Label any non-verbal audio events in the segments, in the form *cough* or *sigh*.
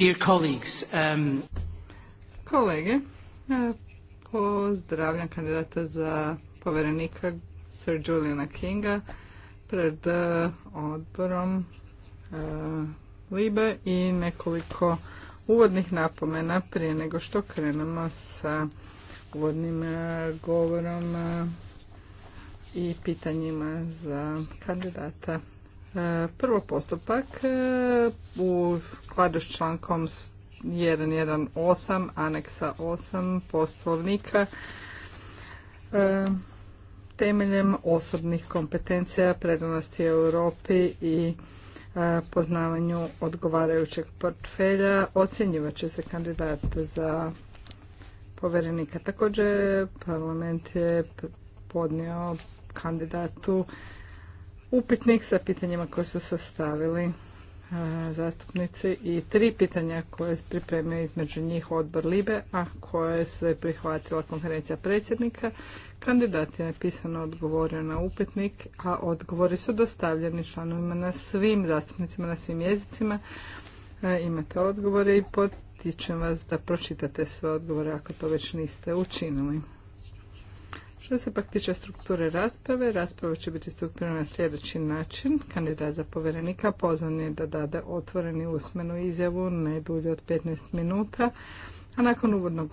Dear colleagues, um, Kolege, e, pozdravljam kandidata za povjerenika Sir Juliana Kinga pred e, odborom uh, Libe i nekoliko uvodnih napomena prije nego što krenemo sa uvodnim govorom i pitanjima za kandidata. E, prvo postupak e, u skladu s člankom 118 aneksa 8 poslovnika e, temeljem osobnih kompetencija predanosti Europi i poznavanju odgovarajućeg portfelja ocjenjivat će se kandidat za povjerenika. Također parlament je podnio kandidatu upitnik sa pitanjima koje su sastavili e, zastupnici i tri pitanja koje je između njih odbor Libe, a koje se prihvatila konferencija predsjednika. Kandidat je napisano odgovorio na upitnik, a odgovori su dostavljeni članovima na svim zastupnicima na svim jezicima. E, imate odgovore i potičem vas da pročitate sve odgovore ako to već niste učinili. Što se pak tiče strukture rasprave, rasprava će biti strukturirana na sljedeći način. Kandidat za povjerenika pozvan je da dade otvoreni usmenu izjavu ne dulje od 15 minuta, a nakon uvodnog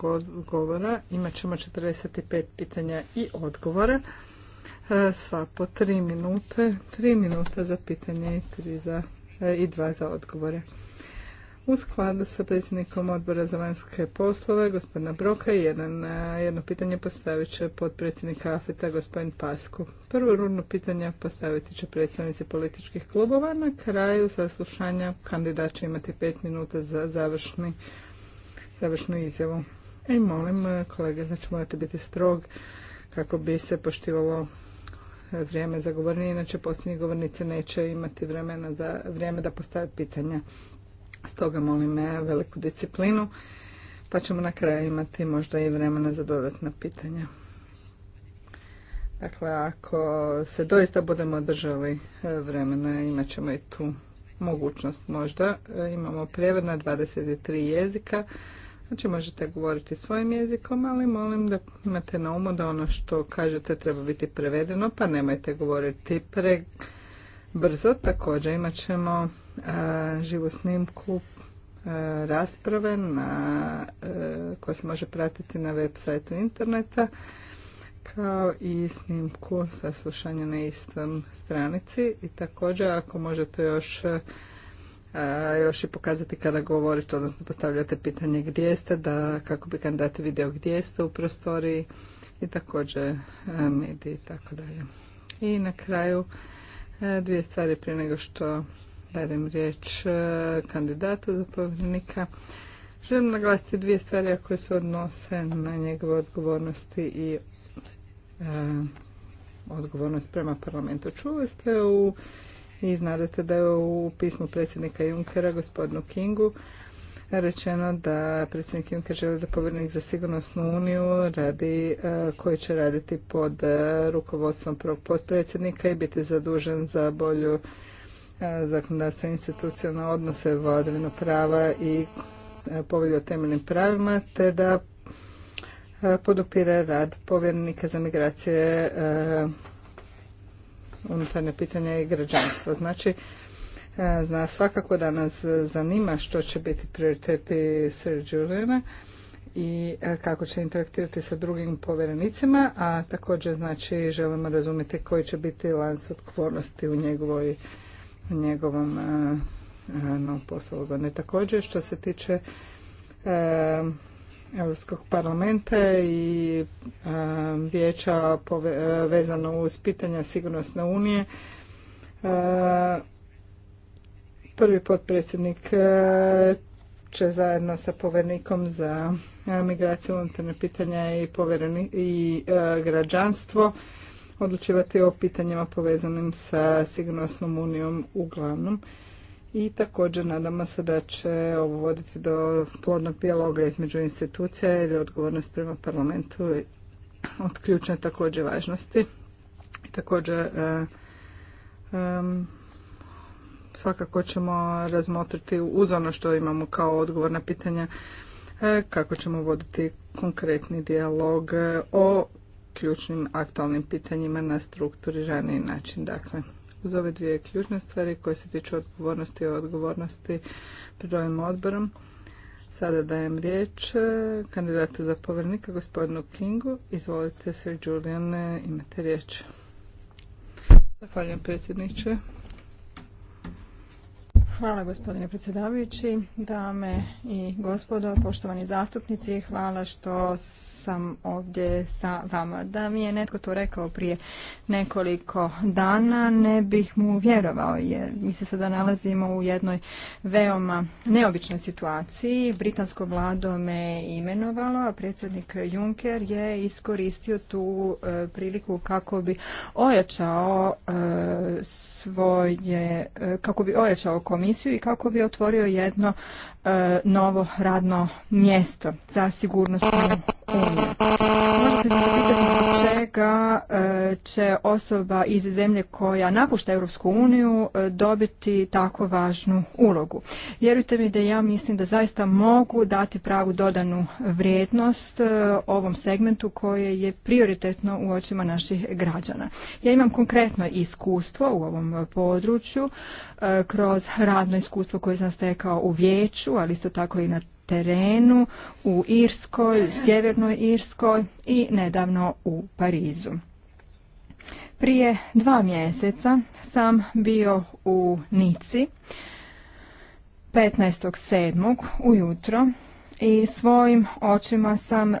govora imat ćemo 45 pitanja i odgovora, e, sva po 3 minute, 3 minuta za pitanje i 2 e, i dva za odgovore u skladu sa predsjednikom odbora za vanjske poslove, gospodina Broka, jedan, jedno pitanje postavit će potpredsjednik AFETA, gospodin Pasku. Prvo rudno pitanja postaviti će predstavnici političkih klubova. Na kraju saslušanja kandidat će imati pet minuta za završnu izjavu. I e, molim e, kolege, znači morate biti strog kako bi se poštivalo vrijeme za govornje, inače posljednji govornici neće imati vremena da, vrijeme da postave pitanja. Stoga molim me, veliku disciplinu, pa ćemo na kraju imati možda i vremena za dodatna pitanja. Dakle, ako se doista budemo držali e, vremena, imat ćemo i tu mogućnost možda. E, imamo prijevod na 23 jezika, znači možete govoriti svojim jezikom, ali molim da imate na umu da ono što kažete treba biti prevedeno, pa nemojte govoriti pre brzo. Također imat ćemo E, živu snimku e, rasprave na, e, koja se može pratiti na web sajtu interneta kao i snimku saslušanja na istom stranici i također ako možete još još i pokazati kada govorite, odnosno postavljate pitanje gdje ste, da kako bi kandidati video gdje ste u prostoriji i također mediji i tako dalje. I na kraju dvije stvari prije nego što dajem riječ e, kandidatu za povjerenika. Želim naglasiti dvije stvari koje se odnose na njegove odgovornosti i e, odgovornost prema parlamentu. Čuli ste u i znate da je u pismu predsjednika Junckera gospodinu Kingu rečeno da predsjednik Juncker želi da povjerenik za sigurnosnu uniju radi, e, koji će raditi pod rukovodstvom prvog potpredsjednika i biti zadužen za bolju E, zakonodavstva institucionalne odnose, vladavinu prava i e, povelju o temeljnim pravima, te da e, podupire rad povjerenika za migracije unutarnje pitanja i građanstvo. Znači, zna, svakako danas zanima što će biti prioriteti Sir Juliana i kako će interaktirati sa drugim povjerenicima, a također znači želimo razumjeti koji će biti lanc odgovornosti u njegovoj njegovom e, no, poslu ne Također što se tiče e, Europskog parlamenta i e, vijeća vezano uz pitanja sigurnosne unije. Prvi potpredsjednik će zajedno sa povjerenikom za migraciju unutarnje pitanja i, i građanstvo odlučivati o pitanjima povezanim sa sigurnosnom unijom uglavnom i također nadamo se da će ovo voditi do plodnog dijaloga između institucija ili odgovornost prema parlamentu od ključne također važnosti. Također e, svakako ćemo razmotriti uz ono što imamo kao odgovor na pitanja e, kako ćemo voditi konkretni dijalog e, o ključnim aktualnim pitanjima na i način. Dakle, uz ove dvije ključne stvari koje se tiču odgovornosti i odgovornosti pred ovim odborom, sada dajem riječ e, kandidata za povrnika, gospodinu Kingu. Izvolite, Sir Julian, e, imate riječ. Zahvaljujem predsjedniče. Hvala gospodine predsjedavajući, dame i gospodo, poštovani zastupnici, hvala što sam ovdje sa vama. Da mi je netko to rekao prije nekoliko dana, ne bih mu vjerovao jer mi se sada nalazimo u jednoj veoma neobičnoj situaciji. Britansko vlado me imenovalo, a predsjednik Juncker je iskoristio tu e, priliku kako bi ojačao e, svoje, e, kako bi ojačao komisiju komisiju i kako bi otvorio jedno e, novo radno mjesto za sigurnost unije. Možete mi toga e, će osoba iz zemlje koja napušta Europsku uniju e, dobiti tako važnu ulogu. Vjerujte mi da ja mislim da zaista mogu dati pravu dodanu vrijednost e, ovom segmentu koje je prioritetno u očima naših građana. Ja imam konkretno iskustvo u ovom području kroz radno iskustvo koje sam stekao u vijeću, ali isto tako i na terenu u Irskoj, Sjevernoj Irskoj i nedavno u Parizu. Prije dva mjeseca sam bio u Nici 15.7. ujutro i svojim očima sam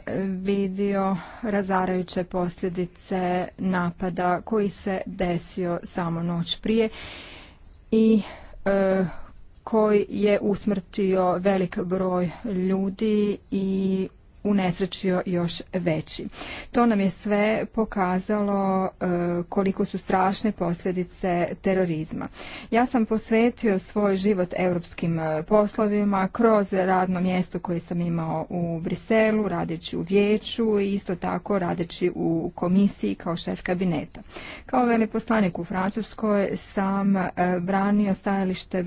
vidio razarajuće posljedice napada koji se desio samo noć prije i e, koji je usmrtio velik broj ljudi i unesrećio još veći. To nam je sve pokazalo e, koliko su strašne posljedice terorizma. Ja sam posvetio svoj život europskim e, poslovima kroz radno mjesto koje sam imao u Briselu, radeći u vijeću i isto tako radeći u komisiji kao šef kabineta. Kao veleposlanik u Francuskoj sam e, branio stajalište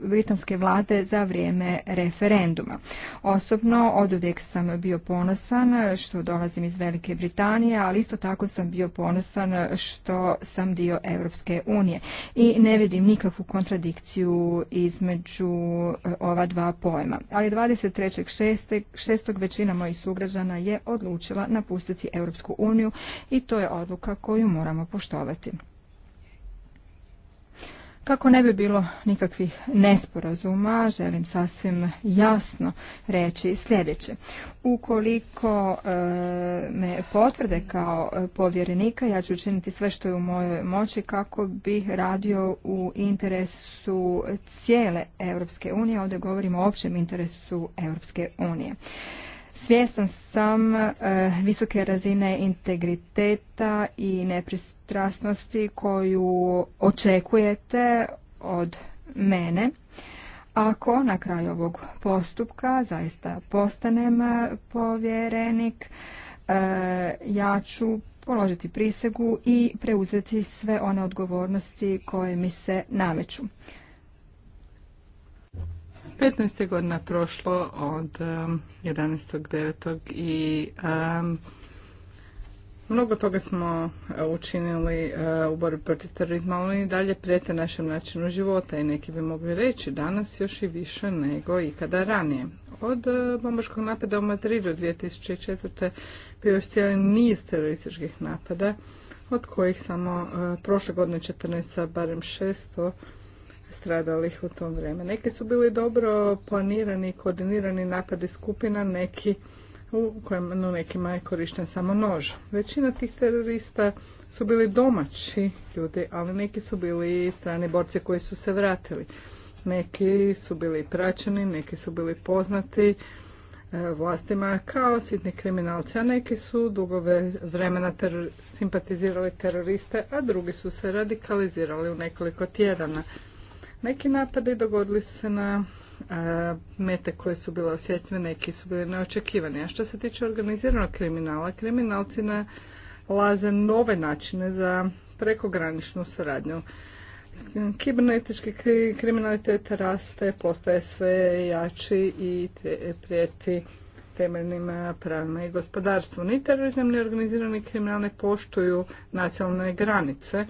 britanske vlade za vrijeme referenduma. Osobno od uvijek sam bio ponosan što dolazim iz Velike Britanije, ali isto tako sam bio ponosan što sam dio Europske unije. I ne vidim nikakvu kontradikciju između e, ova dva pojma. Ali 23.6. većina mojih sugrađana je odlučila napustiti Europsku uniju i to je odluka koju moramo poštovati. Kako ne bi bilo nikakvih nesporazuma, želim sasvim jasno reći sljedeće. Ukoliko e, me potvrde kao e, povjerenika, ja ću učiniti sve što je u mojoj moći kako bih radio u interesu cijele Europske unije. Ovdje govorimo o općem interesu Europske unije. Svjestan sam e, visoke razine integriteta i nepristrasnosti koju očekujete od mene. Ako na kraju ovog postupka zaista postanem e, povjerenik, e, ja ću položiti prisegu i preuzeti sve one odgovornosti koje mi se nameću. 15. godina prošlo od 11.9. Um, i um, mnogo toga smo e, učinili e, u borbi protiv terorizma, oni i dalje prijete našem načinu života i neki bi mogli reći danas još i više nego ikada ranije. Od e, bombaškog napada u Madridu 2004. bio još cijeli niz terorističkih napada, od kojih samo prošle godine 14. barem 600 stradalih u tom vrijeme. Neki su bili dobro planirani i koordinirani napadi skupina, neki u kojem, no, nekima je korišten samo nož. Većina tih terorista su bili domaći ljudi, ali neki su bili strani borci koji su se vratili. Neki su bili praćeni, neki su bili poznati e, vlastima kao sitni kriminalci, a neki su dugo vremena ter simpatizirali teroriste, a drugi su se radikalizirali u nekoliko tjedana. Neki napadi dogodili su se na mete koje su bile osjetljive, neki su bili neočekivani. A što se tiče organiziranog kriminala, kriminalci nalaze nove načine za prekograničnu suradnju. Kibernetički kriminalitet raste, postaje sve jači i prijeti temeljnim pravima i gospodarstvu. Ni terorizam, ni organizirani kriminal ne poštuju nacionalne granice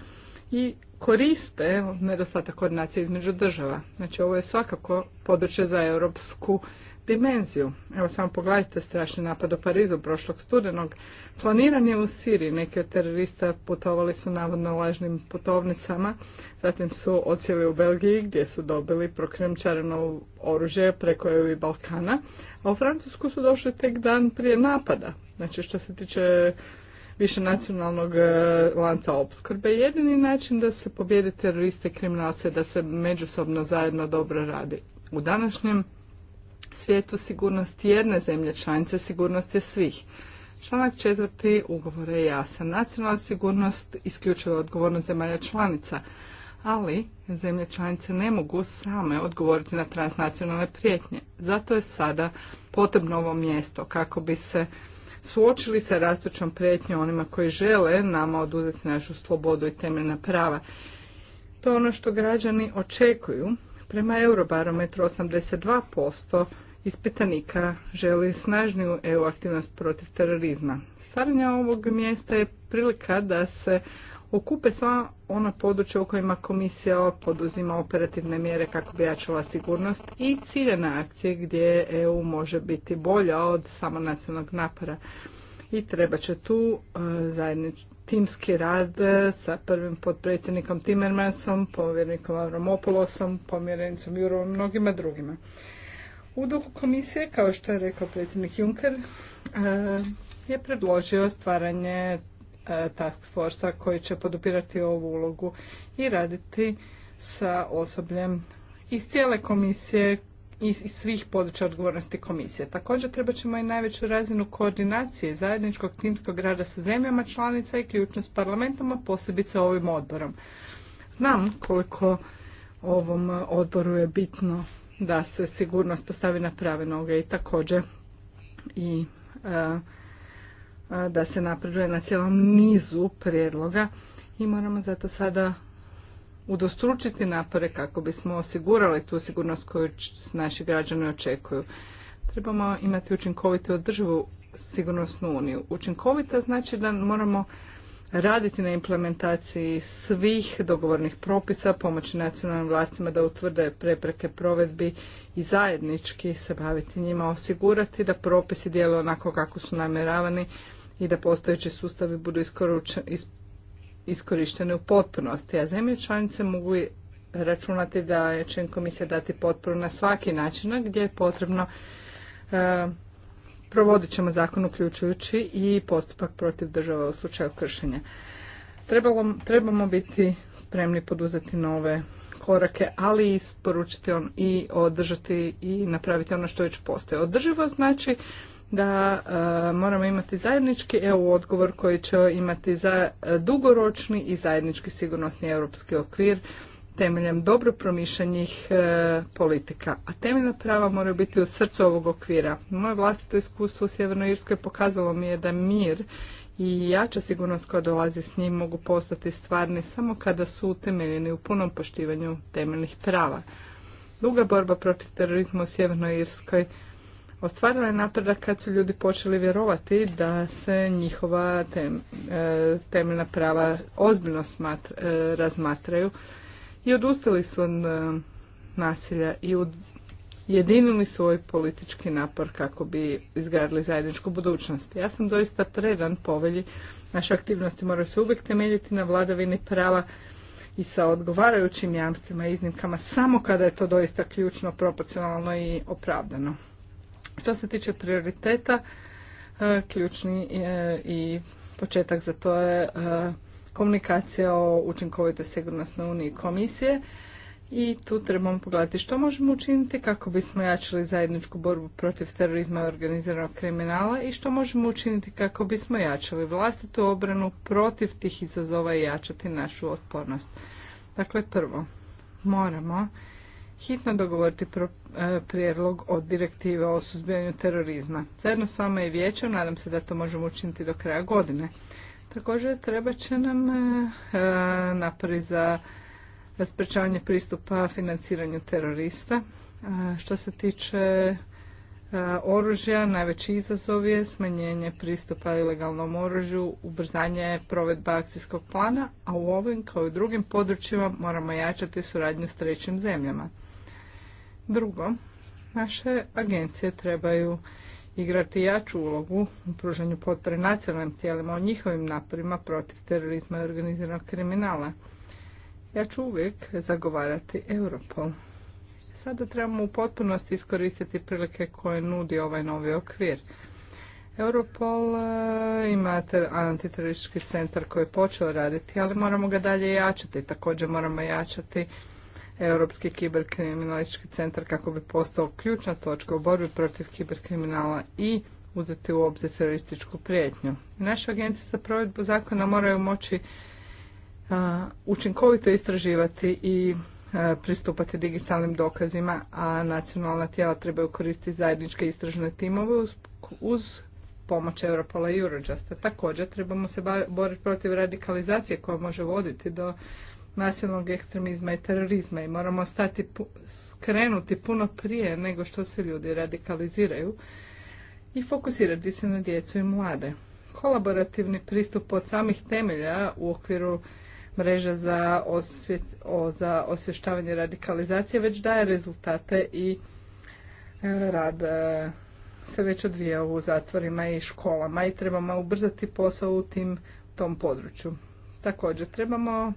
i koriste nedostatak koordinacije između država. Znači ovo je svakako područje za europsku dimenziju. Evo samo pogledajte strašni napad u Parizu prošlog studenog. Planiran je u Siriji. Neki od terorista putovali su navodno lažnim putovnicama. Zatim su ocijeli u Belgiji gdje su dobili prokrimčareno oružje preko EU i Balkana. A u Francusku su došli tek dan prije napada. Znači što se tiče višenacionalnog e, lanca opskrbe. Jedini način da se pobjede teroriste i kriminalce da se međusobno zajedno dobro radi. U današnjem svijetu sigurnost jedne zemlje članice sigurnost je svih. Članak četvrti ugovore je jasan. Nacionalna sigurnost isključiva odgovornost zemalja članica, ali zemlje članice ne mogu same odgovoriti na transnacionalne prijetnje. Zato je sada potrebno ovo mjesto kako bi se suočili sa rastućom prijetnjom onima koji žele nama oduzeti našu slobodu i temeljna prava. To je ono što građani očekuju. Prema Eurobarometru 82% ispitanika želi snažniju EU aktivnost protiv terorizma. Stvaranje ovog mjesta je prilika da se okupe sva ona područja u kojima komisija poduzima operativne mjere kako bi jačala sigurnost i ciljene akcije gdje EU može biti bolja od samo nacionalnog napora. I treba će tu e, zajednički timski rad e, sa prvim potpredsjednikom Timmermansom, povjernikom Avramopoulosom, pomjerenicom Jurovom i mnogima drugima. U duhu komisije, kao što je rekao predsjednik Juncker, e, je predložio stvaranje E, task force koji će podupirati ovu ulogu i raditi sa osobljem iz cijele komisije i svih područja odgovornosti komisije. Također treba ćemo i najveću razinu koordinacije zajedničkog timskog rada sa zemljama članica i ključno s parlamentom, a posebice ovim odborom. Znam koliko ovom odboru je bitno da se sigurnost postavi na prave noge i također i e, da se napreduje na cijelom nizu prijedloga i moramo zato sada udostručiti napore kako bismo osigurali tu sigurnost koju naši građani očekuju. Trebamo imati učinkovitu održivu sigurnosnu uniju. Učinkovita znači da moramo raditi na implementaciji svih dogovornih propisa, pomoći nacionalnim vlastima da utvrde prepreke provedbi i zajednički se baviti njima, osigurati da propisi djeluju onako kako su namjeravani i da postojeći sustavi budu iskorišteni u potpunosti, a zemlje članice mogu računati da će komisija dati potporu na svaki način gdje je potrebno e, provodit ćemo zakon uključujući i postupak protiv država u slučaju kršenja. trebamo biti spremni poduzeti nove korake, ali isporučiti on i održati i napraviti ono što već postoje. Održivo znači da e, moramo imati zajednički EU odgovor koji će imati za e, dugoročni i zajednički sigurnosni europski okvir temeljem dobro promišljenih e, politika. A temeljna prava moraju biti u srcu ovog okvira. Moje vlastito iskustvo u Sjevernoj Irskoj pokazalo mi je da mir i jača sigurnost koja dolazi s njim mogu postati stvarni samo kada su utemeljeni u punom poštivanju temeljnih prava. Duga borba protiv terorizma u Sjevernoj Irskoj Ostvarila je napredak kad su ljudi počeli vjerovati da se njihova tem, e, temeljna prava ozbiljno e, razmatraju i odustali su od e, nasilja i jedinili svoj politički napor kako bi izgradili zajedničku budućnost. Ja sam doista predan povelji. Naše aktivnosti moraju se uvijek temeljiti na vladavini prava i sa odgovarajućim jamstvima i iznimkama samo kada je to doista ključno, proporcionalno i opravdano. Što se tiče prioriteta, e, ključni e, i početak za to je e, komunikacija o učinkovitoj sigurnosnoj uniji komisije i tu trebamo pogledati što možemo učiniti kako bismo jačili zajedničku borbu protiv terorizma i organiziranog kriminala i što možemo učiniti kako bismo jačali vlastitu obranu protiv tih izazova i jačati našu otpornost. Dakle, prvo, moramo hitno dogovoriti e, prijedlog od direktive o suzbijanju terorizma. Zajedno s vama i vijećem, nadam se da to možemo učiniti do kraja godine. Također treba će nam e, e, napori za sprečavanje pristupa financiranju terorista. Što se tiče oružja, najveći izazov je smanjenje pristupa ilegalnom oružju, ubrzanje provedba akcijskog plana, a u ovim kao i drugim područjima moramo jačati suradnju s trećim zemljama. Drugo, naše agencije trebaju igrati jaču ulogu u pružanju potpore nacionalnim tijelima o njihovim naporima protiv terorizma i organiziranog kriminala. Ja ću uvijek zagovarati Europol. Sada trebamo u potpunosti iskoristiti prilike koje nudi ovaj novi okvir. Europol e, ima antiteroristički centar koji je počeo raditi, ali moramo ga dalje jačati. Također moramo jačati Europski kiberkriminalistički centar kako bi postao ključna točka u borbi protiv kiberkriminala i uzeti u obzir terorističku prijetnju. Naše agencije za provedbu zakona moraju moći učinkovito istraživati i pristupati digitalnim dokazima, a nacionalna tijela trebaju koristiti zajedničke istražne timove uz, uz pomoć Europola i Eurojusta. Također trebamo se boriti protiv radikalizacije koja može voditi do nasilnog ekstremizma i terorizma i moramo stati skrenuti puno prije nego što se ljudi radikaliziraju i fokusirati se na djecu i mlade. Kolaborativni pristup od samih temelja u okviru mreža za, osvjet, za osvještavanje radikalizacije već daje rezultate i e, rad e, se već odvija u zatvorima i školama i trebamo ubrzati posao u tim tom području. Također trebamo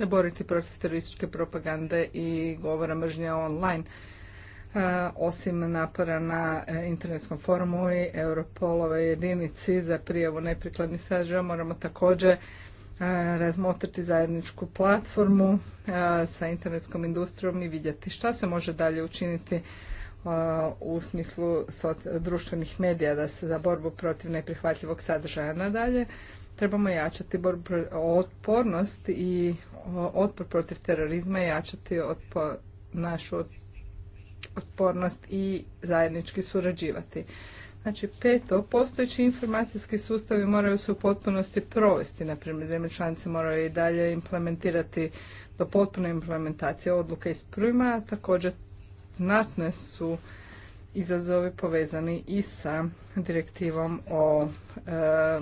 se boriti protiv terorističke propagande i govora mržnje online. E, osim napora na e, internetskom forumu i Europolove jedinici za prijavu neprikladnih sadržaja moramo također e, razmotriti zajedničku platformu sa internetskom industrijom i vidjeti šta se može dalje učiniti u smislu društvenih medija da se za borbu protiv neprihvatljivog sadržaja nadalje. Trebamo jačati otpornost i otpor protiv terorizma i jačati našu otpornost i zajednički surađivati. Znači peto, postojeći informacijski sustavi moraju se u potpunosti provesti, na primjer zemlje članice moraju i dalje implementirati do potpune implementacije odluke iz prvima, također znatne su izazovi povezani i sa direktivom o e,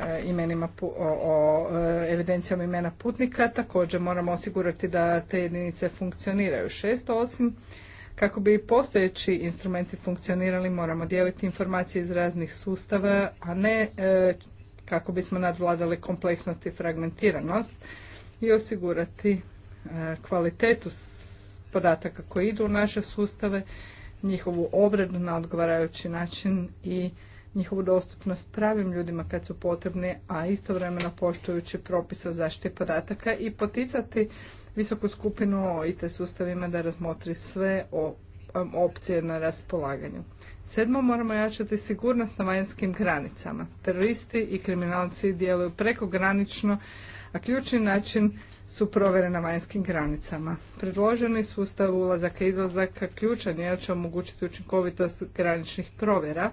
E, imenima, o e, evidencijom imena putnika. Također moramo osigurati da te jedinice funkcioniraju. Šesto, osim kako bi postojeći instrumenti funkcionirali, moramo dijeliti informacije iz raznih sustava, a ne e, kako bismo nadvladali kompleksnost i fragmentiranost i osigurati kvalitetu podataka koji idu u naše sustave, njihovu obradu na odgovarajući način i njihovu dostupnost pravim ljudima kad su potrebni, a istovremeno poštujući propise o zaštiti podataka i poticati visoku skupinu o IT sustavima da razmotri sve o, um, opcije na raspolaganju. Sedmo, moramo jačati sigurnost na vanjskim granicama. Teroristi i kriminalci djeluju prekogranično, a ključni način su provjere na vanjskim granicama. Predloženi sustav ulazaka i izlazaka ključan je će omogućiti učinkovitost graničnih provjera,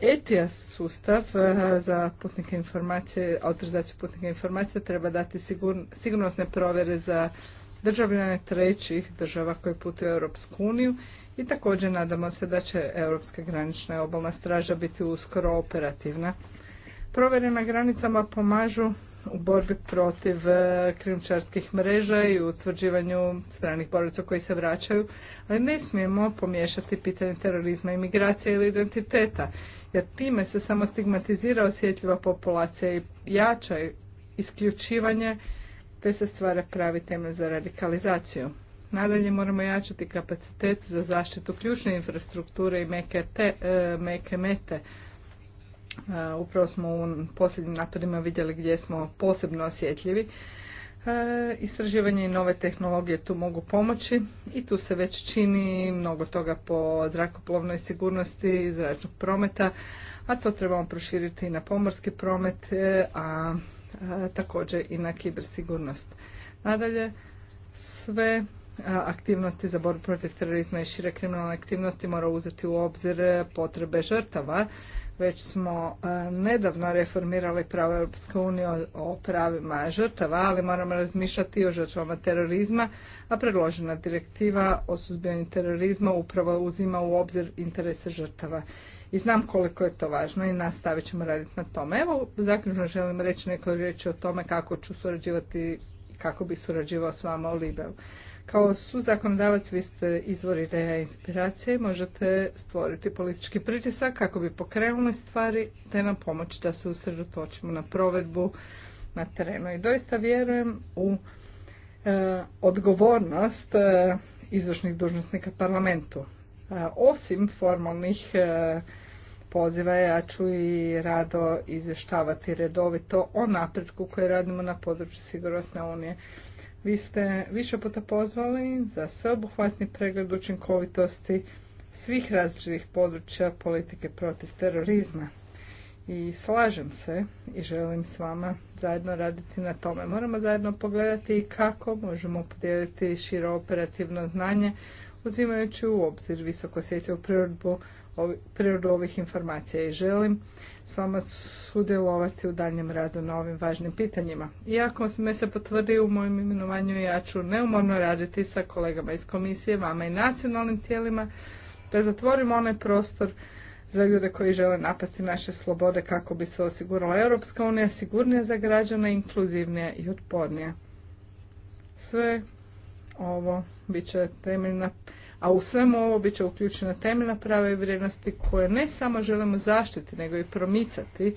ETIAS e sustav e, za putnike informacije, autorizaciju putnika informacija treba dati sigurnosne provjere za državljane trećih država koje putuju u Europsku uniju i također nadamo se da će Europska granična obalna straža biti uskoro operativna. Provjere na granicama pomažu u borbi protiv e, krimčarskih mreža i utvrđivanju stranih boraca koji se vraćaju, ali ne smijemo pomiješati pitanje terorizma i migracije ili identiteta, jer time se samo stigmatizira osjetljiva populacija i jača isključivanje te se stvara pravi temelj za radikalizaciju. Nadalje moramo jačati kapacitet za zaštitu ključne infrastrukture i meke e, mete, Upravo smo u posljednjim napadima vidjeli gdje smo posebno osjetljivi. Istraživanje i nove tehnologije tu mogu pomoći i tu se već čini mnogo toga po zrakoplovnoj sigurnosti i zračnog prometa, a to trebamo proširiti i na pomorski promet, e, a također i na kibersigurnost. Nadalje, sve aktivnosti za borbu protiv terorizma i šire kriminalne aktivnosti mora uzeti u obzir potrebe žrtava već smo e, nedavno reformirali pravo Europske unije o pravima žrtava, ali moramo razmišljati i o žrtvama terorizma, a predložena direktiva o suzbijanju terorizma upravo uzima u obzir interese žrtava. I znam koliko je to važno i nastavit ćemo raditi na tome. Evo, zaključno želim reći neko riječi o tome kako ću surađivati, kako bi surađivao s vama u kao su zakonodavac vi ste izvori ideja inspiracije možete stvoriti politički pritisak kako bi pokrenuli stvari te nam pomoći da se usredotočimo na provedbu na terenu. I doista vjerujem u e, odgovornost e, izvršnih dužnosnika parlamentu. E, osim formalnih poziva ja ću i rado izvještavati redovito o napretku koje radimo na području sigurnosne unije. Vi ste više puta pozvali za sveobuhvatni pregled učinkovitosti svih različitih područja politike protiv terorizma. I slažem se i želim s vama zajedno raditi na tome. Moramo zajedno pogledati kako možemo podijeliti širo operativno znanje uzimajući u obzir visoko osjetljivu prirodu ovih informacija i želim s vama sudjelovati u daljem radu na ovim važnim pitanjima. Iako me se potvrdi u mojem imenovanju, ja ću neumorno raditi sa kolegama iz komisije, vama i nacionalnim tijelima, da zatvorimo onaj prostor za ljude koji žele napasti naše slobode kako bi se osigurala Europska unija sigurnija za građane, inkluzivnija i otpornija. Sve ovo bit će temeljna a u svemu ovo bit će uključena temeljna prava i vrijednosti koje ne samo želimo zaštiti, nego i promicati,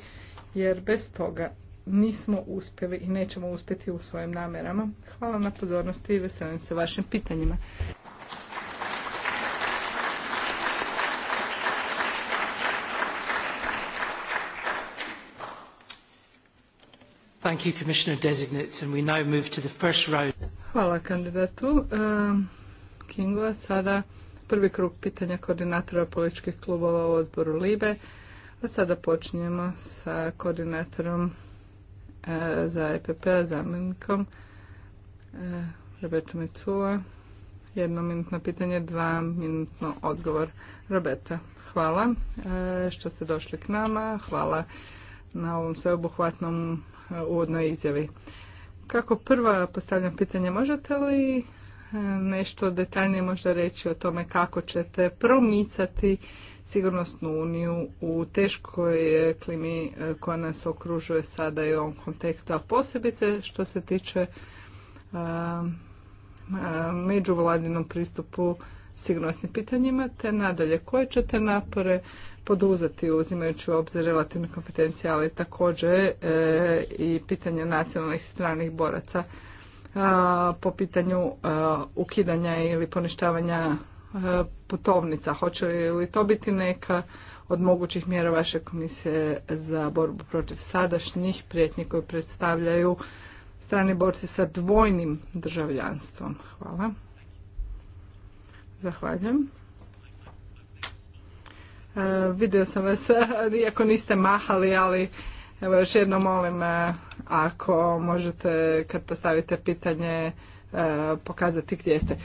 jer bez toga nismo uspjeli i nećemo uspjeti u svojim namjerama. Hvala na pozornosti i veselim se vašim pitanjima. Thank you, Commissioner and we now move to the first round. Hvala kandidatu. Ehm, Kingova. Sada prvi krug pitanja koordinatora političkih klubova u odboru Libe. A sada počinjemo sa koordinatorom e, za EPP, zamjenikom e, Roberto Micula. Jedno minutno pitanje, dva minutno odgovor. Roberta, hvala e, što ste došli k nama. Hvala na ovom sveobuhvatnom e, uvodnoj izjavi. Kako prva postavljam pitanje, možete li nešto detaljnije možda reći o tome kako ćete promicati sigurnosnu uniju u teškoj e, klimi e, koja nas okružuje sada i u ovom kontekstu, a posebice što se tiče e, međuvladinom pristupu sigurnosnim pitanjima, te nadalje koje ćete napore poduzeti uzimajući u obzir relativne kompetencije, ali također i pitanje nacionalnih stranih boraca po pitanju ukidanja ili poništavanja putovnica. Hoće li to biti neka od mogućih mjera vaše komisije za borbu protiv sadašnjih prijetnji koje predstavljaju strani borci sa dvojnim državljanstvom? Hvala. Zahvaljujem. vidio sam vas, *laughs* iako niste mahali, ali Evo još jednom molim, e, ako možete kad postavite pitanje e, pokazati gdje ste.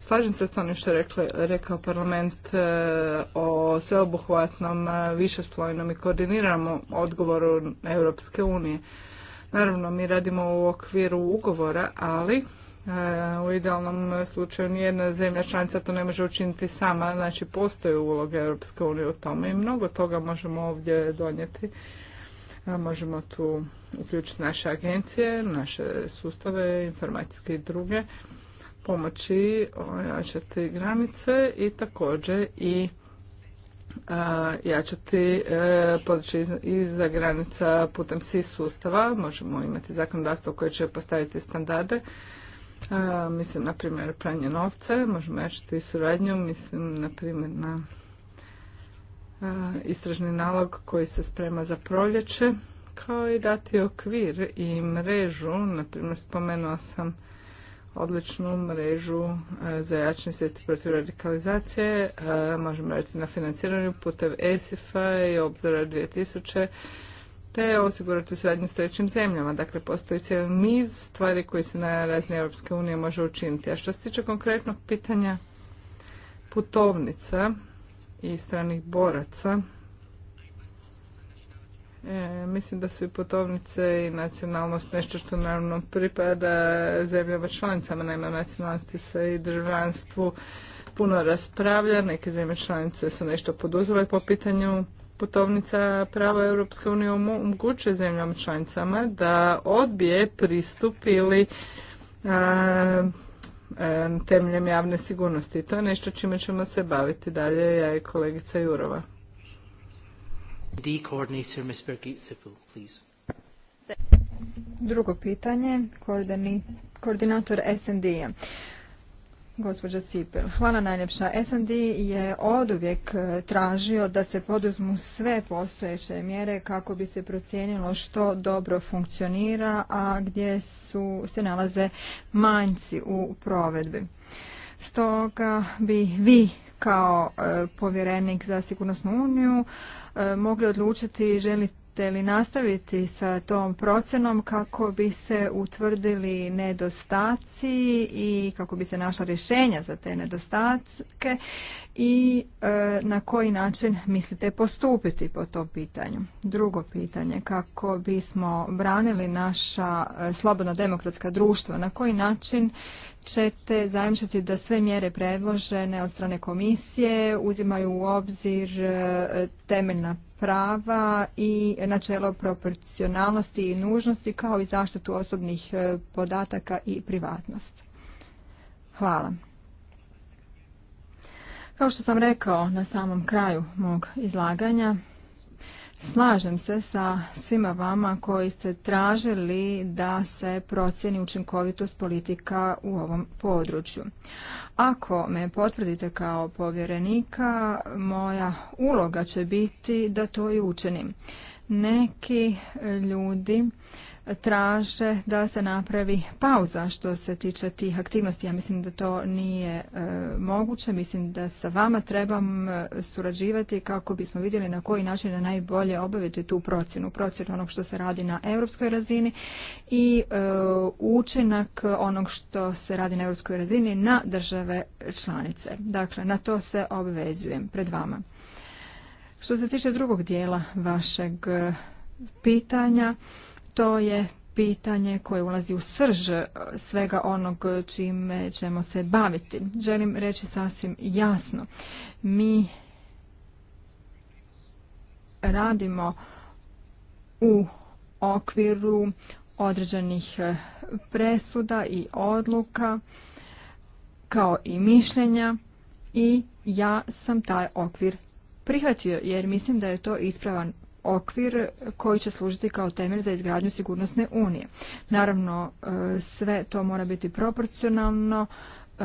Slažem se s onim što je rekao parlament e, o sveobuhvatnom, višeslojnom i koordiniranom odgovoru Europske unije. Naravno, mi radimo u okviru ugovora, ali u idealnom slučaju nijedna zemlja članica to ne može učiniti sama, znači postoje uloge Europske unije u tome i mnogo toga možemo ovdje donijeti. Možemo tu uključiti naše agencije, naše sustave, informacijske i druge, pomoći ojačati granice i također i jačati e, područje granica putem SIS sustava. Možemo imati zakonodavstvo koje će postaviti standarde mislim, na primjer, pranje novca, možemo jačiti suradnju, mislim, na primjer, na istražni nalog koji se sprema za proljeće, kao i dati okvir i mrežu, na primjer, spomenuo sam odličnu mrežu e, za jačanje svijesti protiv radikalizacije, e, možemo reći na financiranju putev ESIF-a i obzora 2000, te osigurati suradnji s trećim zemljama. Dakle, postoji cijeli niz stvari koji se na razni Europske unije može učiniti. A što se tiče konkretnog pitanja putovnica i stranih boraca, e, mislim da su i putovnice i nacionalnost nešto što naravno pripada zemljama članicama, naime nacionalnosti se i državljanstvu puno raspravlja, neke zemlje članice su nešto poduzele po pitanju putovnica prava Europske unije omogućuje zemljama članicama da odbije pristup ili a, temeljem javne sigurnosti. To je nešto čime ćemo se baviti dalje, ja i kolegica Jurova. Drugo pitanje, koordinator SND-a. Gospođa Sipel, hvala najljepša. SND je oduvijek e, tražio da se poduzmu sve postojeće mjere kako bi se procijenilo što dobro funkcionira, a gdje su, se nalaze manjci u provedbi. Stoga bi vi kao e, povjerenik za sigurnosnu uniju e, mogli odlučiti želite ćete nastaviti sa tom procenom kako bi se utvrdili nedostaci i kako bi se našla rješenja za te nedostatke i e, na koji način mislite postupiti po tom pitanju? Drugo pitanje, kako bismo branili naša e, slobodno demokratska društva, na koji način ćete zajamčiti da sve mjere predložene od strane komisije uzimaju u obzir e, temeljna prava i načelo proporcionalnosti i nužnosti kao i zaštitu osobnih e, podataka i privatnost. Hvala. Kao što sam rekao na samom kraju mog izlaganja, Slažem se sa svima vama koji ste tražili da se procjeni učinkovitost politika u ovom području. Ako me potvrdite kao povjerenika, moja uloga će biti da to i učinim. Neki ljudi traže da se napravi pauza što se tiče tih aktivnosti. Ja mislim da to nije e, moguće. Mislim da sa vama trebam e, surađivati kako bismo vidjeli na koji način najbolje obaviti tu procjenu. Procjenu onog što se radi na europskoj razini i e, učinak onog što se radi na europskoj razini na države članice. Dakle, na to se obvezujem pred vama. Što se tiče drugog dijela vašeg e, pitanja, to je pitanje koje ulazi u srž e, svega onog čime ćemo se baviti. Želim reći sasvim jasno. Mi radimo u okviru određenih e, presuda i odluka kao i mišljenja i ja sam taj okvir prihvatio jer mislim da je to ispravan okvir koji će služiti kao temelj za izgradnju sigurnosne unije. Naravno, e, sve to mora biti proporcionalno e,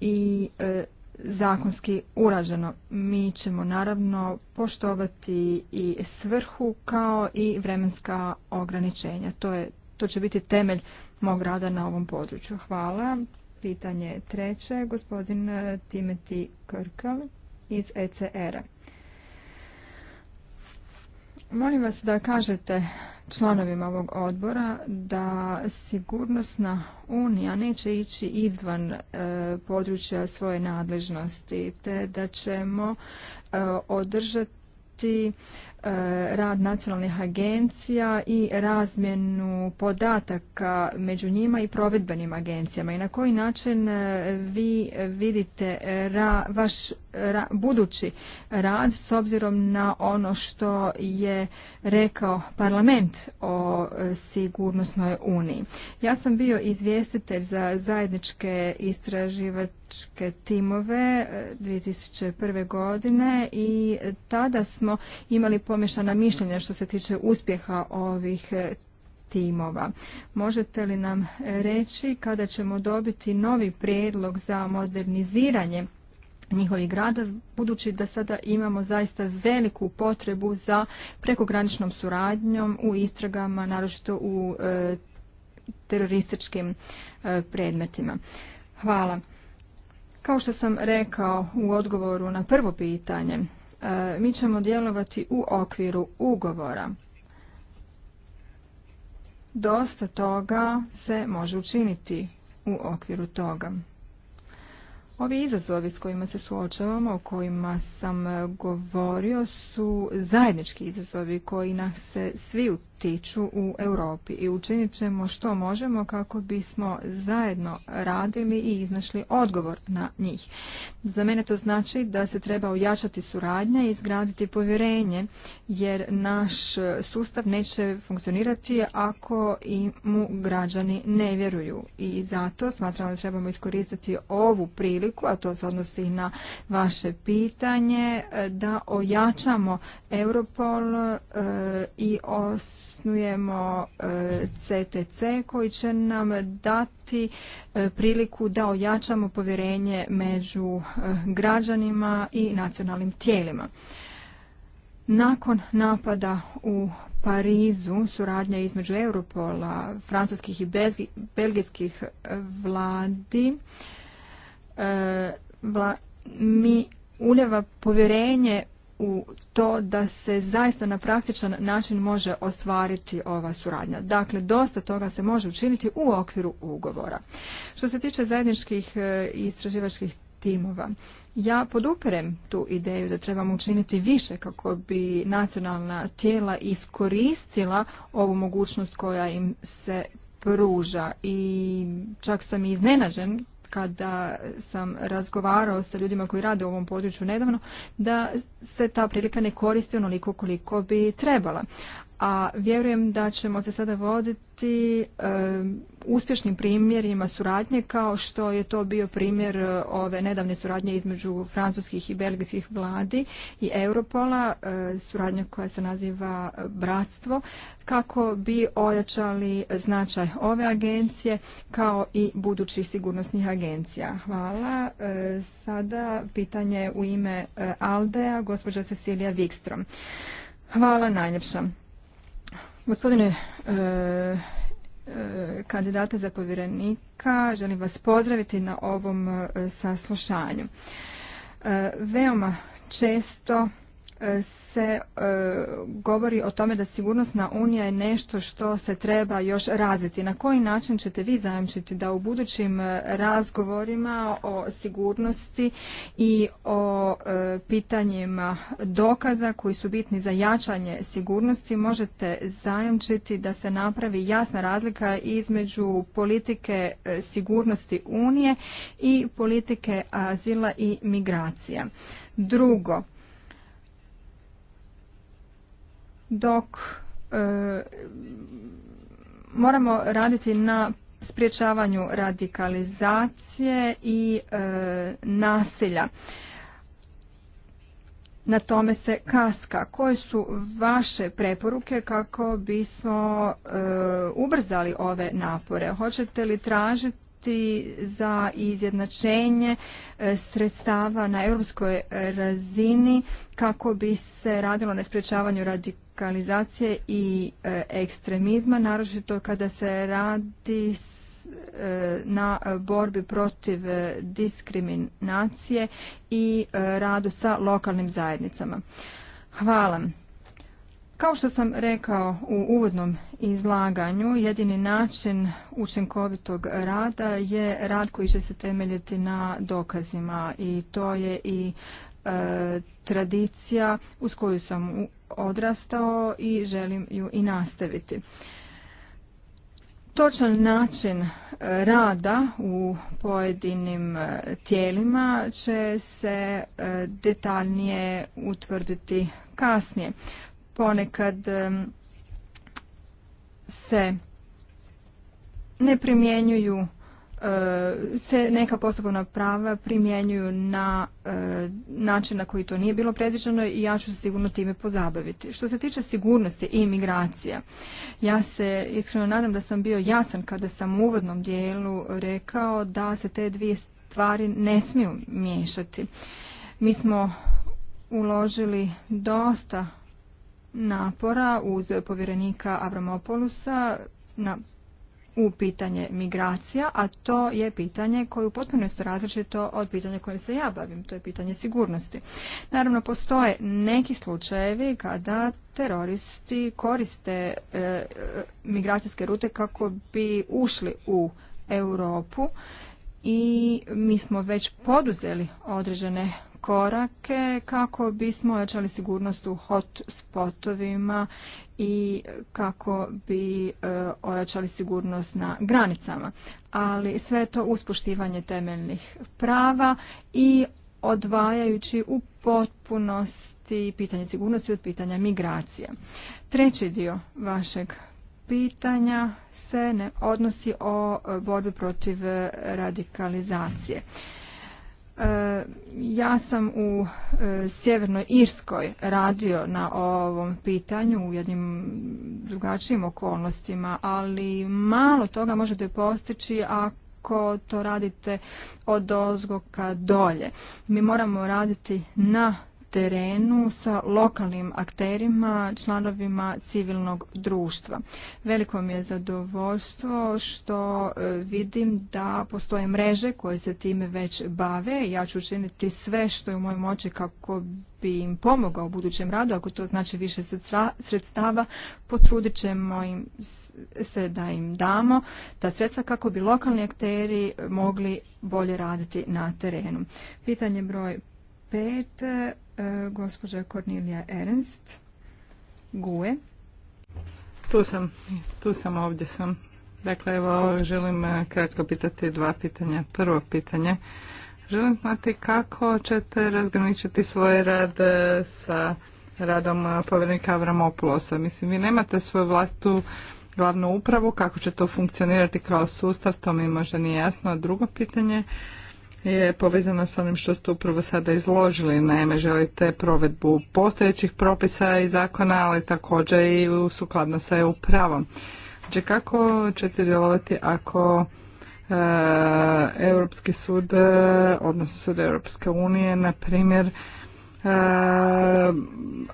i e, zakonski urađeno. Mi ćemo naravno poštovati i svrhu kao i vremenska ograničenja. To, je, to će biti temelj mog rada na ovom području. Hvala. Pitanje treće, gospodin Timeti Krkal iz ECR-a. Molim vas da kažete članovima ovog odbora da sigurnosna unija neće ići izvan e, područja svoje nadležnosti te da ćemo e, održati e, rad nacionalnih agencija i razmjenu podataka među njima i provedbenim agencijama i na koji način vi vidite vaš budući rad s obzirom na ono što je rekao parlament o e, sigurnosnoj uniji. Ja sam bio izvjestitelj za zajedničke istraživačke timove 2001. E, godine i tada smo imali pomješana mišljenja što se tiče uspjeha ovih e, timova. Možete li nam reći kada ćemo dobiti novi prijedlog za moderniziranje njihovih grada, budući da sada imamo zaista veliku potrebu za prekograničnom suradnjom u istragama, naročito u e, terorističkim e, predmetima. Hvala. Kao što sam rekao u odgovoru na prvo pitanje, e, mi ćemo djelovati u okviru ugovora. Dosta toga se može učiniti u okviru toga. Ovi izazovi s kojima se suočavamo, o kojima sam e, govorio, su zajednički izazovi koji nas se svi tiču u Europi i učinit ćemo što možemo kako bismo zajedno radili i iznašli odgovor na njih. Za mene to znači da se treba ojačati suradnja i izgraditi povjerenje jer naš sustav neće funkcionirati ako mu građani ne vjeruju i zato smatramo da trebamo iskoristiti ovu priliku, a to se odnosi na vaše pitanje, da ojačamo Europol e, i os osnujemo CTC e, koji će nam dati e, priliku da ojačamo povjerenje među e, građanima i nacionalnim tijelima. Nakon napada u Parizu suradnja između Europola, francuskih i belgijskih vladi mi uljeva povjerenje u to da se zaista na praktičan način može ostvariti ova suradnja. Dakle, dosta toga se može učiniti u okviru ugovora. Što se tiče zajedničkih e, istraživačkih timova, ja podupirem tu ideju da trebamo učiniti više kako bi nacionalna tijela iskoristila ovu mogućnost koja im se pruža i čak sam iznenađen kada sam razgovarao sa ljudima koji rade u ovom području nedavno da se ta prilika ne koristi onoliko koliko bi trebala a vjerujem da ćemo se sada voditi uspješnim primjerima suradnje kao što je to bio primjer eh, ove nedavne suradnje između francuskih i belgijskih vladi i Europola, suradnje eh, suradnja koja se naziva eh, Bratstvo, kako bi ojačali značaj ove agencije kao i budućih sigurnosnih agencija. Hvala. sada pitanje u ime Aldea, gospođa Cecilija Wikstrom. Hvala najljepša. Gospodine e, e, kandidate kandidata za povjerenika, želim vas pozdraviti na ovom e, saslušanju. Veoma često se e, govori o tome da sigurnosna unija je nešto što se treba još razviti. Na koji način ćete vi zajamčiti da u budućim e, razgovorima o sigurnosti i o e, pitanjima dokaza koji su bitni za jačanje sigurnosti možete zajamčiti da se napravi jasna razlika između politike sigurnosti unije i politike azila i migracija. Drugo, dok e, moramo raditi na sprječavanju radikalizacije i e, nasilja. Na tome se kaska. Koje su vaše preporuke kako bismo e, ubrzali ove napore? Hoćete li tražiti za izjednačenje e, sredstava na europskoj razini kako bi se radilo na sprječavanju radikalizacije i e, ekstremizma, naročito kada se radi e, na borbi protiv diskriminacije i radu sa lokalnim zajednicama. Hvala. Kao što sam rekao u uvodnom izlaganju, jedini način učinkovitog rada je rad koji će se temeljiti na dokazima i to je i e, tradicija uz koju sam odrastao i želim ju i nastaviti. Točan način e, rada u pojedinim e, tijelima će se detaljnije utvrditi kasnije ponekad se ne primjenjuju e, se neka postupovna prava primjenjuju na e, način na koji to nije bilo predviđeno i ja ću se sigurno time pozabaviti. Što se tiče sigurnosti i imigracija, ja se iskreno nadam da sam bio jasan kada sam u uvodnom dijelu rekao da se te dvije stvari ne smiju miješati. Mi smo uložili dosta napora uz povjerenika Avramopolusa na, u pitanje migracija, a to je pitanje koje u potpunosti različito od pitanja koje se ja bavim, to je pitanje sigurnosti. Naravno, postoje neki slučajevi kada teroristi koriste e, migracijske rute kako bi ušli u Europu i mi smo već poduzeli određene korake kako bismo ojačali sigurnost u hot spotovima i kako bi e, ojačali sigurnost na granicama. Ali sve to uz temeljnih prava i odvajajući u potpunosti pitanje sigurnosti od pitanja migracije. Treći dio vašeg pitanja se ne odnosi o borbi protiv radikalizacije. E, ja sam u e, Sjevernoj Irskoj radio na ovom pitanju u jednim drugačijim okolnostima, ali malo toga možete postići ako to radite od ozgoka dolje. Mi moramo raditi na terenu sa lokalnim akterima, članovima civilnog društva. Veliko mi je zadovoljstvo što e, vidim da postoje mreže koje se time već bave. Ja ću učiniti sve što je u mojoj moći kako bi im pomogao u budućem radu, ako to znači više sredstava, potrudit ćemo im se da im damo ta sredstva kako bi lokalni akteri mogli bolje raditi na terenu. Pitanje broj 5, e, gospođa Kornilija Ernst, GUE. Tu sam, tu sam, ovdje sam. Dakle, evo, želim e, kratko pitati dva pitanja. Prvo pitanje, želim znati kako ćete razgraničiti svoj rad e, sa radom povjerenika Avramopulosa. Mislim, vi nemate svoju vlastu glavnu upravu, kako će to funkcionirati kao sustav, to mi možda nije jasno. Drugo pitanje, je povezana s onim što ste upravo sada izložili. Naime, želite provedbu postojećih propisa i zakona, ali također i sukladno sa EU pravom. Znači, kako ćete djelovati ako e, Europski sud, e, odnosno sud Europske unije, na primjer, e,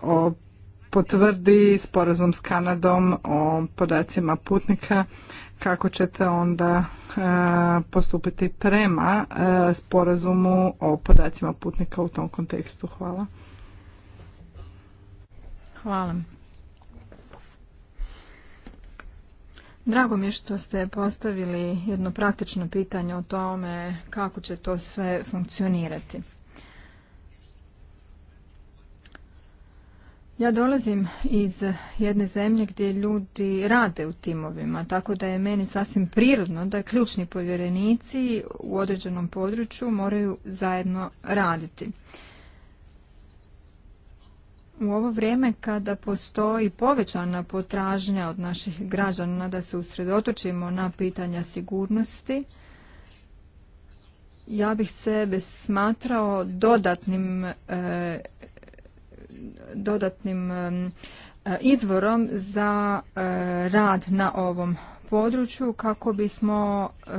o potvrdi sporazum s Kanadom o podacima putnika kako ćete onda e, postupiti prema e, sporazumu o podacima putnika u tom kontekstu. Hvala. Hvala. Drago mi je što ste postavili jedno praktično pitanje o tome kako će to sve funkcionirati. Ja dolazim iz jedne zemlje gdje ljudi rade u timovima, tako da je meni sasvim prirodno da ključni povjerenici u određenom području moraju zajedno raditi. U ovo vrijeme kada postoji povećana potražnja od naših građana da se usredotočimo na pitanja sigurnosti, ja bih sebe smatrao dodatnim e, dodatnim izvorom za e, rad na ovom području kako bismo e,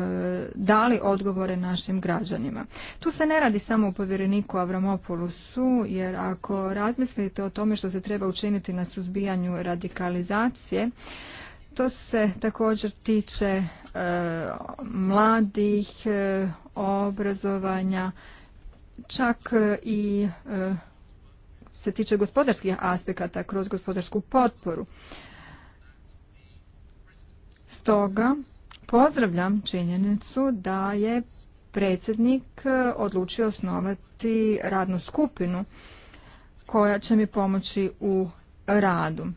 dali odgovore našim građanima. Tu se ne radi samo u povjereniku Avramopolusu, jer ako razmislite o tome što se treba učiniti na suzbijanju radikalizacije, to se također tiče e, mladih, obrazovanja, čak i se tiče gospodarskih aspekata kroz gospodarsku potporu. Stoga pozdravljam činjenicu da je predsjednik e, odlučio osnovati radnu skupinu koja će mi pomoći u radu.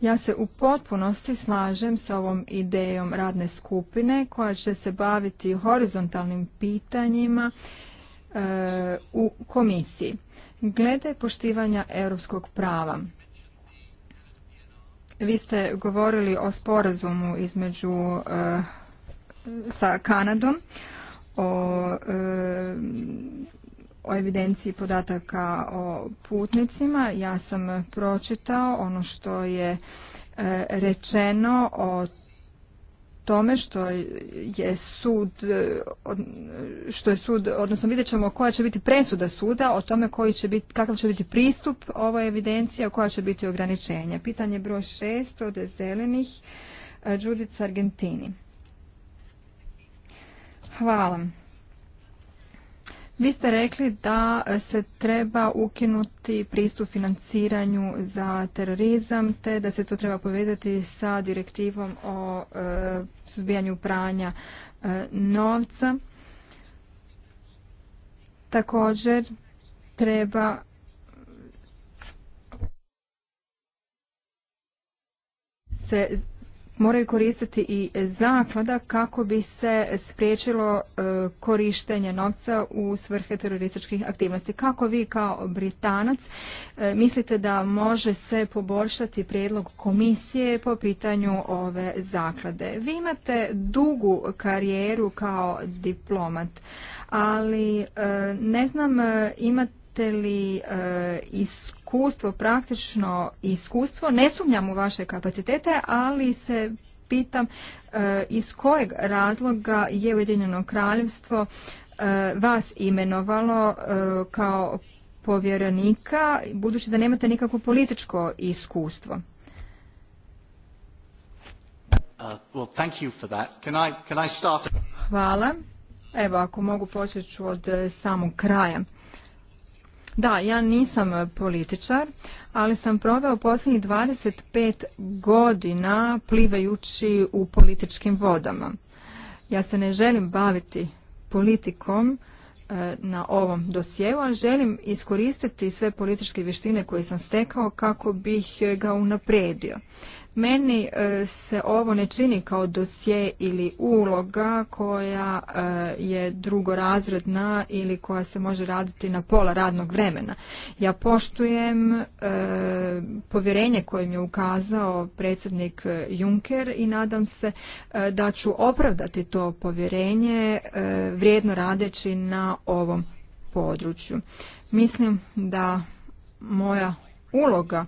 Ja se u potpunosti slažem sa ovom idejom radne skupine koja će se baviti horizontalnim pitanjima e, u komisiji. Glede poštivanja europskog prava. Vi ste govorili o sporazumu između e, sa Kanadom o e, o evidenciji podataka o putnicima. Ja sam pročitao ono što je e, rečeno o tome što je sud, e, što je sud, odnosno vidjet ćemo koja će biti presuda suda, o tome koji će biti, kakav će biti pristup ovoj evidenciji, a koja će biti ograničenja. Pitanje broj šest od zelenih, e, Đudica Argentini. Hvala. Vi ste rekli da se treba ukinuti pristup financiranju za terorizam te da se to treba povezati sa direktivom o e, suzbijanju pranja e, novca. Također treba se moraju koristiti i zaklada kako bi se spriječilo e, korištenje novca u svrhe terorističkih aktivnosti. Kako vi kao Britanac e, mislite da može se poboljšati prijedlog komisije po pitanju ove zaklade? Vi imate dugu karijeru kao diplomat, ali e, ne znam imate li iskustvo iskustvo, praktično iskustvo. Ne sumnjam u vaše kapacitete, ali se pitam e, iz kojeg razloga je Ujedinjeno kraljevstvo e, vas imenovalo e, kao povjerenika, budući da nemate nikakvo političko iskustvo. Hvala. Evo, ako mogu počet ću od samog kraja. Da, ja nisam političar, ali sam proveo posljednjih 25 godina plivajući u političkim vodama. Ja se ne želim baviti politikom e, na ovom dosjevu ali želim iskoristiti sve političke vještine koje sam stekao kako bih ga unaprijedio. Meni e, se ovo ne čini kao dosje ili uloga koja e, je drugorazredna ili koja se može raditi na pola radnog vremena. Ja poštujem e, povjerenje koje mi je ukazao predsjednik Juncker i nadam se da ću opravdati to povjerenje vrijedno radeći na ovom području. Mislim da moja uloga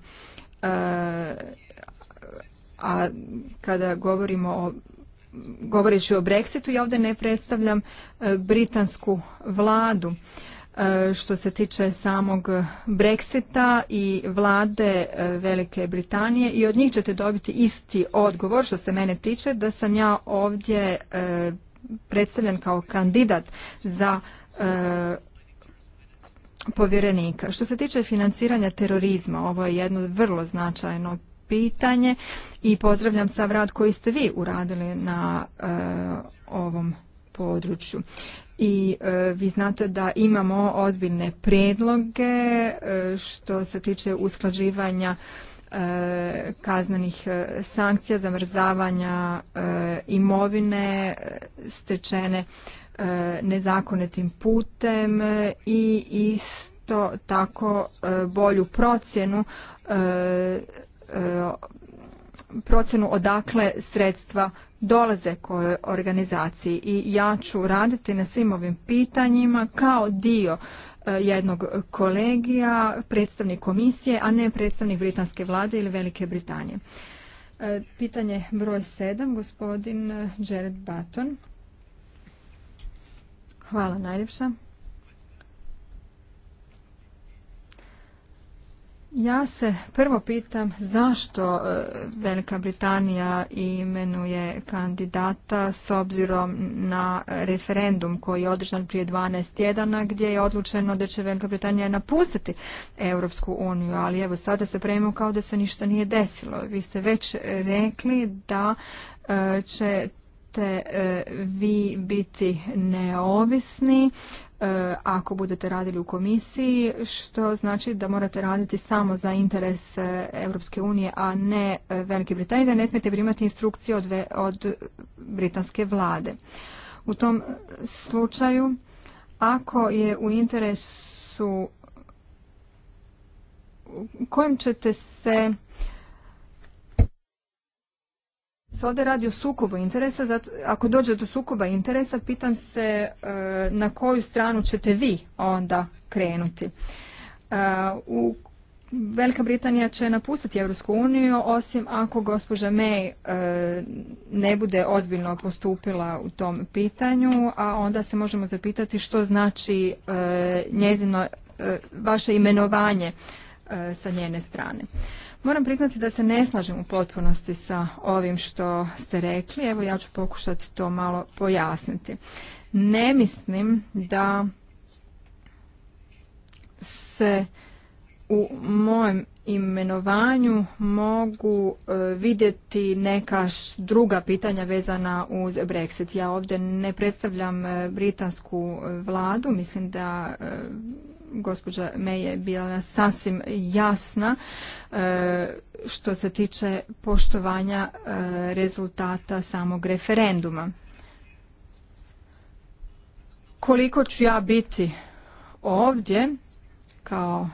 a kada govorimo o govoreći o Brexitu, ja ovdje ne predstavljam e, britansku vladu. E, što se tiče samog Brexita i vlade e, Velike Britanije i od njih ćete dobiti isti odgovor što se mene tiče da sam ja ovdje predstavljen kao kandidat za povjerenika. Što se tiče financiranja terorizma, ovo je jedno vrlo značajno pitanje i pozdravljam sav rad koji ste vi uradili na e, ovom području. I e, vi znate da imamo ozbiljne predloge e, što se tiče usklađivanja kaznenih sankcija, zamrzavanja imovine stečene nezakonitim putem i isto tako bolju procjenu E, procjenu odakle sredstva dolaze koje organizaciji i ja ću raditi na svim ovim pitanjima kao dio e, jednog kolegija, predstavnik komisije, a ne predstavnik britanske vlade ili Velike Britanije. E, pitanje broj 7, gospodin Jared Button. Hvala najljepša. Ja se prvo pitam zašto e, Velika Britanija imenuje kandidata s obzirom na referendum koji je održan prije 12 tjedana gdje je odlučeno da će Velika Britanija napustiti Europsku uniju, ali evo sada se premao kao da se ništa nije desilo. Vi ste već rekli da e, ćete e, vi biti neovisni E, ako budete radili u komisiji, što znači da morate raditi samo za interes Europske unije, a ne e, Velike Britanije, da ne smijete primati instrukcije od, od britanske vlade. U tom slučaju, ako je u interesu kojem ćete se se ovdje radi o sukobu interesa, zato, ako dođe do sukoba interesa, pitam se e, na koju stranu ćete vi onda krenuti. E, u Velika Britanija će napustiti Europsku uniju, osim ako gospođa May e, ne bude ozbiljno postupila u tom pitanju, a onda se možemo zapitati što znači njezino, vaše imenovanje sa njene strane. Moram priznati da se ne slažem u potpunosti sa ovim što ste rekli. Evo ja ću pokušati to malo pojasniti. Ne mislim da se u mojem imenovanju mogu e, vidjeti neka druga pitanja vezana uz Brexit. Ja ovdje ne predstavljam e, britansku e, vladu, mislim da gospođa May je bila sasvim jasna e, što se tiče poštovanja e, rezultata samog referenduma. Koliko ću ja biti ovdje kao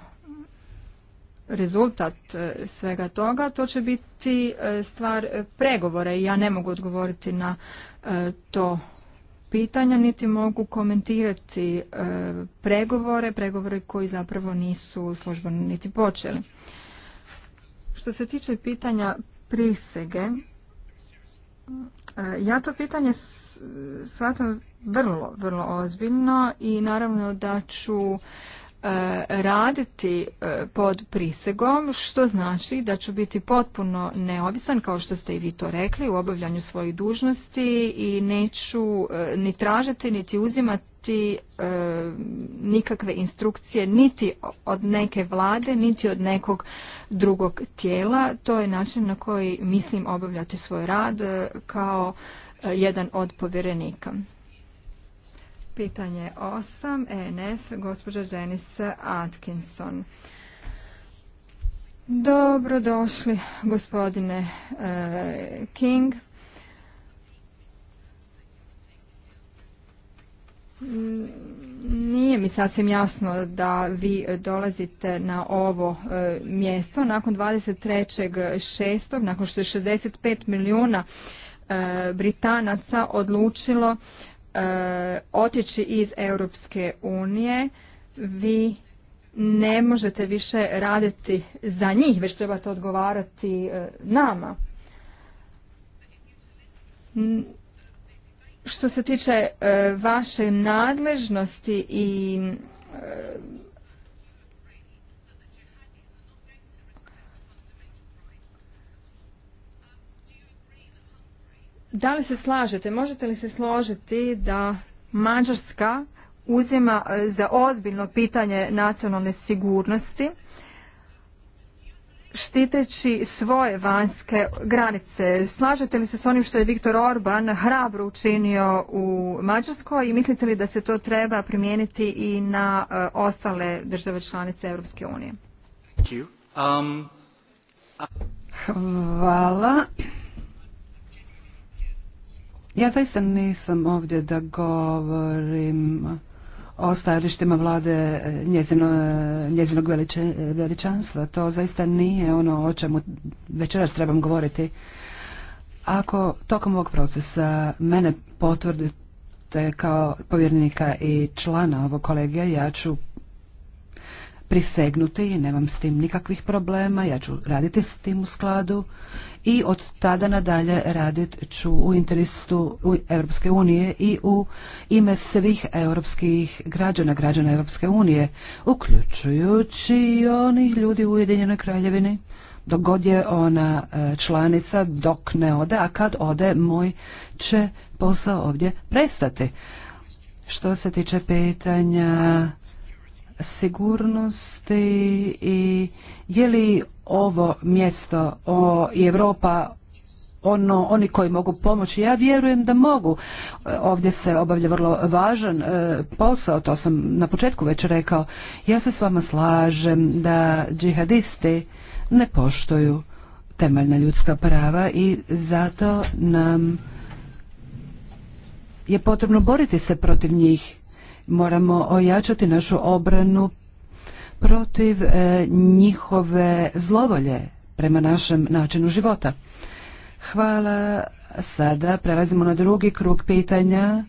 rezultat e, svega toga, to će biti stvar pregovora i ja ne mogu odgovoriti na to pitanja, niti mogu komentirati e, pregovore, pregovore koji zapravo nisu službeno niti počeli. Što se tiče pitanja prisege, e, ja to pitanje shvatam vrlo, vrlo ozbiljno i naravno da ću E, raditi e, pod prisegom, što znači da ću biti potpuno neovisan, kao što ste i vi to rekli, u obavljanju svojih dužnosti i neću e, ni tražiti, niti uzimati nikakve instrukcije, niti od neke vlade, niti od nekog drugog tijela. To je način na koji mislim obavljati svoj rad kao jedan od povjerenika. Pitanje 8, ENF, gospođa Janice Atkinson. Dobrodošli, gospodine e, King. Nije mi sasvim jasno da vi dolazite na ovo e, mjesto nakon 23.6. nakon što je 65 milijuna e, Britanaca odlučilo E, otići iz Europske unije, vi ne možete više raditi za njih, već trebate odgovarati e, nama. Što se tiče e, vaše nadležnosti i Da li se slažete, možete li se složiti da Mađarska uzima e, za ozbiljno pitanje nacionalne sigurnosti štiteći svoje vanjske granice. Slažete li se s onim što je Viktor Orban hrabro učinio u Mađarskoj i mislite li da se to treba primijeniti i na e, ostale države članice Europske unije? Um, Hvala. Ja zaista nisam ovdje da govorim o stajalištima vlade eh, eh, njezinog eh, veličanstva. To zaista nije ono o čemu večeras trebam govoriti. Ako tokom ovog procesa mene potvrdite kao povjernika i člana ovog kolegija, ja ću prisegnuti i nemam s tim nikakvih problema, ja ću raditi s tim u skladu i od tada nadalje radit ću u interesu Europske unije i u ime svih europskih građana, građana Europske unije, uključujući i onih ljudi u Ujedinjenoj kraljevini dok god je ona e, članica, dok ne ode, a kad ode, moj će posao ovdje prestati. Što se tiče pitanja sigurnosti i je li ovo mjesto o, i Europa ono, oni koji mogu pomoći. Ja vjerujem da mogu. Ovdje se obavlja vrlo važan e, posao, to sam na početku već rekao. Ja se s vama slažem da džihadisti ne poštuju temeljna ljudska prava i zato nam je potrebno boriti se protiv njih Moramo ojačati našu obranu protiv e, njihove zlovolje prema našem načinu života. Hvala. Sada prelazimo na drugi krug pitanja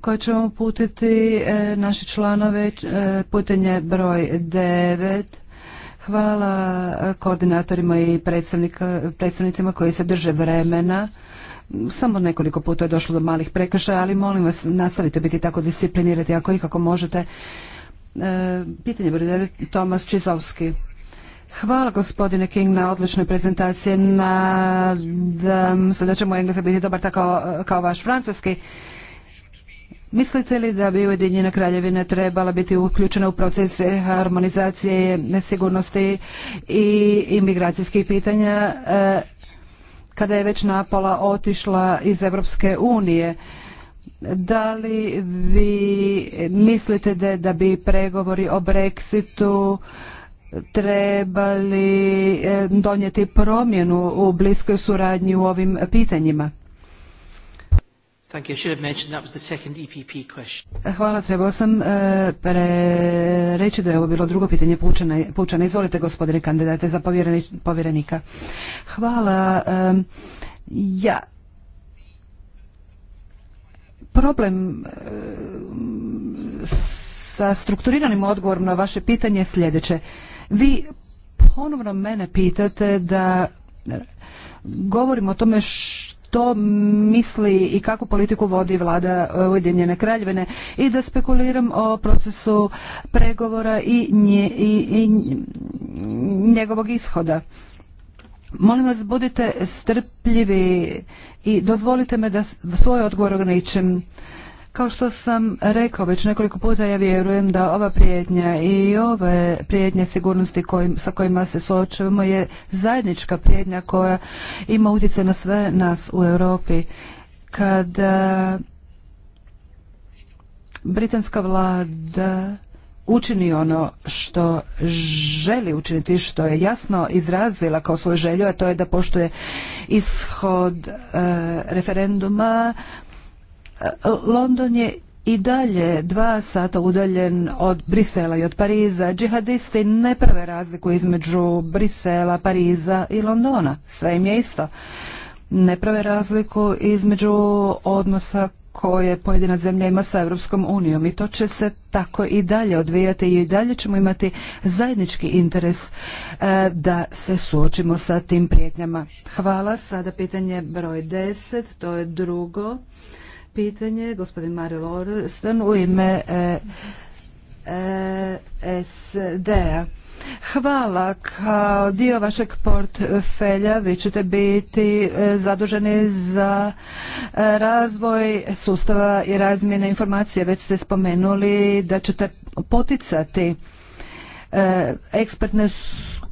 koje ćemo putiti e, naši članove. putenje broj devet. Hvala koordinatorima i predstavnicima koji se drže vremena. Samo nekoliko puta je došlo do malih prekršaja, ali molim vas nastavite biti tako disciplinirati ako ikako možete. E, pitanje broj Tomas Čizovski. Hvala gospodine King na odličnoj prezentaciji. Nadam se da ćemo biti dobar tako kao vaš francuski. Mislite li da bi Ujedinjena kraljevina trebala biti uključena u proces harmonizacije nesigurnosti i imigracijskih pitanja e, kada je već napola otišla iz Evropske unije. Da li vi mislite da, da bi pregovori o Brexitu trebali eh, donijeti promjenu u bliskoj suradnji u ovim pitanjima? Thank you. I should Hvala, trebao sam e, reći da je ovo bilo drugo pitanje pučana. Izvolite gospodine kandidate za povjerenika. Hvala. E, ja problem e, sa strukturiranim odgovorom na vaše pitanje je sljedeće. Vi ponovno mene pitate da govorim o tome što što misli i kakvu politiku vodi vlada e, Ujedinjene kraljevine i da spekuliram o procesu pregovora i, njegovog ishoda. Molim vas, budite strpljivi i dozvolite me da svoj odgovor ograničim. Kao što sam rekao već nekoliko puta, ja vjerujem da ova prijetnja i ove prijetnje sigurnosti kojim, sa kojima se suočavamo je zajednička prijetnja koja ima utjecaj na sve nas u Europi. Kada britanska vlada učini ono što želi učiniti, što je jasno izrazila kao svoju želju, a to je da poštuje ishod eh, referenduma, London je i dalje dva sata udaljen od Brisela i od Pariza. Džihadisti ne prave razliku između Brisela, Pariza i Londona. Sve im je isto. Ne prave razliku između odnosa koje pojedina zemlja ima sa Europskom unijom i to će se tako i dalje odvijati i dalje ćemo imati zajednički interes e, da se suočimo sa tim prijetnjama. Hvala. Sada pitanje broj deset. to je drugo pitanje, gospodin Mario Lorstan u ime e, e, SD-a. Hvala. Kao dio vašeg portfelja vi ćete biti e, zaduženi za razvoj sustava i razmjene informacije. Već ste spomenuli da ćete poticati ekspertne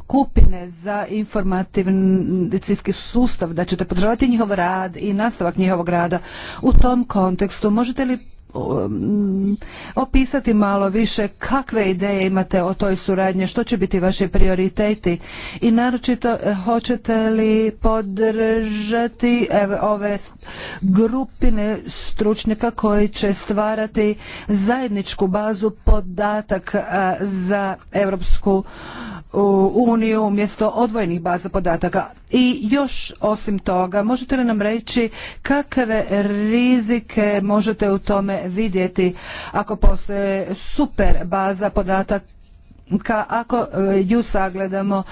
skupine za informativni sustav, da ćete podržavati njihov rad i nastavak njihovog rada. U tom kontekstu možete li Um, opisati malo više kakve ideje imate o toj suradnji, što će biti vaši prioriteti i naročito eh, hoćete li podržati eh, ove grupine stručnjaka koji će stvarati zajedničku bazu podataka eh, za Europsku uniju umjesto odvojenih baza podataka. I još osim toga, možete li nam reći kakve rizike možete u tome vidjeti ako postoje super baza podataka ako e, ju sagledamo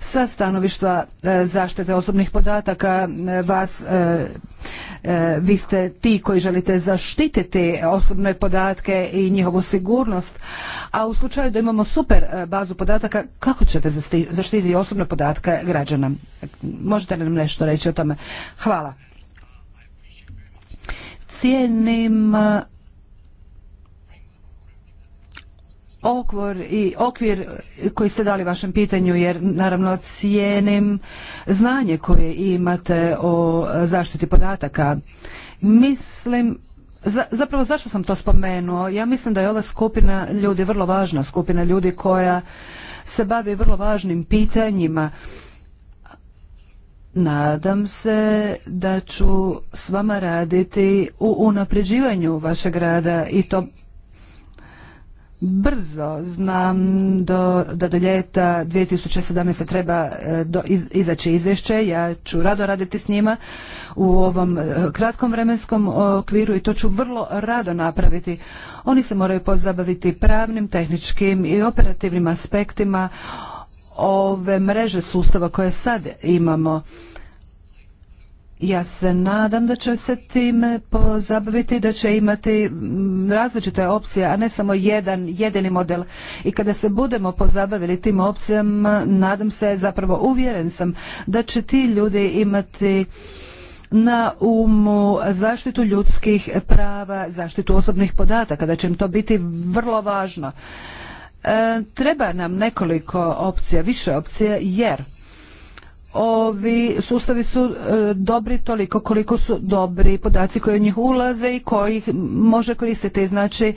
sa stanovišta e, zaštite osobnih podataka e, vas vi ste ti koji želite zaštititi osobne podatke i njihovu sigurnost a u slučaju da imamo super bazu podataka kako ćete zaštititi osobne podatke građana možete li nam nešto reći o tome hvala cijenim okvor i okvir koji ste dali vašem pitanju jer naravno cijenim znanje koje imate o zaštiti podataka. Mislim Zapravo zašto sam to spomenuo? Ja mislim da je ova skupina ljudi vrlo važna, skupina ljudi koja se bavi vrlo važnim pitanjima. Nadam se da ću s vama raditi u unapređivanju vašeg rada i to brzo. Znam da do ljeta 2017. treba e, do, iz, izaći izvješće. Ja ću rado raditi s njima u ovom e, kratkom vremenskom okviru i to ću vrlo rado napraviti. Oni se moraju pozabaviti pravnim, tehničkim i operativnim aspektima ove mreže sustava koje sad imamo ja se nadam da će se time pozabaviti, da će imati različite opcije, a ne samo jedan, jedini model. I kada se budemo pozabavili tim opcijama, nadam se, zapravo uvjeren sam da će ti ljudi imati na umu zaštitu ljudskih prava, zaštitu osobnih podataka, da će im to biti vrlo važno. E, treba nam nekoliko opcija, više opcija, jer ovi sustavi su e, dobri toliko koliko su dobri podaci koji u njih ulaze i ih može koristiti. Znači,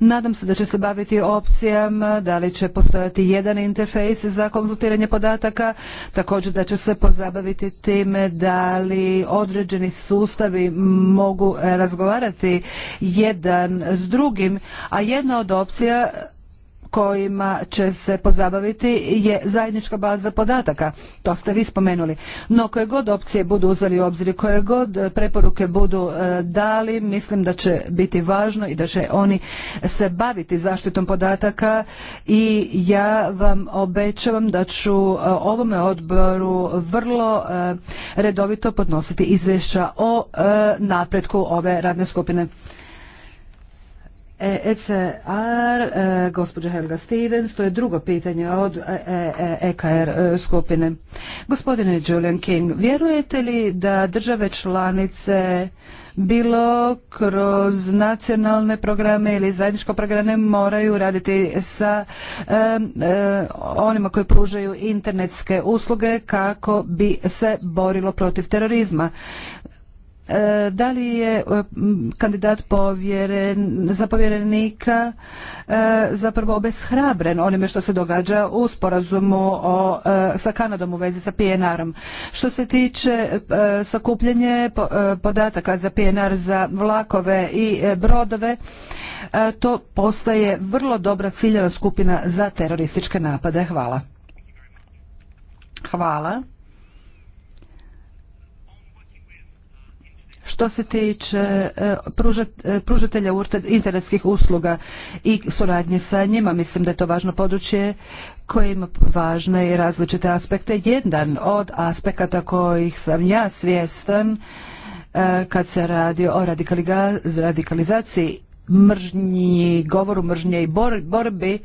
nadam se da će se baviti opcijama, da li će postojati jedan interfejs za konzultiranje podataka, također da će se pozabaviti time da li određeni sustavi mogu razgovarati jedan s drugim, a jedna od opcija kojima će se pozabaviti je zajednička baza podataka. To ste vi spomenuli. No koje god opcije budu uzeli u obzir, koje god e, preporuke budu e, dali, mislim da će biti važno i da će oni se baviti zaštitom podataka i ja vam obećavam da ću e, ovome odboru vrlo redovito podnositi izvješća o napretku ove radne skupine. ECR, e e, gospođa Helga Stevens, to je drugo pitanje od EKR e, skupine. Gospodine Julian King, vjerujete li da države članice bilo kroz nacionalne programe ili zajedničko programe moraju raditi sa onima koji pružaju internetske usluge kako bi se borilo protiv terorizma. E, da li je e, kandidat povjeren, za povjerenika e, zapravo obeshrabren onime što se događa u sporazumu o, sa Kanadom u vezi sa PNR-om. Što se tiče sakupljanje podataka za PNR za vlakove i brodove, to postaje vrlo dobra ciljena skupina za terorističke napade. Hvala. Hvala. što se tiče e, e, pružatelja internetskih usluga i suradnje sa njima, mislim da je to važno područje koje ima važne i različite aspekte. Jedan od aspekata kojih sam ja svjestan e, kad se radi o radikalizaciji mržnji, govoru mržnje i borbi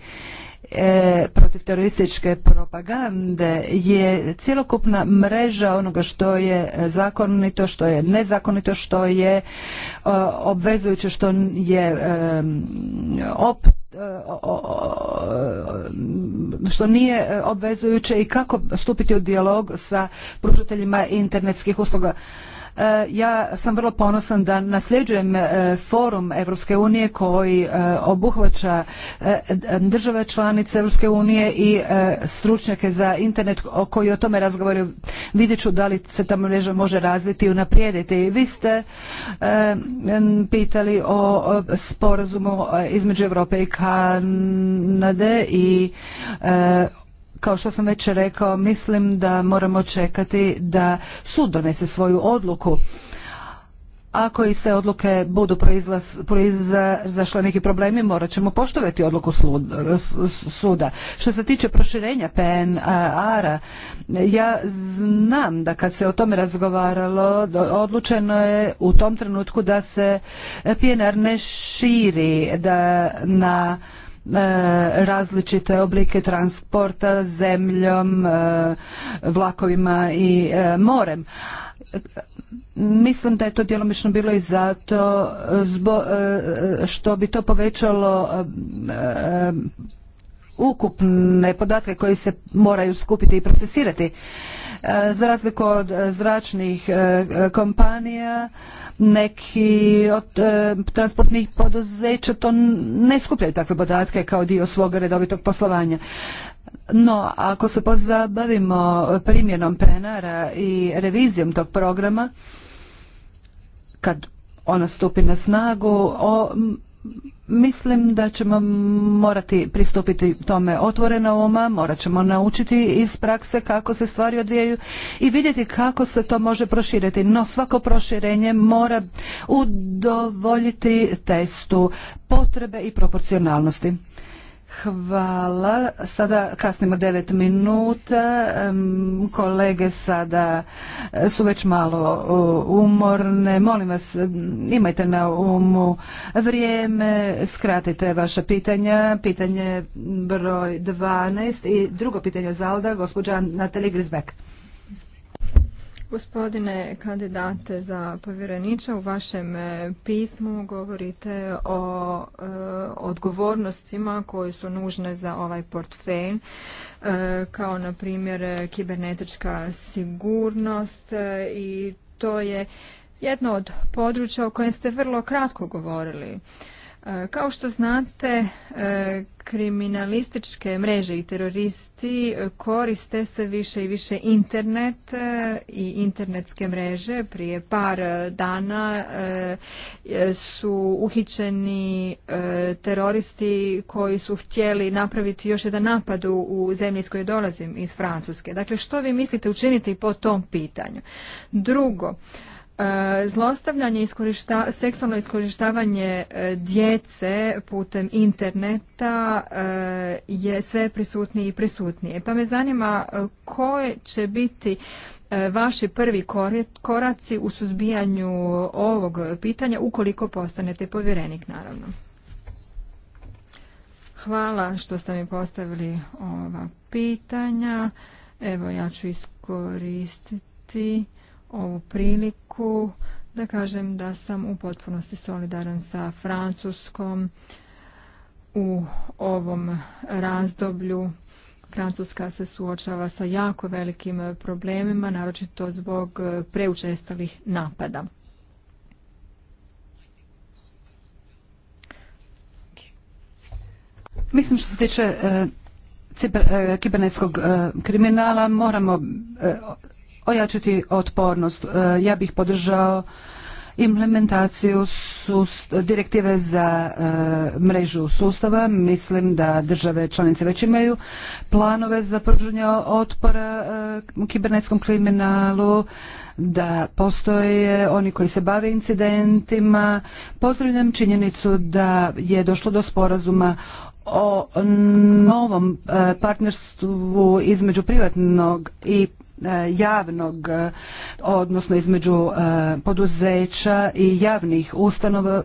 E, protiv terorističke propagande je cjelokupna mreža onoga što je zakonito, što je nezakonito, što je e, obvezujuće, što je e, što nije obvezujuće i kako stupiti u dijalog sa pružateljima internetskih usluga. E, ja sam vrlo ponosan da nasljeđujem e, forum Evropske unije koji e, obuhvaća države članice Evropske unije i stručnjake za internet koji o tome razgovaraju. Vidjet ću da li se ta mreža može razviti i unaprijediti. Vi ste pitali o sporazumu između Evrope i Kanade i kao što sam već rekao, mislim da moramo čekati da sud donese svoju odluku. Ako iz te odluke budu proizašle neki problemi, morat ćemo poštovati odluku suda. Što se tiče proširenja PNR-a, ja znam da kad se o tome razgovaralo, odlučeno je u tom trenutku da se PNR ne širi da na E, različite oblike transporta zemljom, e, vlakovima i e, morem. Mislim da je to djelomično bilo i zato što bi to povećalo ukupne podatke koji se moraju skupiti i procesirati. E, za razliku od e, zračnih e, kompanija, neki od transportnih poduzeća to ne skupljaju takve podatke kao dio svog redovitog poslovanja. No, ako se pozabavimo primjenom penara i revizijom tog programa, kad ona stupi na snagu, Mislim da ćemo morati pristupiti tome otvorena oma, morat ćemo naučiti iz prakse kako se stvari odvijaju i vidjeti kako se to može proširiti. No svako proširenje mora udovoljiti testu potrebe i proporcionalnosti. Hvala. Sada kasnimo devet minuta. Kolege sada su već malo umorne. Molim vas, imajte na umu vrijeme, skratite vaša pitanja. Pitanje broj 12 i drugo pitanje zalda, gospođa Natalija Grisbeck. Gospodine kandidate za povjereniča, u vašem e, pismu govorite o e, odgovornostima koje su nužne za ovaj portfelj, e, kao na primjer kibernetička sigurnost i to je jedno od područja o kojem ste vrlo kratko govorili. E, kao što znate, e, kriminalističke mreže i teroristi e, koriste se više i više internet i internetske mreže. Prije par dana su uhićeni teroristi koji su htjeli napraviti još jedan napad u zemlji iz koje dolazim, iz Francuske. Dakle, što vi mislite učiniti po tom pitanju? Drugo, E, zlostavljanje, iskorišta, seksualno iskorištavanje e, djece putem interneta e, je sve prisutnije i prisutnije. Pa me zanima koje će biti vaši prvi koraci u suzbijanju ovog pitanja ukoliko postanete povjerenik naravno. Hvala što ste mi postavili ova pitanja. Evo ja ću iskoristiti ovu priliku da kažem da sam u potpunosti solidaran sa Francuskom u ovom razdoblju. Francuska se suočava sa jako velikim problemima, naročito zbog preučestalih napada. Mislim što se tiče eh, eh, kibernetskog eh, kriminala moramo ojačati otpornost. E, ja bih podržao implementaciju direktive za e, mrežu sustava. Mislim da države članice već imaju planove za pružanje otpora e, kibernetskom kriminalu, da postoje oni koji se bave incidentima. Pozdravljam činjenicu da je došlo do sporazuma o novom partnerstvu između privatnog i E, javnog, e, odnosno između e, poduzeća i javnih ustanova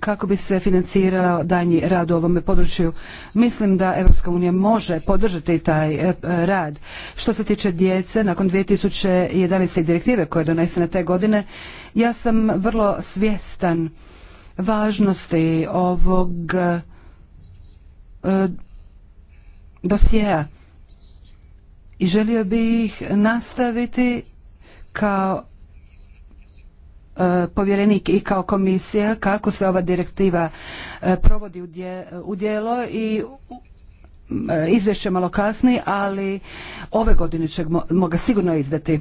kako bi se financirao danji rad u ovome području. Mislim da Evropska unija može podržati taj rad. Što se tiče djece, nakon 2011. direktive koja je donesena te godine, ja sam vrlo svjestan važnosti ovog dosjeja želio bi nastaviti kao e, povjerenik i kao komisija kako se ova direktiva e, provodi u djelo i e, izvješće malo kasni, ali ove godine ćemo ga sigurno izdati.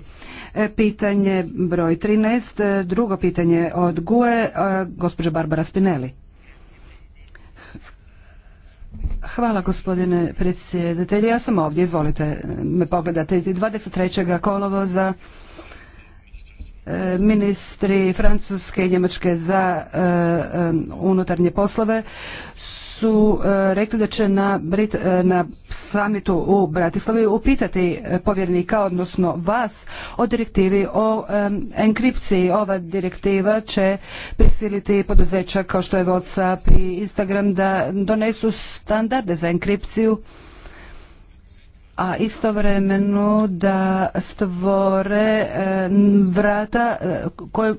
Pitanje broj 13, drugo pitanje od GUE, gospođa Barbara Spinelli. Hvala gospodine predsjedatelju. Ja sam ovdje, izvolite me pogledati. 23. kolovoza E, ministri Francuske i Njemačke za e, e, unutarnje poslove su rekli da će na, Brit, na samitu u Bratislavi upitati povjernika odnosno vas, o direktivi o enkripciji. Ova direktiva će prisiliti poduzeća kao što je Whatsapp i Instagram da donesu standarde za enkripciju a istovremeno da stvore eh, vrata eh,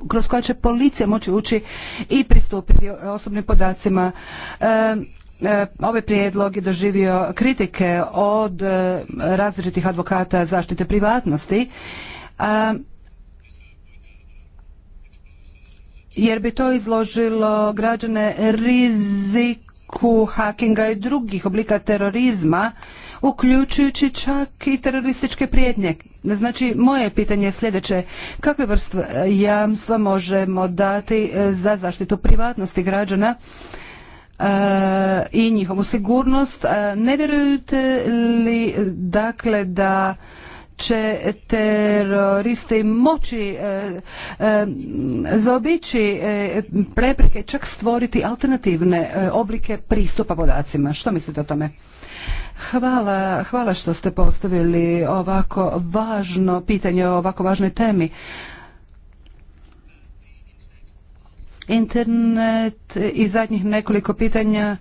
kroz koja će policija moći ući i pristupiti osobnim podacima. Eh, ovaj prijedlog je doživio kritike od različitih advokata zaštite privatnosti jer bi to izložilo građane riziku hakinga i drugih oblika terorizma uključujući čak i terorističke prijetnje. Znači, moje pitanje je sljedeće. Kakve vrste e, jamstva možemo dati e, za zaštitu privatnosti građana e, i njihovu sigurnost? Ne vjerujete li dakle da će teroristi moći zaobići prepreke, čak stvoriti alternativne oblike pristupa podacima. Što mislite o tome? Hvala, hvala što ste postavili ovako važno pitanje o ovako važnoj temi. Internet i zadnjih nekoliko pitanja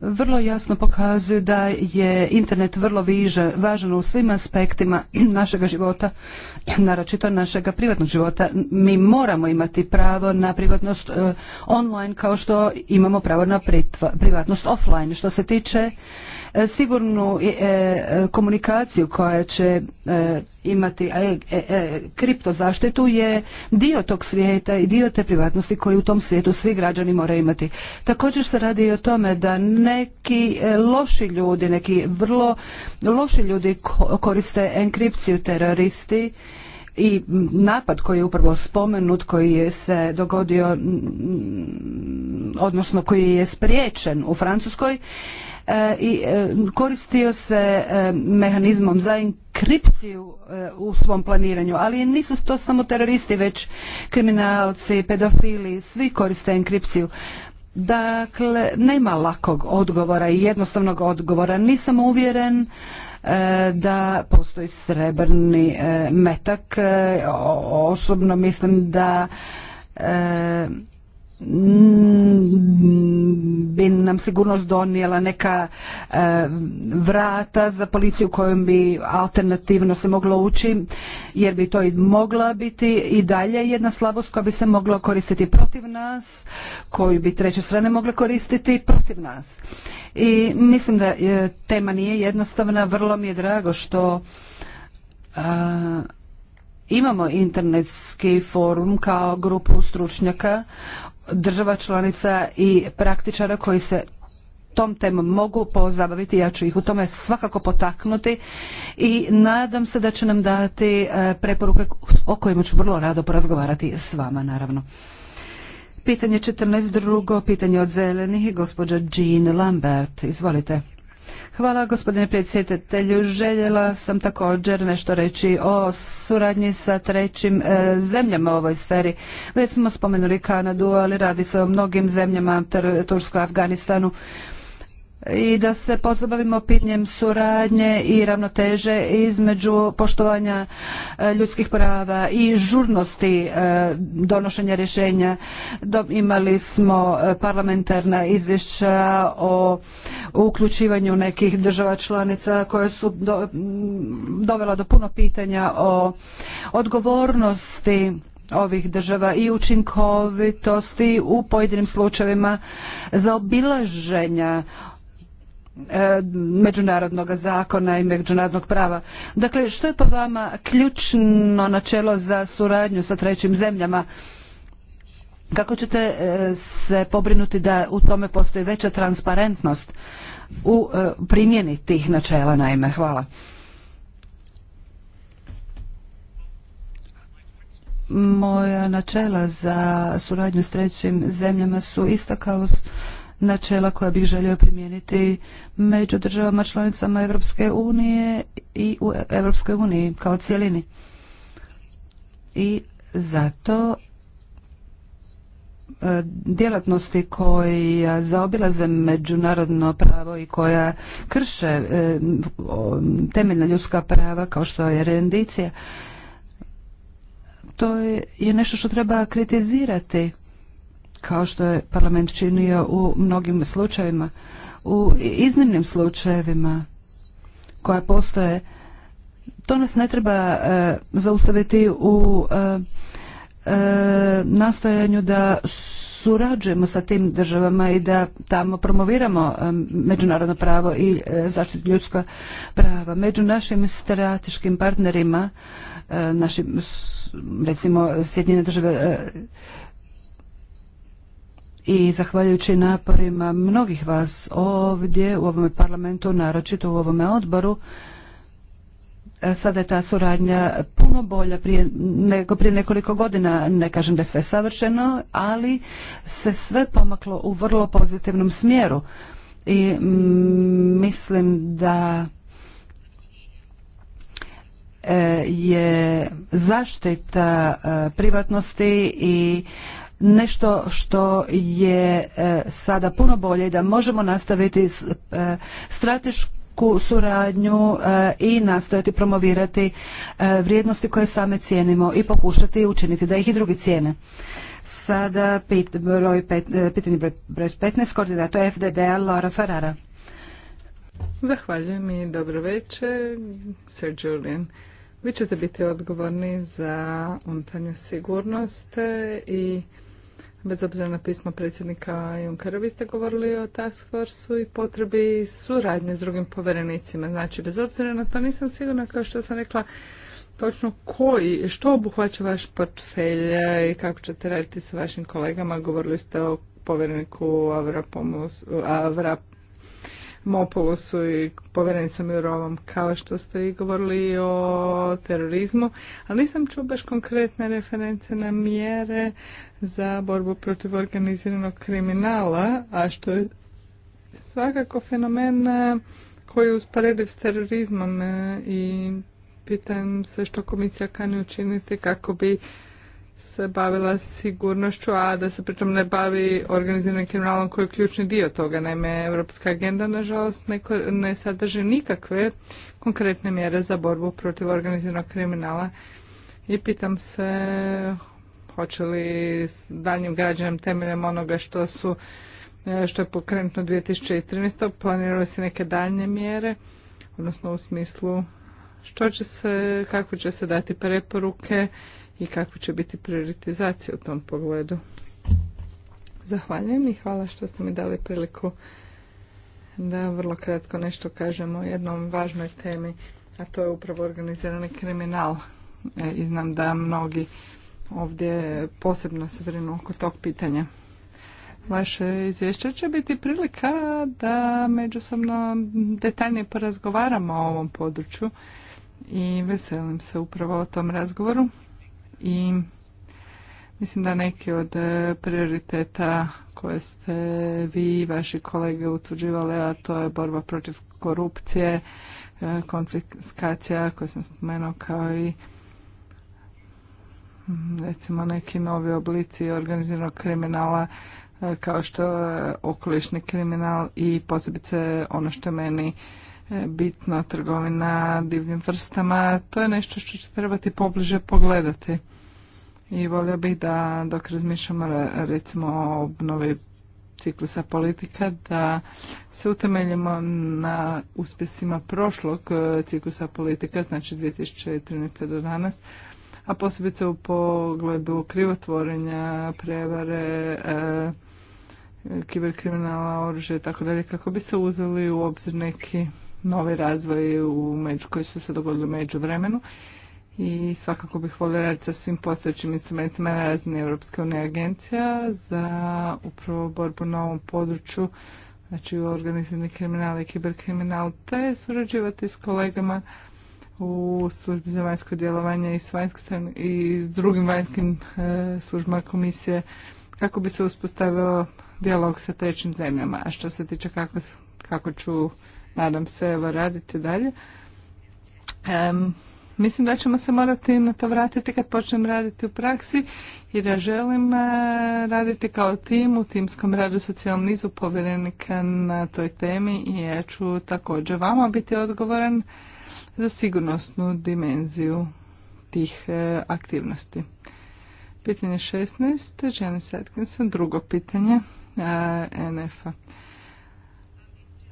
vrlo jasno pokazuju da je internet vrlo viže, važan u svim aspektima našega života, naročito našega privatnog života. Mi moramo imati pravo na privatnost e, online kao što imamo pravo na privatnost offline. Što se tiče E, sigurnu e, e, komunikaciju koja će imati kripto zaštitu je dio tog svijeta i dio te privatnosti koji u tom svijetu svi građani moraju imati. Također se radi i o tome da neki loši ljudi, neki vrlo loši ljudi koriste enkripciju teroristi i napad koji je upravo spomenut, koji je se dogodio, odnosno koji je spriječen u Francuskoj, E, i e, koristio se e, mehanizmom za inkripciju u svom planiranju, ali nisu to samo teroristi, već kriminalci, pedofili, svi koriste enkripciju. Dakle, nema lakog odgovora i jednostavnog odgovora. Nisam uvjeren da postoji srebrni metak. Osobno mislim da Mm, bi nam sigurnost donijela neka e, vrata za policiju kojom bi alternativno se moglo ući jer bi to i mogla biti i dalje jedna slabost koja bi se mogla koristiti protiv nas koju bi treće strane mogle koristiti protiv nas i mislim da e, tema nije jednostavna vrlo mi je drago što e, imamo internetski forum kao grupu stručnjaka država članica i praktičara koji se tom temom mogu pozabaviti, ja ću ih u tome svakako potaknuti i nadam se da će nam dati e, preporuke o kojima ću vrlo rado porazgovarati s vama naravno. Pitanje 14. drugo, pitanje od zelenih, gospođa Jean Lambert. Izvolite. Hvala gospodine predsjedatelju. Željela sam također nešto reći o suradnji sa trećim e, zemljama u ovoj sferi. Već smo spomenuli Kanadu, ali radi se o mnogim zemljama, Tursku, Afganistanu i da se pozabavimo pitanjem suradnje i ravnoteže između poštovanja e, ljudskih prava i žurnosti e, donošenja rješenja. Imali smo e, parlamentarna izvješća o uključivanju nekih država članica koje su dovela do puno pitanja o odgovornosti ovih država i učinkovitosti u pojedinim slučajevima za obilaženja E, međunarodnog zakona i međunarodnog prava. Dakle, što je po vama ključno načelo za suradnju sa trećim zemljama? Kako ćete e, se pobrinuti da u tome postoji veća transparentnost u e, primjeni tih načela, naime? Hvala. Moja načela za suradnju s trećim zemljama su ista kao načela koja bih želio primijeniti među državama članicama Europske unije i u Europskoj uniji kao cijelini. I zato e, djelatnosti koja zaobilaze međunarodno pravo i koja krše e, temeljna ljudska prava kao što je rendicija to je nešto što treba kritizirati kao što je parlament činio u mnogim slučajevima, u iznimnim slučajevima koja postoje, to nas ne treba e, zaustaviti u e, e, nastojanju da surađujemo sa tim državama i da tamo promoviramo međunarodno pravo i zaštitu ljudska prava. Među našim strateškim partnerima, našim, recimo Sjedinjene države i zahvaljujući naporima mnogih vas ovdje u ovome parlamentu, naročito u ovome odboru, e, sada je ta suradnja puno bolja prije, nego prije nekoliko godina. Ne kažem da je sve savršeno, ali se sve pomaklo u vrlo pozitivnom smjeru. I mm, mislim da e, je zaštita e, privatnosti i nešto što je e, sada puno bolje i da možemo nastaviti e, stratešku suradnju e, i nastojati promovirati vrijednosti koje same cijenimo i pokušati učiniti da ih i drugi cijene. Sada broj pitanje broj 15, koordinator FDD-a Laura Ferrara. Zahvaljujem i dobro večer, Sir Julian. Vi ćete biti odgovorni za unutarnju sigurnost i bez obzira na pismo predsjednika Junkera, vi ste govorili o task force i potrebi suradnje s drugim poverenicima. Znači, bez obzira na to nisam sigurna, kao što sam rekla, točno koji, što obuhvaća vaš portfelj i kako ćete raditi sa vašim kolegama. Govorili ste o povjereniku Avrapomu, Avrapomu su i povjerenicom Jurovom, kao što ste i govorili o terorizmu, ali nisam čuo baš konkretne reference na mjere za borbu protiv organiziranog kriminala, a što je svakako fenomen eh, koji je usporediv s terorizmom eh, i pitam se što komisija kani učiniti kako bi se bavila sigurnošću, a da se pritom ne bavi organiziranim kriminalom koji je ključni dio toga. Naime, Europska agenda, nažalost, ne, ne sadrži nikakve konkretne mjere za borbu protiv organiziranog kriminala. I pitam se hoće li s daljnjim građanom temeljem onoga što su e, što je pokrenutno 2013. planirali se neke daljnje mjere, odnosno u smislu što će se, kako će se dati preporuke i kakva će biti prioritizacija u tom pogledu. Zahvaljujem i hvala što ste mi dali priliku da vrlo kratko nešto kažemo o jednom važnoj temi, a to je upravo organizirani kriminal. E, I znam da mnogi ovdje posebno se brinu oko tog pitanja. Vaše izvješće će biti prilika da međusobno detaljnije porazgovaramo o ovom području i veselim se upravo o tom razgovoru i mislim da neki od e, prioriteta koje ste vi i vaši kolege utvrđivali, a to je borba protiv korupcije, e, konfiskacija koju sam spomenuo kao i mm, recimo neki novi oblici organiziranog kriminala e, kao što je okolišni kriminal i posebice ono što meni bitna trgovina divnim vrstama, to je nešto što će trebati pobliže pogledati. I volio bih da dok razmišljamo recimo o obnovi ciklusa politika, da se utemeljimo na uspjesima prošlog e, ciklusa politika, znači 2013. do danas, a posebice u pogledu krivotvorenja, prevare, e, kiberkriminala, oružja i tako dalje, kako bi se uzeli u obzir neki novi razvoj u među, koji su se dogodili u međuvremenu i svakako bih volio raditi sa svim postojećim instrumentima na razini Europske unije agencija za upravo borbu na ovom području, znači u organizirani kriminal i kiberkriminal, te surađivati s kolegama u službi za vanjsko djelovanje i s, i s drugim vanjskim e, službama komisije kako bi se uspostavio dijalog sa trećim zemljama. A što se tiče kako, kako ću nadam se evo raditi dalje. mislim da ćemo se morati na to vratiti kad počnem raditi u praksi jer ja želim e, raditi kao tim u timskom radu socijalnom nizu povjerenika na toj temi i ja ću također vama biti odgovoran za sigurnosnu dimenziju tih e, aktivnosti. Pitanje 16. Janice Atkinson, drugo pitanje e, NF-a.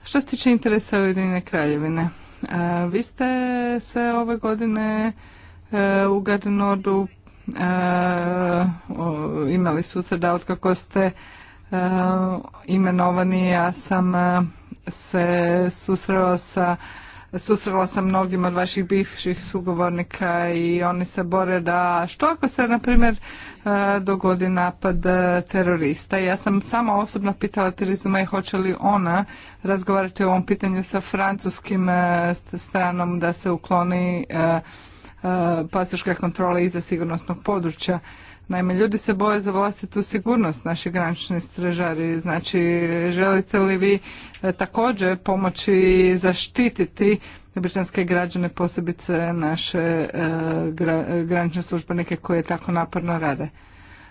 Što se tiče interesa Ujedinjene kraljevine, e, vi ste se ove godine e, u uh, imali susreda od kako ste imenovani. Ja sam se susrela sa susrela sam mnogim od vaših bivših sugovornika i oni se bore da što ako se na primjer e, dogodi napad e, terorista. Ja sam sama osobno pitala terorizma May hoće li ona razgovarati o ovom pitanju sa francuskim e, stranom da se ukloni pasoška kontrola iza sigurnosnog područja. Naime, ljudi se boje za vlastitu sigurnost, naši granični stražari. Znači, želite li vi e, također pomoći zaštititi britanske građane, posebice naše e, granične službenike koje tako naporno rade?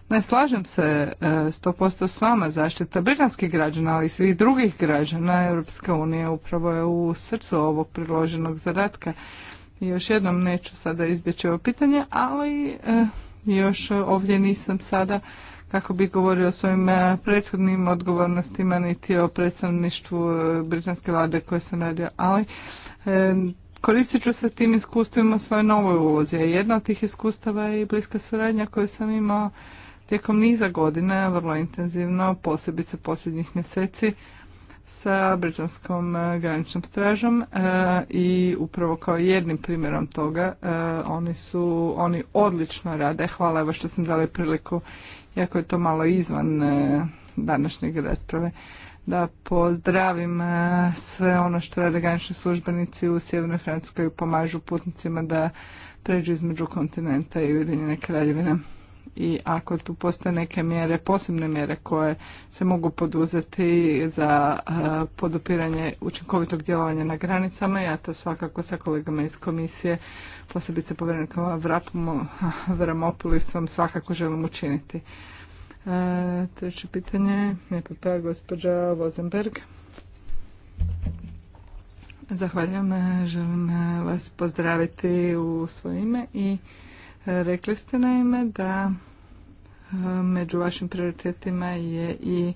Ne slažem se 100% e, s vama, zaštita britanskih građana, ali i svih drugih građana Europske unije upravo je u srcu ovog priloženog zadatka. I još jednom neću sada izbjeći ovo pitanje, ali još ovdje nisam sada kako bi govorio o svojim e, prethodnim odgovornostima niti o predstavništvu e, britanske vlade koje sam radio, ali e, koristit ću se tim iskustvima u svojoj novoj ulozi. Jedna od tih iskustava je i bliska suradnja koju sam imao tijekom niza godina, vrlo intenzivno, posebice posljednjih mjeseci sa britanskom e, graničnom stražom e, i upravo kao jednim primjerom toga e, oni su, oni odlično rade. Hvala evo što sam dali priliku, jako je to malo izvan današnjeg rasprave, da pozdravim sve ono što rade granični službenici u Sjevernoj Francuskoj pomažu putnicima da pređu između kontinenta i Ujedinjene kraljevine i ako tu postoje neke mjere, posebne mjere koje se mogu poduzeti za e, podupiranje učinkovitog djelovanja na granicama, ja to svakako sa kolegama iz komisije, posebice povjerenikama Vramopolisom, svakako želim učiniti. E, treće pitanje, ne gospođa Vozenberg. Zahvaljujem, e, želim vas pozdraviti u svoje ime i Rekli ste naime da e, među vašim prioritetima je i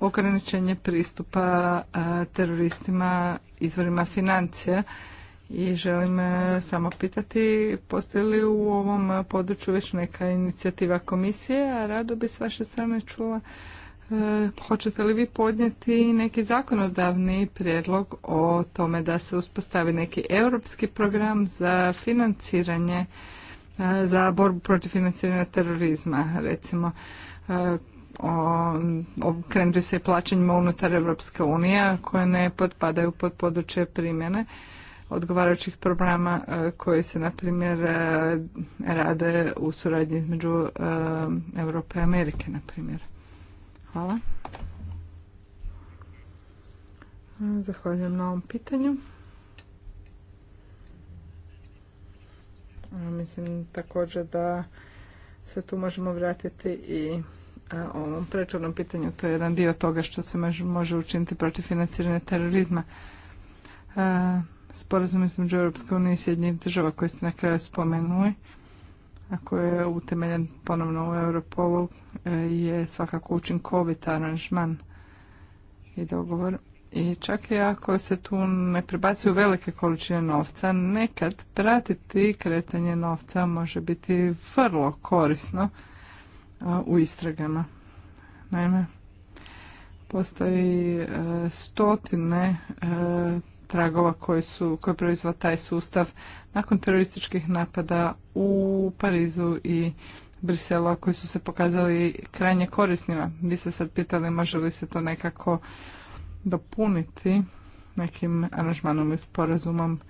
ograničenje pristupa e, teroristima izvorima financija i želim e, samo pitati postoji li u ovom području već neka inicijativa komisije, a rado bi s vaše strane čula hoćete li vi podnijeti neki zakonodavni prijedlog o tome da se uspostavi neki europski program za financiranje za borbu protiv financiranja terorizma, recimo krenuti se plaćanjima unutar Europske unije koje ne potpadaju pod područje primjene odgovarajućih programa e, koji se na primjer e, rade u suradnji između e, Europe i Amerike na primjer. Hvala. Zahvaljujem na ovom pitanju. Mislim također da se tu možemo vratiti i ovom prethodnom pitanju. To je jedan dio toga što se može učiniti protiv financiranja terorizma. Sporazum između Europske unije i Sjedinjenih država koje ste na kraju spomenuli, a je utemeljen ponovno u Europolu, e, je svakako učinkovit aranžman i dogovor i čak i ako se tu ne prebacuju velike količine novca, nekad pratiti kretanje novca može biti vrlo korisno e, u istragama. Naime, postoji e, stotine e, tragova koje, su, koje proizva taj sustav nakon terorističkih napada u Parizu i Brisela koji su se pokazali krajnje korisnima. Vi ste sad pitali može li se to nekako dopuniti nekim aranžmanom i sporazumom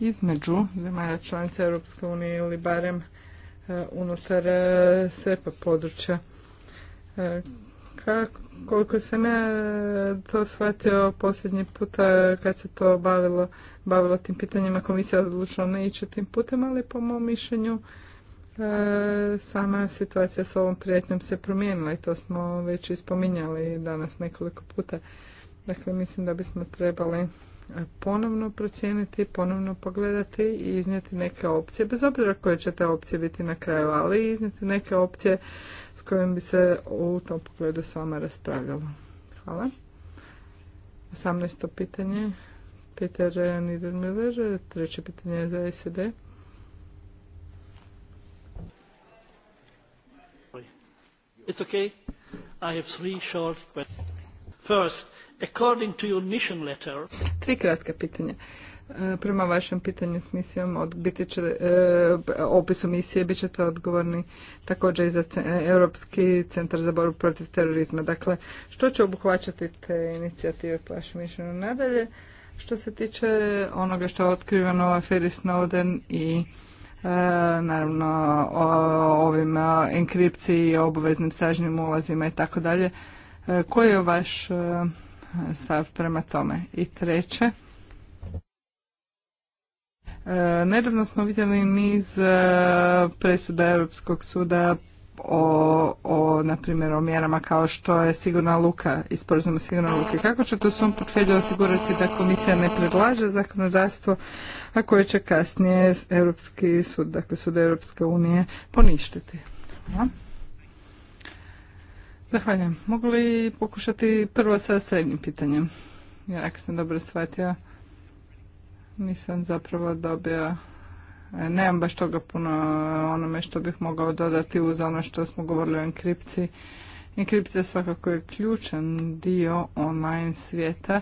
između zemalja članica Europske unije ili barem eh, unutar eh, SEPA područja. Eh, koliko sam ja to shvatio posljednji puta kad se to bavilo, bavilo tim pitanjima, komisija odlučila ne ići tim putem, ali po mom mišljenju sama situacija s ovom prijetnjom se promijenila i to smo već ispominjali danas nekoliko puta. Dakle, mislim da bismo trebali e, ponovno procijeniti, ponovno pogledati i iznijeti neke opcije, bez obzira koje će te opcije biti na kraju, ali iznijeti neke opcije s kojim bi se u tom pogledu s vama raspravljalo. Hvala. 18. pitanje. Peter Niedermüller, treće pitanje je za SED. It's okay. I have three short questions. First, According to your mission letter... Tri kratka pitanja. E, prema vašem pitanju s misijom, od, biti e, opisu misije, bit ćete odgovorni također i za e, Europski centar za borbu protiv terorizma. Dakle, što će obuhvaćati te inicijative po vašem mišljenju nadalje? Što se tiče onoga što je otkriveno u aferi Snowden i naravno o, ovim o, enkripciji, obaveznim stražnim ulazima i tako dalje, koji je vaš stav prema tome. I treće, e, nedavno smo vidjeli niz e, presuda Europskog suda o, o na primjer, o mjerama kao što je sigurna luka i sigurna luke. Kako će to svom portfelju osigurati da komisija ne predlaže zakonodavstvo, a koje će kasnije Europski sud, dakle sud Europske unije, poništiti? Hvala. Zahvaljujem. Mogu li pokušati prvo sa srednjim pitanjem? Jer ako sam dobro shvatio, nisam zapravo dobio e, nemam baš toga puno onome što bih mogao dodati uz ono što smo govorili o enkripciji. Enkripcija svakako je ključan dio online svijeta,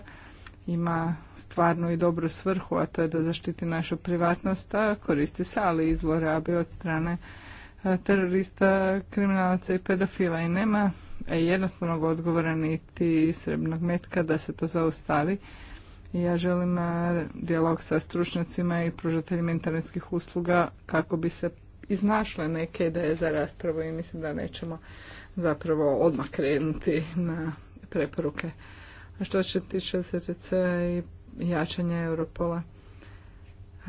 ima stvarnu i dobru svrhu, a to je da zaštiti našu privatnost, a koristi se, ali i zlorabi od strane E, terorista, kriminalaca i pedofila i nema jednostavnog odgovora niti srebrnog metka da se to zaustavi. Ja želim e, dijalog sa stručnjacima i pružateljima internetskih usluga kako bi se iznašle neke ideje za raspravu i mislim da nećemo zapravo odmah krenuti na preporuke. A što se tiče CCC i jačanja Europola,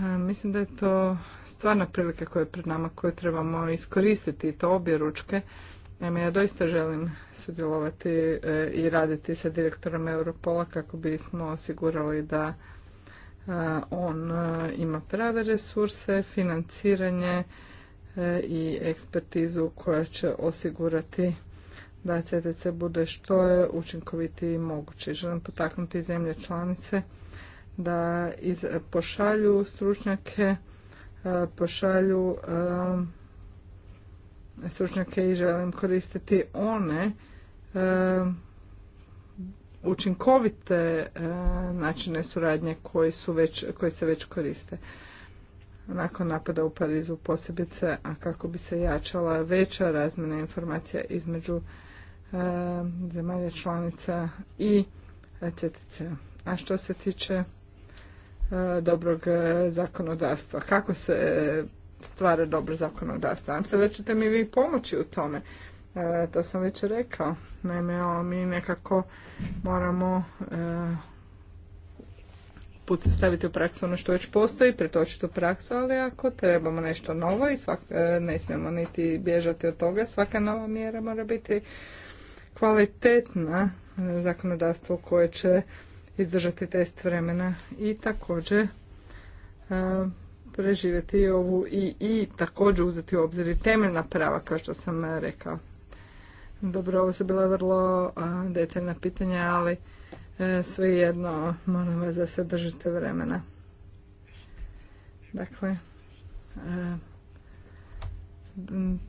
E, mislim da je to stvarna prilika koja je pred nama, koju trebamo iskoristiti i to obje ručke. Naime, ja doista želim sudjelovati e, i raditi sa direktorom Europola kako bismo osigurali da e, on ima prave resurse, financiranje i ekspertizu koja će osigurati da CTC bude što je učinkovitiji i mogući. Želim potaknuti zemlje članice da iz, pošalju stručnjake, e, pošalju e, stručnjake i želim koristiti one e, učinkovite načine suradnje koji, su već, koji se već koriste nakon napada u Parizu posebice, a kako bi se jačala veća razmjena informacija između zemalja članica i CTC. A što se tiče E, dobrog e, zakonodavstva. Kako se e, stvara dobro zakonodavstvo? Nam se da ćete mi vi pomoći u tome. to sam već rekao. Naime, mi nekako moramo staviti u praksu ono što već postoji, pretočiti u praksu, ali ako trebamo nešto novo i ne smijemo niti bježati od toga, svaka nova mjera mora biti kvalitetna zakonodavstvo koje će izdržati test vremena i također e, preživjeti ovu i, i također uzeti u obzir i temeljna prava kao što sam e, rekao. Dobro, ovo su bila vrlo e, detaljna pitanja, ali svejedno molim vas da se držite vremena. Dakle,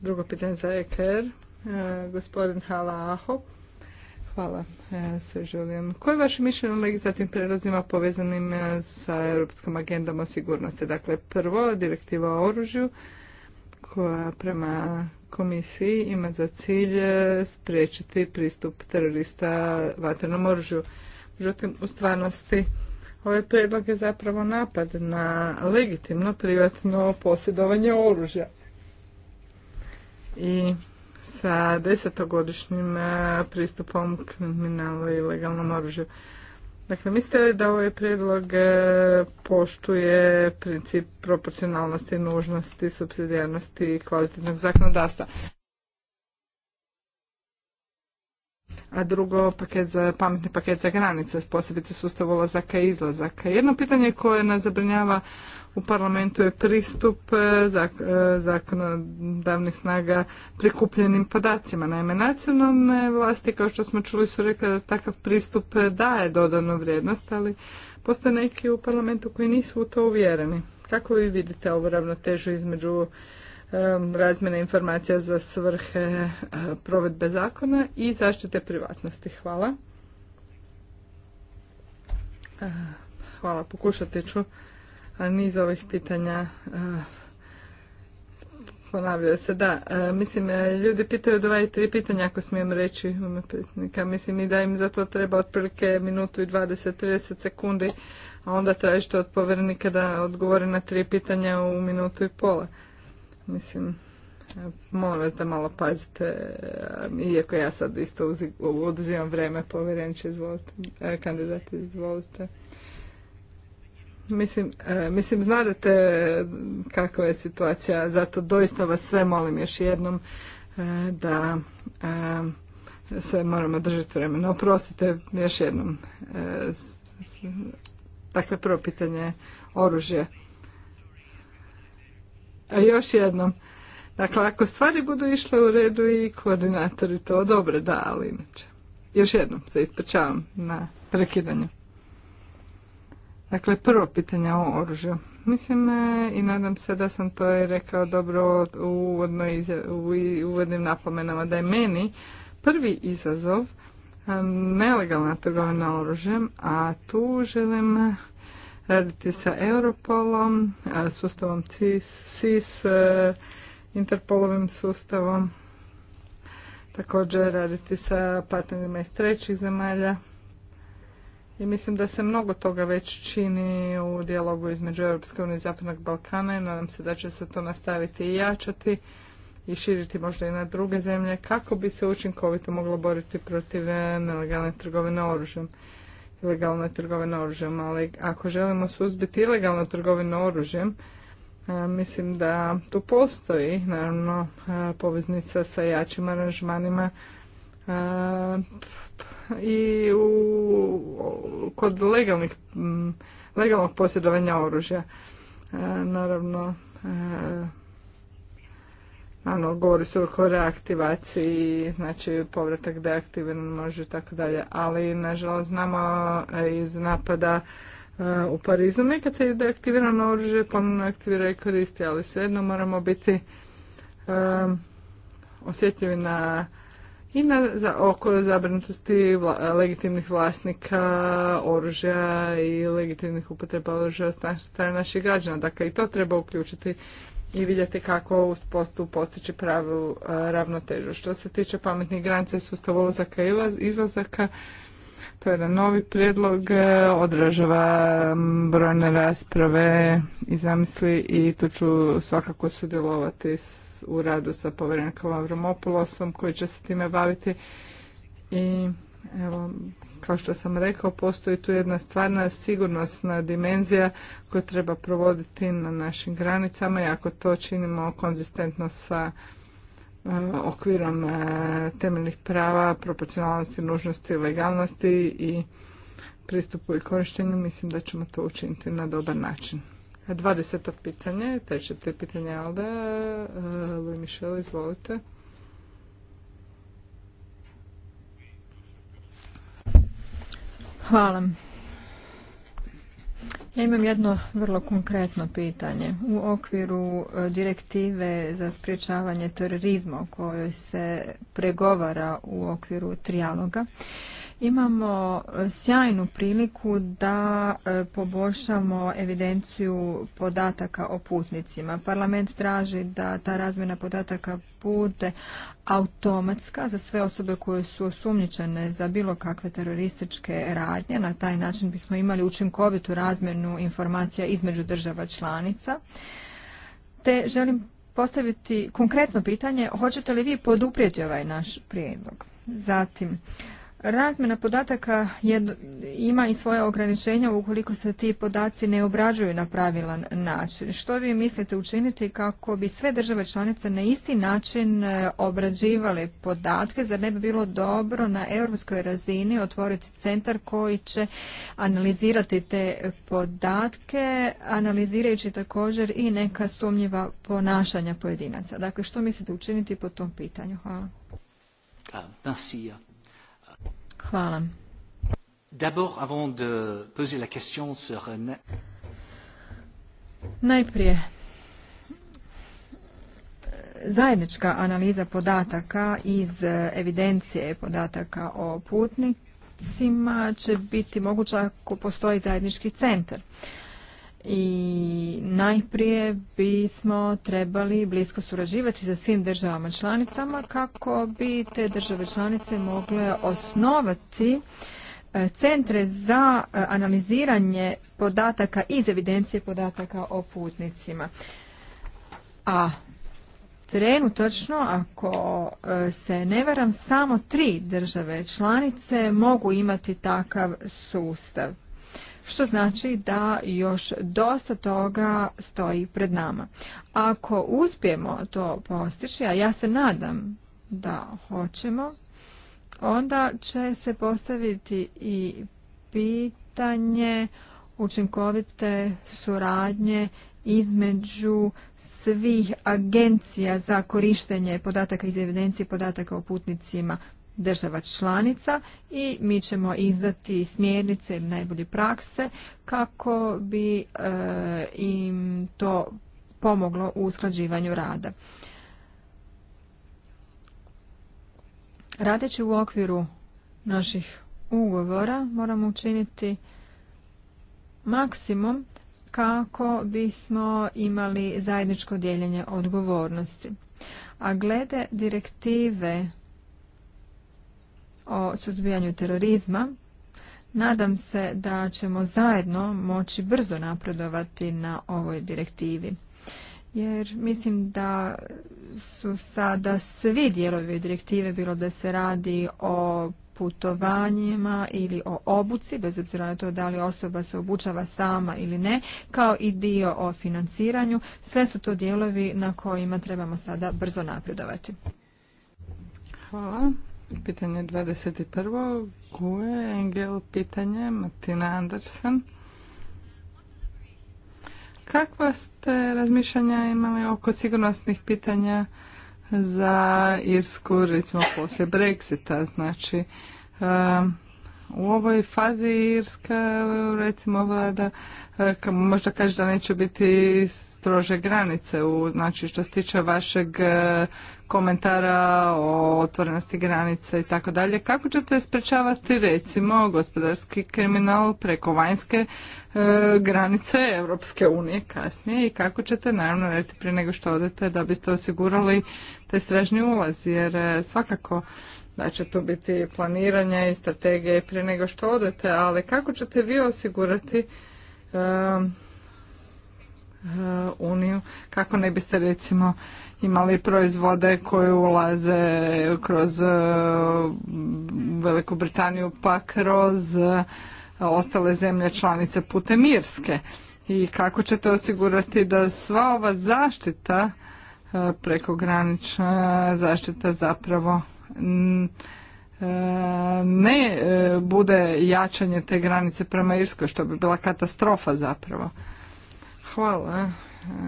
drugo pitanje za EKR. Gospodin Hala Hvala, se želim. Koje je vaše mišljenje o legislativnim prelazima povezanim e, sa Europskom agendom o sigurnosti? Dakle, prvo, direktiva o oružju, koja prema komisiji ima za cilj e, spriječiti pristup terorista vatrenom oružju. Međutim, u stvarnosti ovaj predlog je zapravo napad na legitimno privatno posjedovanje oružja. I sa desetogodišnjim e, pristupom kriminalu i legalnom oružju. Dakle, mislite da ovaj prijedlog e, poštuje princip proporcionalnosti, nužnosti, subsidijarnosti i kvalitetnog zakonodavstva? a drugo paket za, pametni paket za granice, posebice sustav ulazaka i izlazaka. Jedno pitanje koje nas zabrinjava u parlamentu je pristup e, e, zakonodavnih snaga prikupljenim podacima. Naime, nacionalne vlasti, kao što smo čuli, su rekli da takav pristup daje dodanu vrijednost, ali postoje neki u parlamentu koji nisu u to uvjereni. Kako vi vidite ovu ravnotežu između razmjene informacija za svrhe e, provedbe zakona i zaštite privatnosti. Hvala. E, hvala, pokušati ću niz ovih pitanja e, ponavljaju se, da. Mislim, ljudi pitaju dva i tri pitanja, ako smijem reći u ime Mislim i da im za to treba otprilike minutu i 20-30 sekundi, a onda tražite od povjerenika da odgovori na tri pitanja u minutu i pola mislim, e, molim vas da malo pazite, e, iako ja sad isto oduzivam vreme, povjerenče, izvolite, e, kandidat, izvolite. Mislim, mislim, znate kakva je situacija, zato doista vas sve molim još jednom da se moramo držati vremena. Oprostite još jednom. takve prvo pitanje oružje. A još jednom. Dakle, ako stvari budu išle u redu i koordinatori to dobro, da, ali inače. Još jednom se ispričavam na prekidanju. Dakle, prvo pitanje o oružju. Mislim e, i nadam se da sam to i rekao dobro u uvodnim napomenama da je meni prvi izazov e, nelegalna trgovina oružjem, a tu želim raditi sa Europolom, sustavom CIS, e, Interpolovim sustavom, također raditi sa partnerima iz trećih zemalja. I mislim da se mnogo toga već čini u dijalogu između Europske unije i Zapadnog Balkana i nadam se da će se to nastaviti i jačati i širiti možda i na druge zemlje kako bi se učinkovito moglo boriti protiv e, nelegalne trgovine oružjem ilegalne trgovine oružjem, ali ako želimo suzbiti ilegalnu trgovinu oružjem, e, mislim da tu postoji naravno e, poveznica sa jačim aranžmanima e, i u, kod legalnih, legalnog posjedovanja oružja. Naravno, ono, govori se o reaktivaciji, znači povratak deaktiviran može i tako dalje, ali nažalost znamo e, iz napada e, u Parizu nekad se deaktivirano oružje ponovno aktivira i koristi, ali svejedno moramo biti e, osjetljivi na i na, za, oko zabrinutosti legitimnih vlasnika oružja i legitimnih upotreba oružja od strane naših građana. Dakle, i to treba uključiti i vidjeti kako postu postići pravu e, ravnotežu. Što se tiče pametnih granica i sustava ulazaka i izlazaka, to je jedan novi prijedlog, e, odražava brojne rasprave i zamisli i tu ću svakako sudjelovati u radu sa povjerenikom Avramopulosom koji će se time baviti i evo kao što sam rekao, postoji tu jedna stvarna sigurnosna dimenzija koju treba provoditi na našim granicama i ako to činimo konzistentno sa e, okvirom e, temeljnih prava, proporcionalnosti, nužnosti, legalnosti i pristupu i korištenju, mislim da ćemo to učiniti na dobar način. 20. pitanje, treće pitanje Alda, e, Louis Michel, izvolite. Hvala. Ja imam jedno vrlo konkretno pitanje. U okviru e, direktive za sprječavanje terorizma o kojoj se pregovara u okviru trijaloga, imamo e, sjajnu priliku da e, poboljšamo evidenciju podataka o putnicima. Parlament traži da ta razmjena podataka bude automatska za sve osobe koje su osumnjičene za bilo kakve terorističke radnje. Na taj način bismo imali učinkovitu razmjenu informacija između država članica. Te želim postaviti konkretno pitanje, hoćete li vi poduprijeti ovaj naš prijedlog? Zatim, Razmjena podataka je, ima i svoje ograničenja ukoliko se ti podaci ne obrađuju na pravilan način. Što vi mislite učiniti kako bi sve države članice na isti način e, obrađivale podatke? Zar ne bi bilo dobro na europskoj razini otvoriti centar koji će analizirati te podatke, analizirajući također i neka sumnjiva ponašanja pojedinaca? Dakle, što mislite učiniti po tom pitanju? Hvala. Nasija. Ah, Hvala. Avant de euh, Najprije, zajednička analiza podataka iz e, evidencije podataka o putnicima će biti moguća ako postoji zajednički centar i najprije bismo trebali blisko surađivati sa svim državama članicama kako bi te države članice mogle osnovati e, centre za e, analiziranje podataka iz evidencije podataka o putnicima. A točno ako e, se ne varam, samo tri države članice mogu imati takav sustav što znači da još dosta toga stoji pred nama. Ako uspijemo to postići, a ja se nadam da hoćemo, onda će se postaviti i pitanje učinkovite suradnje između svih agencija za korištenje podataka iz evidencije podataka o putnicima država članica i mi ćemo izdati smjernice ili najbolje prakse kako bi e, im to pomoglo u usklađivanju rada. Radeći u okviru naših ugovora moramo učiniti maksimum kako bismo imali zajedničko dijeljenje odgovornosti. A glede direktive o suzbijanju terorizma. Nadam se da ćemo zajedno moći brzo napredovati na ovoj direktivi. Jer mislim da su sada svi dijelovi direktive, bilo da se radi o putovanjima ili o obuci, bez obzira na to da li osoba se obučava sama ili ne, kao i dio o financiranju. Sve su to dijelovi na kojima trebamo sada brzo napredovati. Hvala. Pitanje 21. Guje, Engel, pitanje, Martina Andersen. Kakva ste razmišljanja imali oko sigurnosnih pitanja za Irsku, recimo poslije Brexita, znači um, u ovoj fazi Irska recimo vlada uh, možda kaže da neće biti strože granice u, znači što se tiče vašeg uh, komentara o otvorenosti granica i tako dalje. Kako ćete sprečavati recimo gospodarski kriminal preko vanjske e, granice Europske unije kasnije i kako ćete naravno reći prije nego što odete da biste osigurali taj stražni ulaz jer e, svakako da će tu biti planiranje i strategije prije nego što odete, ali kako ćete vi osigurati e, uniju kako ne biste recimo imali proizvode koji ulaze kroz e, Veliku Britaniju pa kroz e, ostale zemlje članice putem Irske. I kako ćete osigurati da sva ova zaštita e, prekogranična zaštita zapravo ne bude jačanje te granice prema Irskoj, što bi bila katastrofa zapravo. Hvala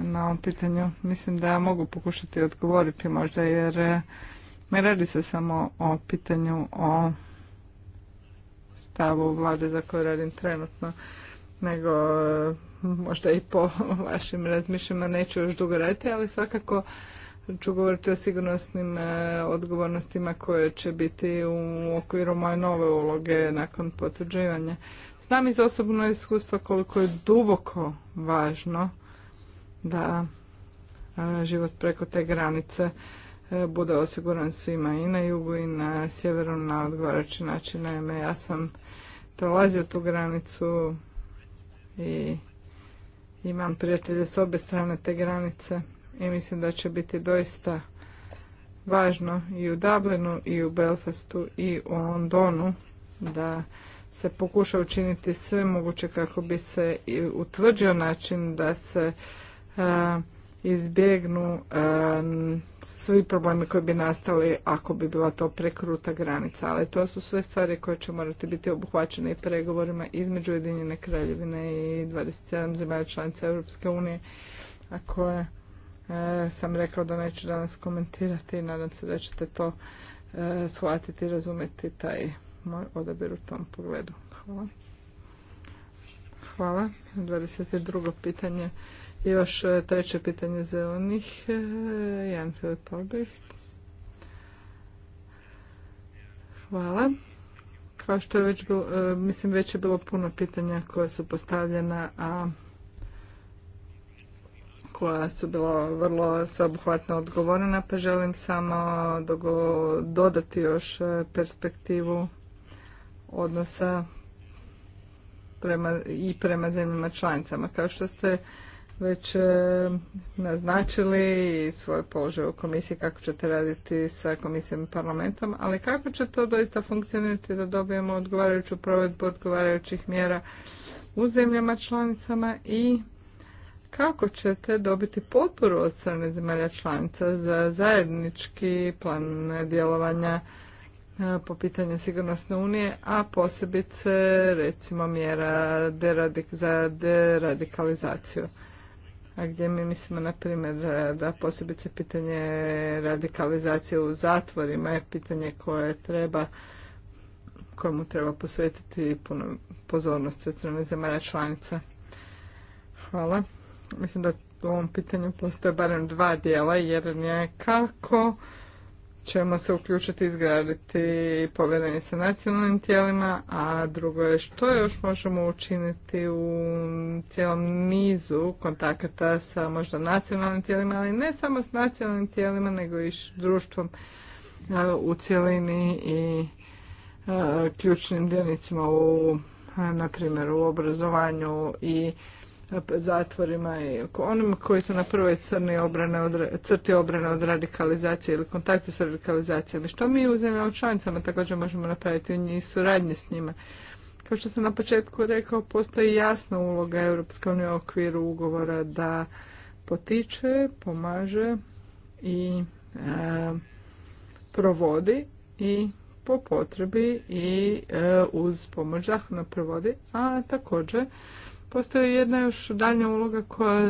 na ovom pitanju. Mislim da mogu pokušati odgovoriti možda jer eh, ne radi se samo o pitanju o stavu vlade za koju radim trenutno, nego eh, možda i po *laughs* vašim razmišljama neću još dugo raditi, ali svakako ću govoriti o sigurnosnim eh, odgovornostima koje će biti u okviru moje nove uloge nakon potvrđivanja. Znam iz osobno iskustva koliko je duboko važno da e, život preko te granice e, bude osiguran svima i na jugu i na sjeveru na odgovarajući način. Naime, ja sam prolazio tu granicu i imam prijatelje s obje strane te granice i mislim da će biti doista važno i u Dublinu i u Belfastu i u Londonu da se pokuša učiniti sve moguće kako bi se utvrđio način da se E, izbjegnu e, svi problemi koji bi nastali ako bi bila to prekruta granica. Ali to su sve stvari koje će morati biti obuhvaćene i pregovorima između Ujedinjene kraljevine i 27 zemalja članica Europske unije, a koje e, sam rekao da neću danas komentirati i nadam se da ćete to shvatiti i razumjeti taj moj odabir u tom pogledu. Hvala. Hvala. 22. pitanje još e, treće pitanje onih. E, Jan Filip Albrecht. Hvala. Kao što je već bilo, e, mislim već je bilo puno pitanja koja su postavljena, a koja su bila vrlo sveobuhvatno odgovorena, pa želim samo dodati još perspektivu odnosa i prema zemljama članicama. Kao što ste već e, naznačili i svoje položaje u komisiji kako ćete raditi sa komisijom i parlamentom, ali kako će to doista funkcionirati da dobijemo odgovarajuću provedbu odgovarajućih mjera u zemljama članicama i kako ćete dobiti potporu od strane zemalja članica za zajednički plan djelovanja e, po pitanju sigurnosne unije, a posebice recimo mjera deradik za deradikalizaciju gdje mi mislimo, na primjer, da posebice pitanje radikalizacije u zatvorima je pitanje koje treba kojemu treba posvetiti puno pozornosti od strane zemalja članica. Hvala. Mislim da u ovom pitanju postoje barem dva dijela. Jedan je kako ćemo se uključiti izgraditi povedanje sa nacionalnim tijelima, a drugo je što još možemo učiniti u cijelom nizu kontakata sa možda nacionalnim tijelima, ali ne samo s nacionalnim tijelima, nego i s društvom u cjelini i ključnim dionicima u, na primjer, u obrazovanju i zatvorima i onim koji su na prvoj obrane od, crti obrane od radikalizacije ili kontakti s radikalizacijom. što mi u zemljama članicama također možemo napraviti i suradnje s njima. Kao što sam na početku rekao, postoji jasna uloga Europske unije u okviru ugovora da potiče, pomaže i e, provodi i po potrebi i e, uz pomoć zakona provodi, a također Postoji jedna još daljnja uloga koja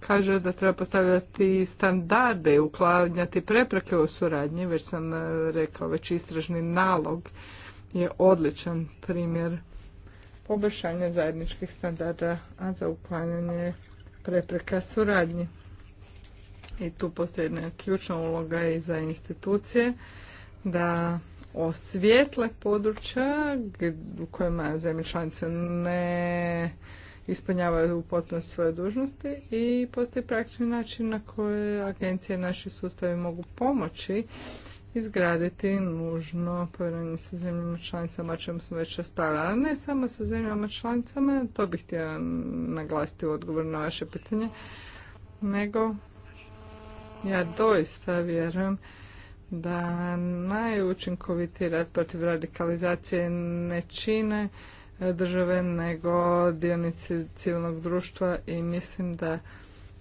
kaže da treba postavljati standarde i uklanjati prepreke u suradnji, već sam e, rekao, već istražni nalog je odličan primjer poboljšanja zajedničkih standarda, a za uklanjanje prepreka suradnji. I tu postoji jedna ključna uloga i za institucije da osvijetle područja u kojima zemlje članice ne ispunjavaju u potpunosti svoje dužnosti i postoji praktični način na koji agencije naši sustavi mogu pomoći izgraditi nužno povjerenje sa zemljama članicama, o čemu smo već raspravljali, ne samo sa zemljama članicama, to bih htjela naglasiti u odgovor na vaše pitanje, nego ja doista vjerujem da najučinkovitiji rad protiv radikalizacije ne čine e, države nego dionici civilnog društva i mislim da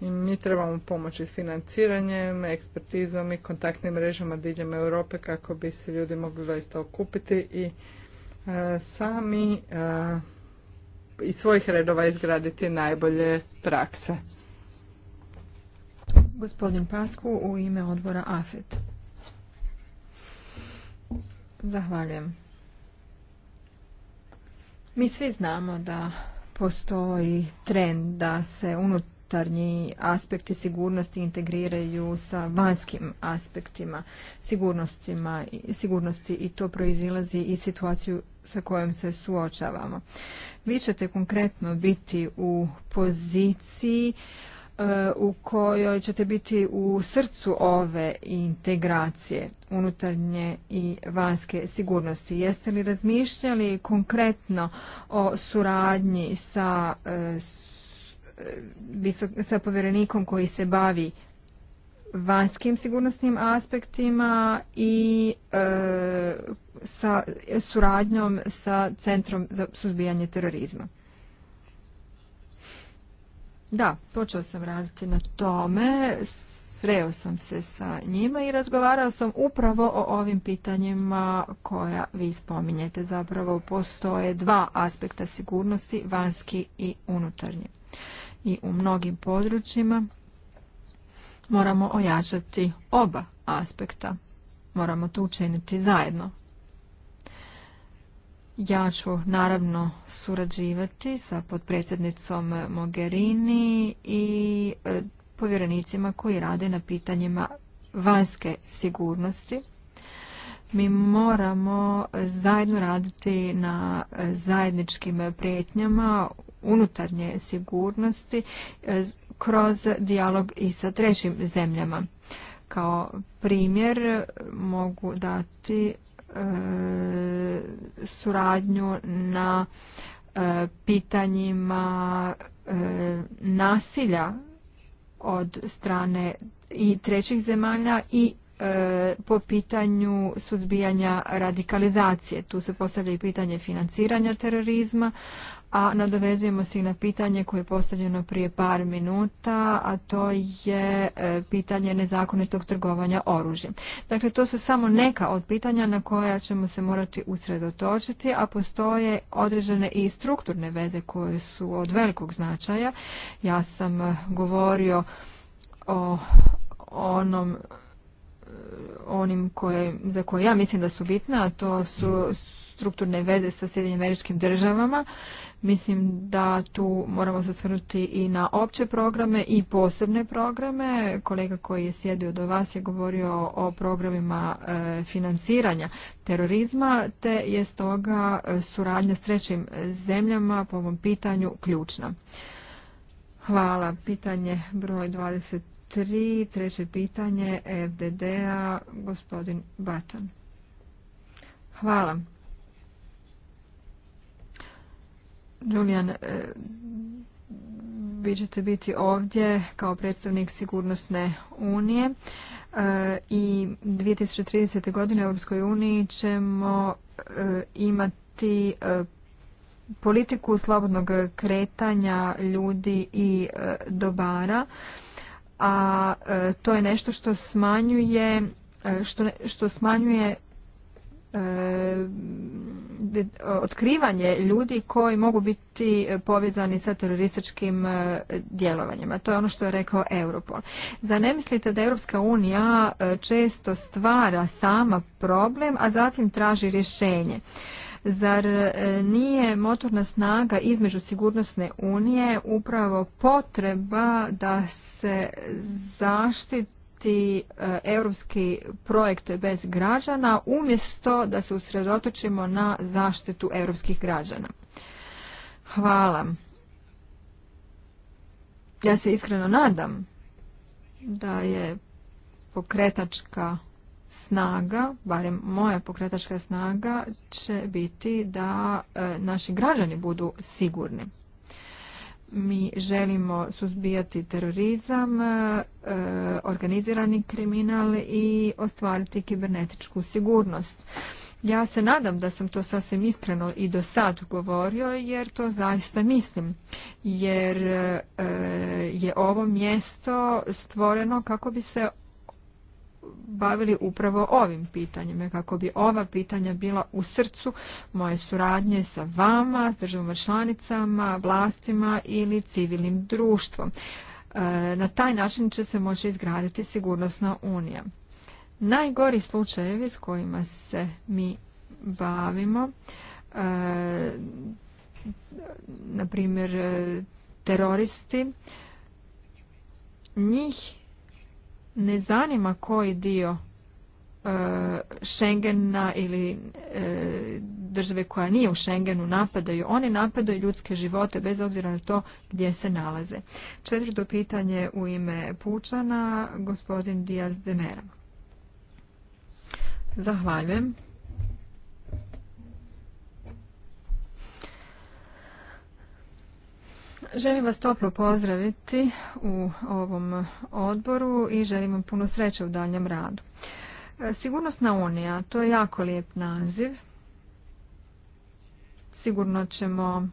mi trebamo pomoći s financiranjem, ekspertizom i kontaktnim mrežama diljem Europe kako bi se ljudi mogli doista okupiti i e, sami e, iz svojih redova izgraditi najbolje prakse. Gospodin Pasku u ime odbora AFET. Zahvaljujem. Mi svi znamo da postoji trend da se unutarnji aspekti sigurnosti integriraju sa vanjskim aspektima sigurnosti i to proizilazi i situaciju sa kojom se suočavamo. Vi ćete konkretno biti u poziciji E, u kojoj ćete biti u srcu ove integracije unutarnje i vanjske sigurnosti. Jeste li razmišljali konkretno o suradnji sa, e, e, sa povjerenikom koji se bavi vanjskim sigurnosnim aspektima i sa suradnjom sa Centrom za suzbijanje terorizma? Da, počeo sam raditi na tome, sreo sam se sa njima i razgovarao sam upravo o ovim pitanjima koja vi spominjete. Zapravo postoje dva aspekta sigurnosti, vanjski i unutarnji. I u mnogim područjima moramo ojačati oba aspekta. Moramo to učiniti zajedno. Ja ću naravno surađivati sa potpredsjednicom Mogherini i e, povjerenicima koji rade na pitanjima vanjske sigurnosti. Mi moramo zajedno raditi na zajedničkim prijetnjama unutarnje sigurnosti e, kroz dijalog i sa trećim zemljama. Kao primjer mogu dati E, suradnju na e, pitanjima e, nasilja od strane i trećih zemalja i po pitanju suzbijanja radikalizacije. Tu se postavlja i pitanje financiranja terorizma, a nadovezujemo se i na pitanje koje je postavljeno prije par minuta, a to je e, pitanje nezakonitog trgovanja oružja. Dakle, to su samo neka od pitanja na koja ćemo se morati usredotočiti, a postoje određene i strukturne veze koje su od velikog značaja. Ja sam e, govorio o onom e, onim za koje ja mislim da su bitne, a to su strukturne veze sa Sjedinim američkim državama. Mislim da tu moramo se osvrnuti i na opće programe i posebne programe. Kolega koji je sjedio do vas je govorio o programima e, financiranja terorizma, te je stoga e, suradnja s trećim zemljama po ovom pitanju ključna. Hvala. Pitanje broj 23. Treće pitanje FDD-a, gospodin Baton. Hvala. Julian, eh, vi ćete biti ovdje kao predstavnik sigurnosne unije eh, i 2030. godine u Europskoj uniji ćemo eh, imati politiku slobodnog kretanja ljudi i dobara, a to je nešto što smanjuje što smanjuje E, otkrivanje ljudi koji mogu biti povezani sa terorističkim e, djelovanjima. To je ono što je rekao Europol. Zanemislite da Europska unija e, često stvara sama problem, a zatim traži rješenje? Zar nije motorna snaga između sigurnosne unije upravo potreba da se zaštiti i e, europski projekt bez građana umjesto da se usredotočimo na zaštitu europskih građana. Hvala. Ja se iskreno nadam da je pokretačka snaga, barem moja pokretačka snaga, će biti da e, naši građani budu sigurni mi želimo suzbijati terorizam, e, organizirani kriminal i ostvariti kibernetičku sigurnost. Ja se nadam da sam to sasvim iskreno i do sad govorio jer to zaista mislim. Jer e, je ovo mjesto stvoreno kako bi se bavili upravo ovim pitanjima kako bi ova pitanja bila u srcu moje suradnje sa vama, s državama članicama, vlastima ili civilnim društvom. E, na taj način će se moći izgraditi sigurnosna unija. Najgori slučajevi s kojima se mi bavimo, e, na primjer e, teroristi, njih ne zanima koji dio e, Schengena ili e, države koja nije u Schengenu napadaju. Oni napadaju ljudske živote bez obzira na to gdje se nalaze. Četvrto pitanje u ime Pučana, gospodin Dijaz Demera. Zahvaljujem. Želim vas toplo pozdraviti u ovom odboru i želim vam puno sreće u daljem radu. E, Sigurnosna unija, to je jako lijep naziv. Sigurno ćemo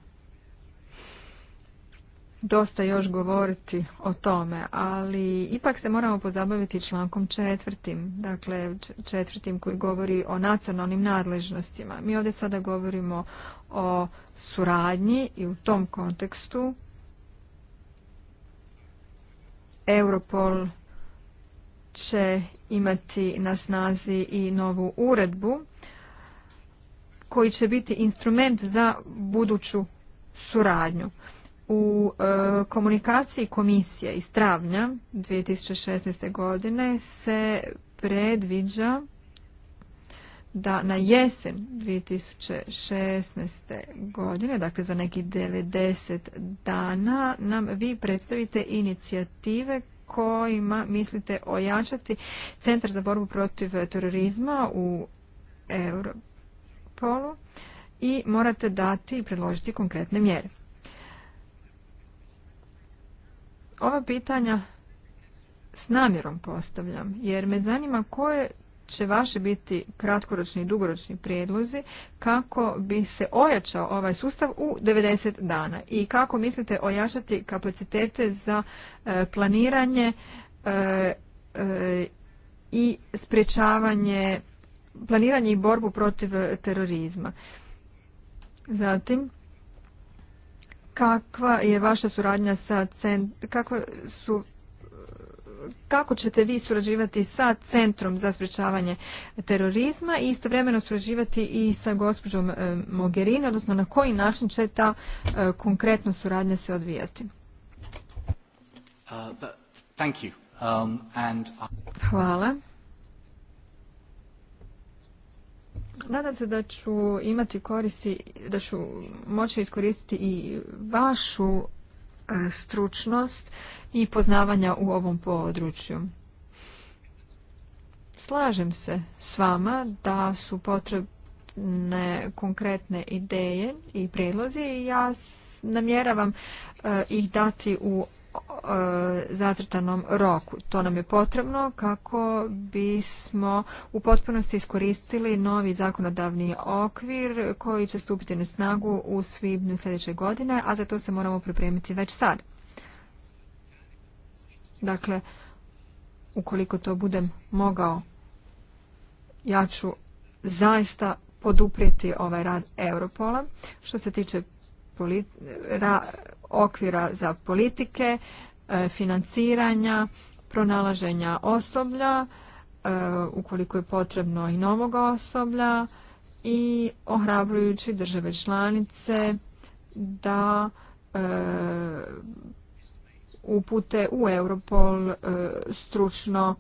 dosta još govoriti o tome, ali ipak se moramo pozabaviti člankom četvrtim, dakle četvrtim koji govori o nacionalnim nadležnostima. Mi ovdje sada govorimo o suradnji i u tom kontekstu Europol će imati na snazi i novu uredbu koji će biti instrument za buduću suradnju. U e, komunikaciji komisije iz travnja 2016. godine se predviđa da na jesen 2016. godine, dakle za nekih 90 dana, nam vi predstavite inicijative kojima mislite ojačati Centar za borbu protiv terorizma u Europolu i morate dati i predložiti konkretne mjere. Ova pitanja s namjerom postavljam, jer me zanima koje će vaši biti kratkoročni i dugoročni prijedlozi kako bi se ojačao ovaj sustav u 90 dana i kako mislite ojačati kapacitete za e, planiranje e, e, i sprječavanje planiranje i borbu protiv terorizma. Zatim kakva je vaša suradnja sa kako kakva su kako ćete vi surađivati sa Centrom za sprječavanje terorizma i istovremeno surađivati i sa gospođom e, Mogherini, odnosno na koji način će ta e, konkretna suradnja se odvijati? Uh, um, Hvala. Nadam se da ću imati koristi, da ću moći iskoristiti i vašu e, stručnost i poznavanja u ovom području. Slažem se s vama da su potrebne konkretne ideje i prijedlozi i ja namjeravam e, ih dati u e, zacrtanom roku. To nam je potrebno kako bismo u potpunosti iskoristili novi zakonodavni okvir koji će stupiti na snagu u svibnju sljedeće godine, a za to se moramo pripremiti već sad. Dakle, ukoliko to budem mogao, ja ću zaista poduprijeti ovaj rad Europola. Što se tiče okvira za politike, e, financiranja, pronalaženja osoblja, e, ukoliko je potrebno i novog osoblja i ohrabrujući države članice da e, upute u Europol e, stručno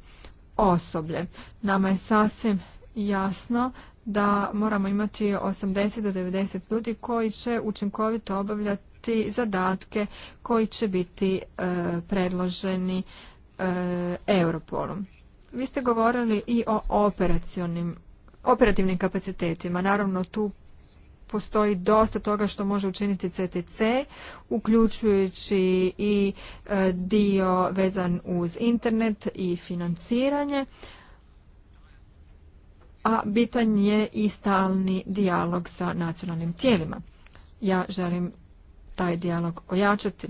osoblje. Nama je sasvim jasno da moramo imati 80 do 90 ljudi koji će učinkovito obavljati zadatke koji će biti e, predloženi e, Europolom. Vi ste govorili i o operativnim kapacitetima. Naravno, tu postoji dosta toga što može učiniti CTC, uključujući i e, dio vezan uz internet i financiranje, a bitan je i stalni dijalog sa nacionalnim tijelima. Ja želim taj dijalog ojačati.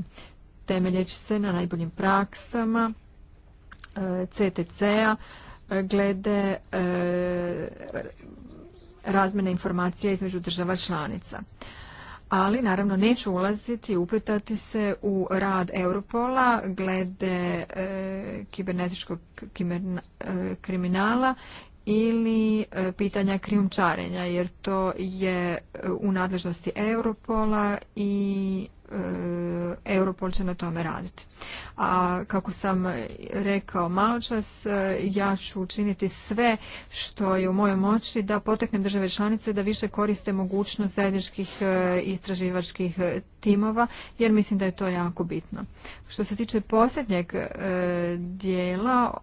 Temeljeći se na najboljim praksama e, CTC-a e, glede razmjene informacija između država članica. Ali naravno neću ulaziti i se u rad Europola glede e, kibernetičkog e, kriminala ili e, pitanja krijumčarenja jer to je e, u nadležnosti Europola i e, Europol će na tome raditi. A kako sam rekao malo čas, ja ću učiniti sve što je u mojoj moći da poteknem države članice da više koriste mogućnost zajedničkih istraživačkih timova, jer mislim da je to jako bitno. Što se tiče posljednjeg dijela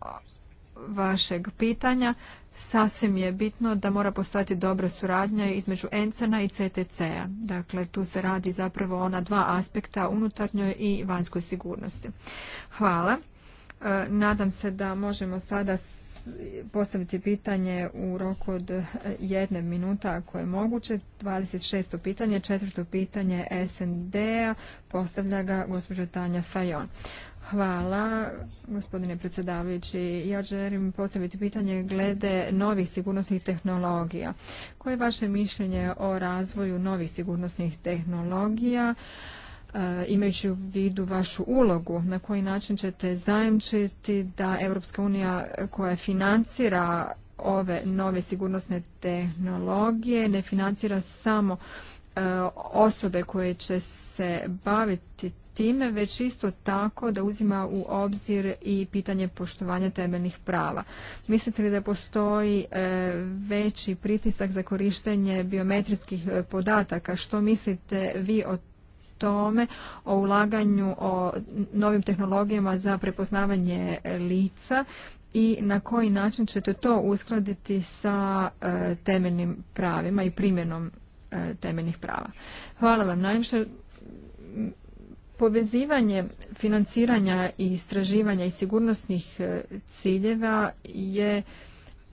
vašeg pitanja, sasvim je bitno da mora postati dobra suradnja između ENCANA i CTC-a. Dakle, tu se radi zapravo ona dva aspekta, unutarnjoj i vanjskoj sigurnosti. Hvala. E, nadam se da možemo sada postaviti pitanje u roku od e, jedne minuta ako je moguće. 26. pitanje, četvrto pitanje SND-a, postavlja ga gospođa Tanja Fajon. Hvala, gospodine predsjedavajući. Ja želim postaviti pitanje glede novih sigurnosnih tehnologija. Koje je vaše mišljenje o razvoju novih sigurnosnih tehnologija? E, imajući u vidu vašu ulogu, na koji način ćete zajemčiti da Europska unija koja financira ove nove sigurnosne tehnologije ne financira samo E, osobe koje će se baviti time, već isto tako da uzima u obzir i pitanje poštovanja temeljnih prava. Mislite li da postoji e, veći pritisak za korištenje biometrijskih e, podataka? Što mislite vi o tome, o ulaganju o novim tehnologijama za prepoznavanje lica i na koji način ćete to uskladiti sa temeljnim pravima i primjenom E, temeljnih prava. Hvala vam najviše. Povezivanje financiranja i istraživanja i sigurnosnih e, ciljeva je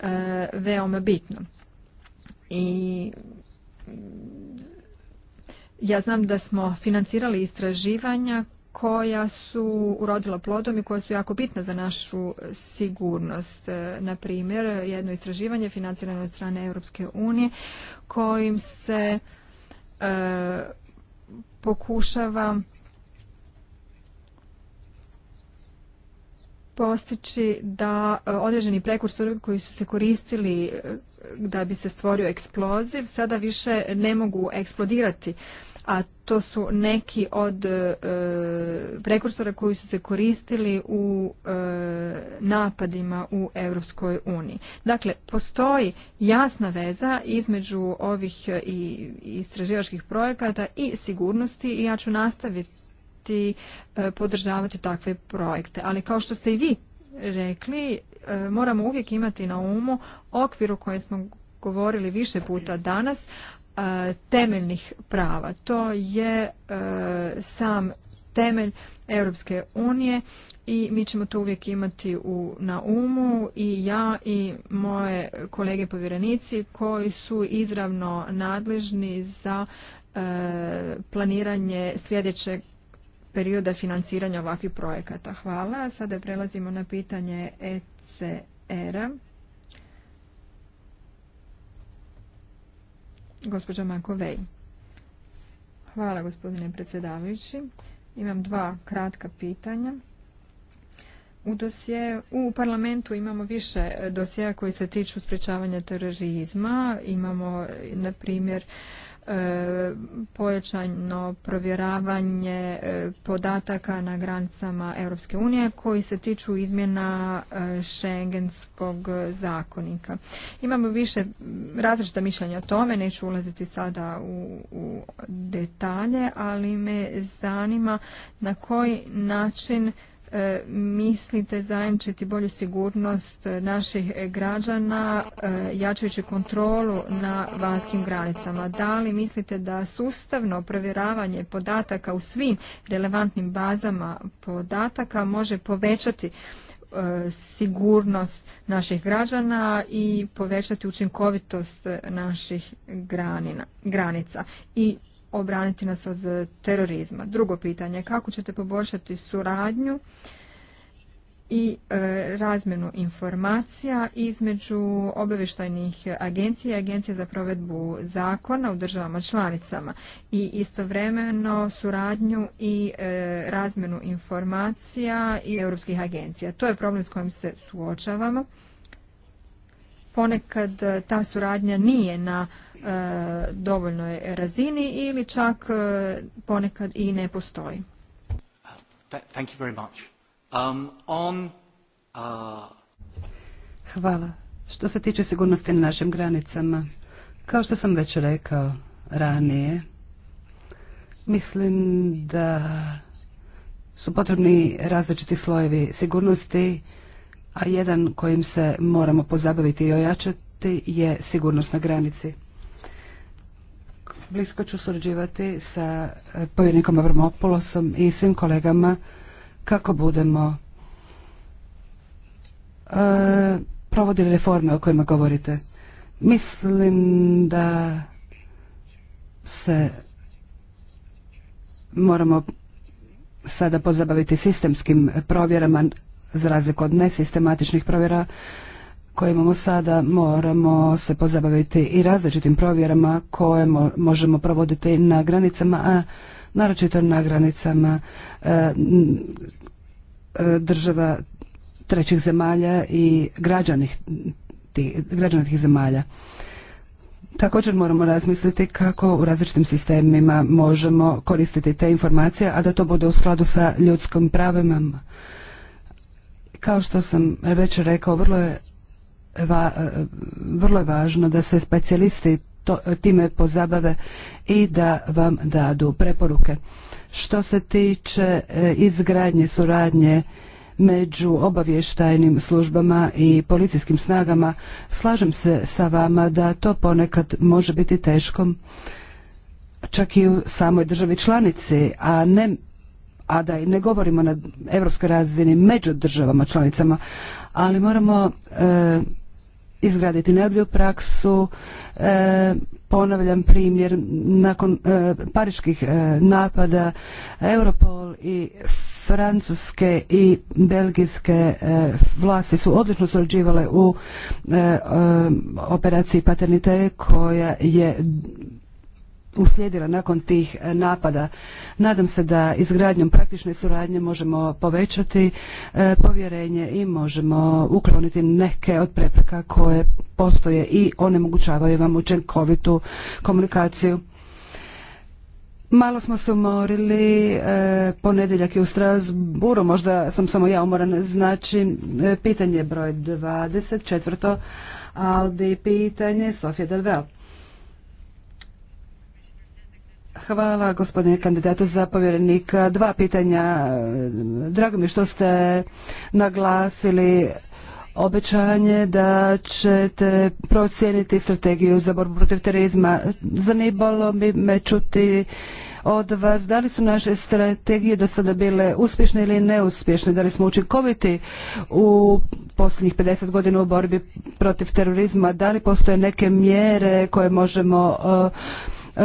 e, veoma bitno. I ja znam da smo financirali istraživanja koja su urodila plodom i koja su jako bitna za našu sigurnost. E, na primjer, jedno istraživanje financirano od strane Europske unije kojim se e, pokušava postići da e, određeni prekursori koji su se koristili da bi se stvorio eksploziv sada više ne mogu eksplodirati a to su neki od e, prekursora koji su se koristili u e, napadima u Europskoj uniji. Dakle, postoji jasna veza između ovih e, i istraživačkih projekata i sigurnosti i ja ću nastaviti e, podržavati takve projekte. Ali kao što ste i vi rekli, moramo uvijek imati na umu okviru o kojem smo govorili više puta danas, E, temeljnih prava. To je e, sam temelj Europske unije i mi ćemo to uvijek imati u, na umu i ja i moje kolege povjerenici koji su izravno nadležni za e, planiranje sljedećeg perioda financiranja ovakvih projekata. Hvala. Sada prelazimo na pitanje ECR-a. Gospođa Makovej. Hvala gospodine predsjedavajući. Imam dva kratka pitanja. U, u parlamentu imamo više dosjeja koji se tiču sprječavanja terorizma. Imamo, na primjer, E, pojačano provjeravanje e, podataka na granicama Europske unije koji se tiču izmjena šengenskog e, zakonika. Imamo više različita mišljenja o tome, neću ulaziti sada u, u detalje, ali me zanima na koji način E, mislite zajamčiti bolju sigurnost e, naših građana e, jačajući kontrolu na vanjskim granicama? Da li mislite da sustavno provjeravanje podataka u svim relevantnim bazama podataka može povećati sigurnost naših građana i povećati učinkovitost naših granica. I obraniti nas od e, terorizma. Drugo pitanje, kako ćete poboljšati suradnju i razmenu razmjenu informacija između obavještajnih agencija i agencija za provedbu zakona u državama članicama i istovremeno suradnju i razmenu razmjenu informacija i europskih agencija. To je problem s kojim se suočavamo ponekad e, ta suradnja nije na e, dovoljnoj razini ili čak e, ponekad i ne postoji. Thank um, uh, Hvala. Što se tiče sigurnosti na našim granicama, kao što sam već rekao ranije, mislim da su potrebni različiti slojevi sigurnosti a jedan kojim se moramo pozabaviti i ojačati je sigurnost na granici. Blisko ću surađivati sa eh, povjednikom Avramopoulosom i svim kolegama kako budemo eh, provodili reforme o kojima govorite. Mislim da se moramo sada pozabaviti sistemskim provjerama za razliku od nesistematičnih provjera koje imamo sada, moramo se pozabaviti i različitim provjerama koje možemo provoditi na granicama, a naročito na granicama e, e, država trećih zemalja i građanih građana tih zemalja. Također moramo razmisliti kako u različitim sistemima možemo koristiti te informacije, a da to bude u skladu sa ljudskim pravima kao što sam već rekao, vrlo je, vrlo je važno da se specijalisti time pozabave i da vam dadu preporuke. Što se tiče e, izgradnje suradnje među obavještajnim službama i policijskim snagama, slažem se sa vama da to ponekad može biti teškom, čak i u samoj državi članici, a ne a da i ne govorimo na europskoj razini među državama članicama, ali moramo e, izgraditi najbolju praksu. E, ponavljam primjer, nakon e, pariških napada Europol i francuske i belgijske vlasti su odlično surađivale u operaciji paternite koja je uslijedila nakon tih e, napada. Nadam se da izgradnjom praktične suradnje možemo povećati e, povjerenje i možemo ukloniti neke od prepreka koje postoje i onemogućavaju vam učinkovitu komunikaciju. Malo smo se umorili, e, ponedjeljak je u Strasburu, možda sam samo ja umoran, znači pitanje broj 24. Aldi pitanje Sofija Delvel. Hvala gospodine kandidatu za povjerenika. Dva pitanja. Drago mi što ste naglasili obećanje da ćete procijeniti strategiju za borbu protiv terorizma. Zanimalo bi me čuti od vas da li su naše strategije do sada bile uspješne ili neuspješne, da li smo učinkoviti u posljednjih 50 godina u borbi protiv terorizma, da li postoje neke mjere koje možemo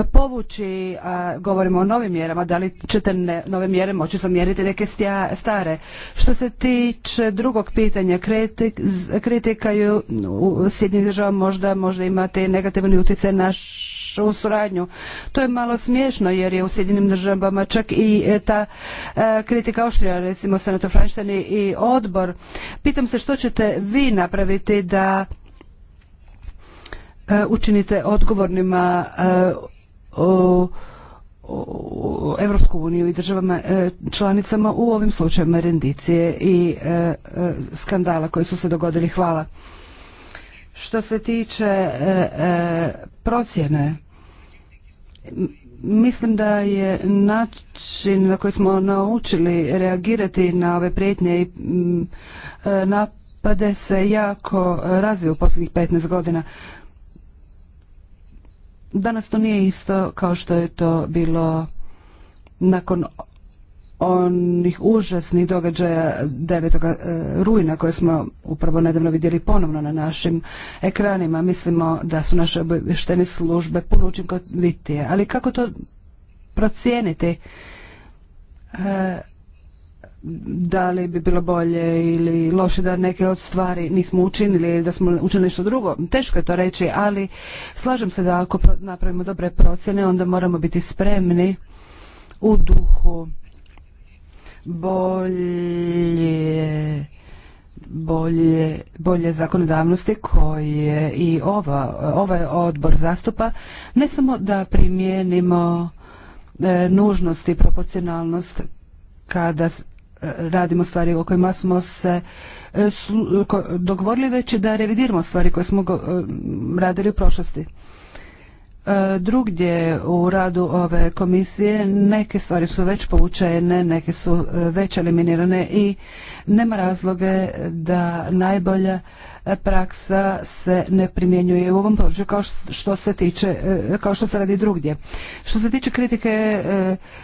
povući, a govorimo o novim mjerama, da li ćete nove mjere moći mjeriti neke stare. Što se tiče drugog pitanja, kritika je u sjedinjenim državama možda, možda imate negativni utjecaj na u suradnju. To je malo smiješno jer je u Sjedinim državama čak i e, ta e, kritika oštrija, recimo Senator i odbor. Pitam se što ćete vi napraviti da e, učinite odgovornima u o Evropsku uniju i državama e, članicama u ovim slučajevima rendicije i e, e, skandala koji su se dogodili. Hvala. Što se tiče procjene Mislim da je način na koji smo naučili reagirati na ove prijetnje i napade se jako razvio u posljednjih 15 godina. Danas to nije isto kao što je to bilo nakon onih užasnih događaja 9. E, rujna koje smo upravo nedavno vidjeli ponovno na našim ekranima. Mislimo da su naše obještene službe puno učinkovitije. Ali kako to procijeniti? E, da li bi bilo bolje ili loše da neke od stvari nismo učinili ili da smo učinili nešto drugo. Teško je to reći, ali slažem se da ako napravimo dobre procjene, onda moramo biti spremni u duhu bolje bolje, bolje zakonodavnosti koje i ova, ovaj odbor zastupa, ne samo da primijenimo e, nužnost i proporcionalnost kada radimo stvari o kojima smo se e, dogovorili, već da revidiramo stvari koje smo e, radili u prošlosti. E, drugdje u radu ove komisije neke stvari su već povučene, neke su e, već eliminirane i nema razloge da najbolja praksa se ne primjenjuje u ovom području kao što se tiče, e, kao što se radi drugdje. Što se tiče kritike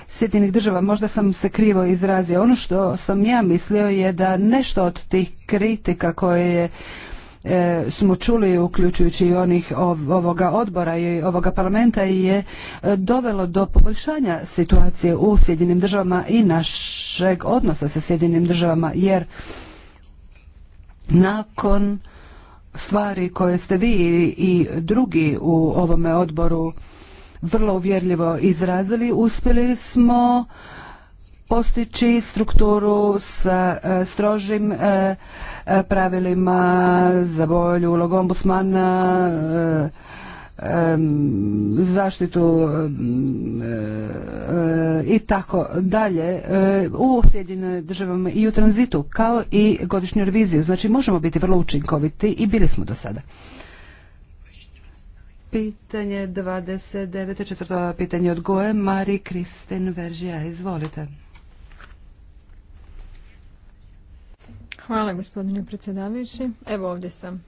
Sjedinjenih država, možda sam se krivo izrazio. Ono što sam ja mislio je da nešto od tih kritika koje je E, smo čuli uključujući i onih ovoga odbora i ovoga parlamenta je e, dovelo do poboljšanja situacije u Sjedinim državama i našeg odnosa sa Sjedinim državama jer nakon stvari koje ste vi i drugi u ovome odboru vrlo uvjerljivo izrazili, uspjeli smo postići strukturu sa e, strožim e, e, pravilima za bolju ulog ombudsmana, zaštitu i tako dalje u Sjedinoj državama i u tranzitu kao i godišnju reviziju. Znači možemo biti vrlo učinkoviti i bili smo do sada. Pitanje 29. četvrto pitanje od Goje, Mari Kristin Veržija, izvolite. Hvala gospodine predsjedavajući. Evo ovdje sam.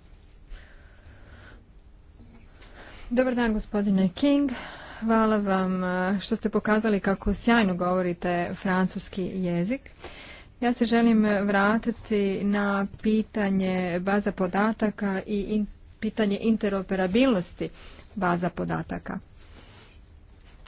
Dobar dan gospodine King. Hvala vam eh, što ste pokazali kako sjajno govorite francuski jezik. Ja se želim vratiti na pitanje baza podataka i pitanje interoperabilnosti baza podataka.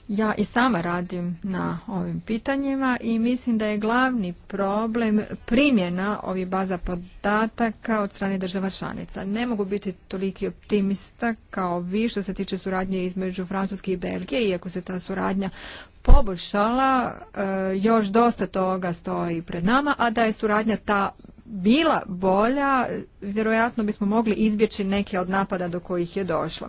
Ja i sama radim na ovim pitanjima i mislim da je glavni problem primjena ovih baza podataka od strane država članica. Ne mogu biti toliki optimista kao vi što se tiče suradnje između Francuske i Belgije, iako se ta suradnja poboljšala, e, još dosta toga stoji pred nama, a da je suradnja ta bila bolja, vjerojatno bismo mogli izbjeći neke od napada do kojih je došlo.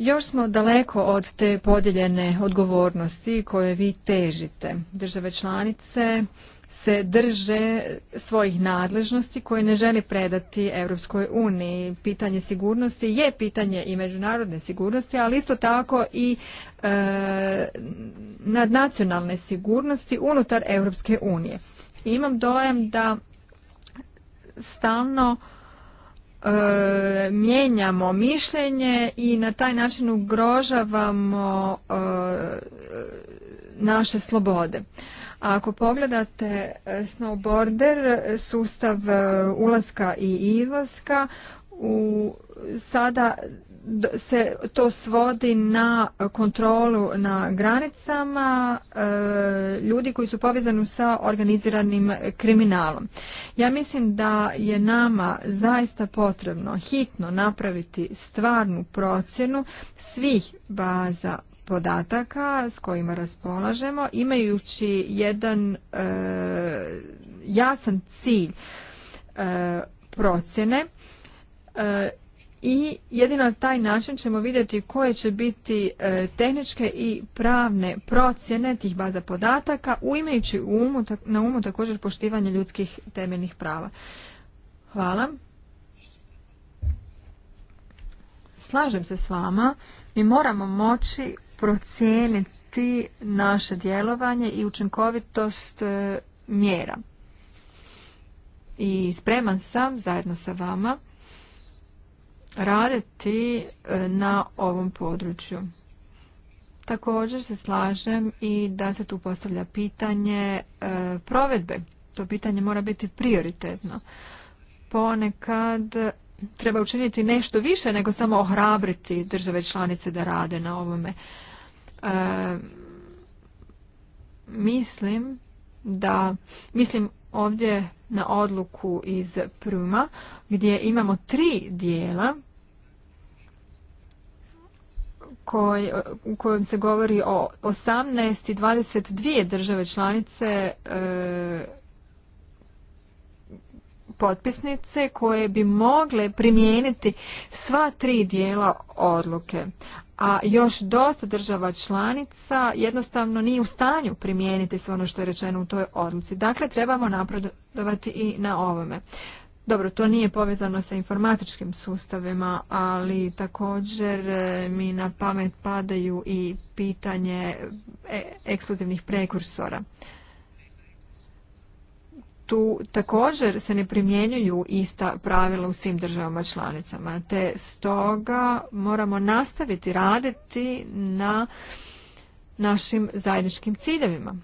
Još smo daleko od te podijeljene odgovornosti koje vi težite. Države članice se drže svojih nadležnosti koje ne želi predati Europskoj uniji. Pitanje sigurnosti je pitanje i međunarodne sigurnosti, ali isto tako i e, nadnacionalne sigurnosti unutar Europske unije. Imam dojam da stalno e, mijenjamo mišljenje i na taj način ugrožavamo e, naše slobode. A ako pogledate e, snowboarder, sustav e, ulaska i izlaska, u sada se to svodi na kontrolu na granicama e, ljudi koji su povezani sa organiziranim kriminalom. Ja mislim da je nama zaista potrebno hitno napraviti stvarnu procjenu svih baza podataka s kojima raspolažemo imajući jedan e, jasan cilj e, procjene i jedino na taj način ćemo vidjeti koje će biti e, tehničke i pravne procjene tih baza podataka uimajući umu, na umu također poštivanje ljudskih temeljnih prava. Hvala. Slažem se s vama. Mi moramo moći procijeniti naše djelovanje i učinkovitost e, mjera. I spreman sam zajedno sa vama raditi e, na ovom području. Također se slažem i da se tu postavlja pitanje e, provedbe. To pitanje mora biti prioritetno. Ponekad treba učiniti nešto više nego samo ohrabriti države članice da rade na ovome. E, mislim da, mislim ovdje na odluku iz Pruma gdje imamo tri dijela u kojem se govori o 18 i 22 države članice e, potpisnice koje bi mogle primijeniti sva tri dijela odluke a još dosta država članica jednostavno nije u stanju primijeniti sve ono što je rečeno u toj odluci. Dakle, trebamo napredovati i na ovome. Dobro, to nije povezano sa informatičkim sustavima, ali također e, mi na pamet padaju i pitanje e, ekskluzivnih prekursora tu također se ne primjenjuju ista pravila u svim državama članicama. Te stoga moramo nastaviti raditi na našim zajedničkim ciljevima.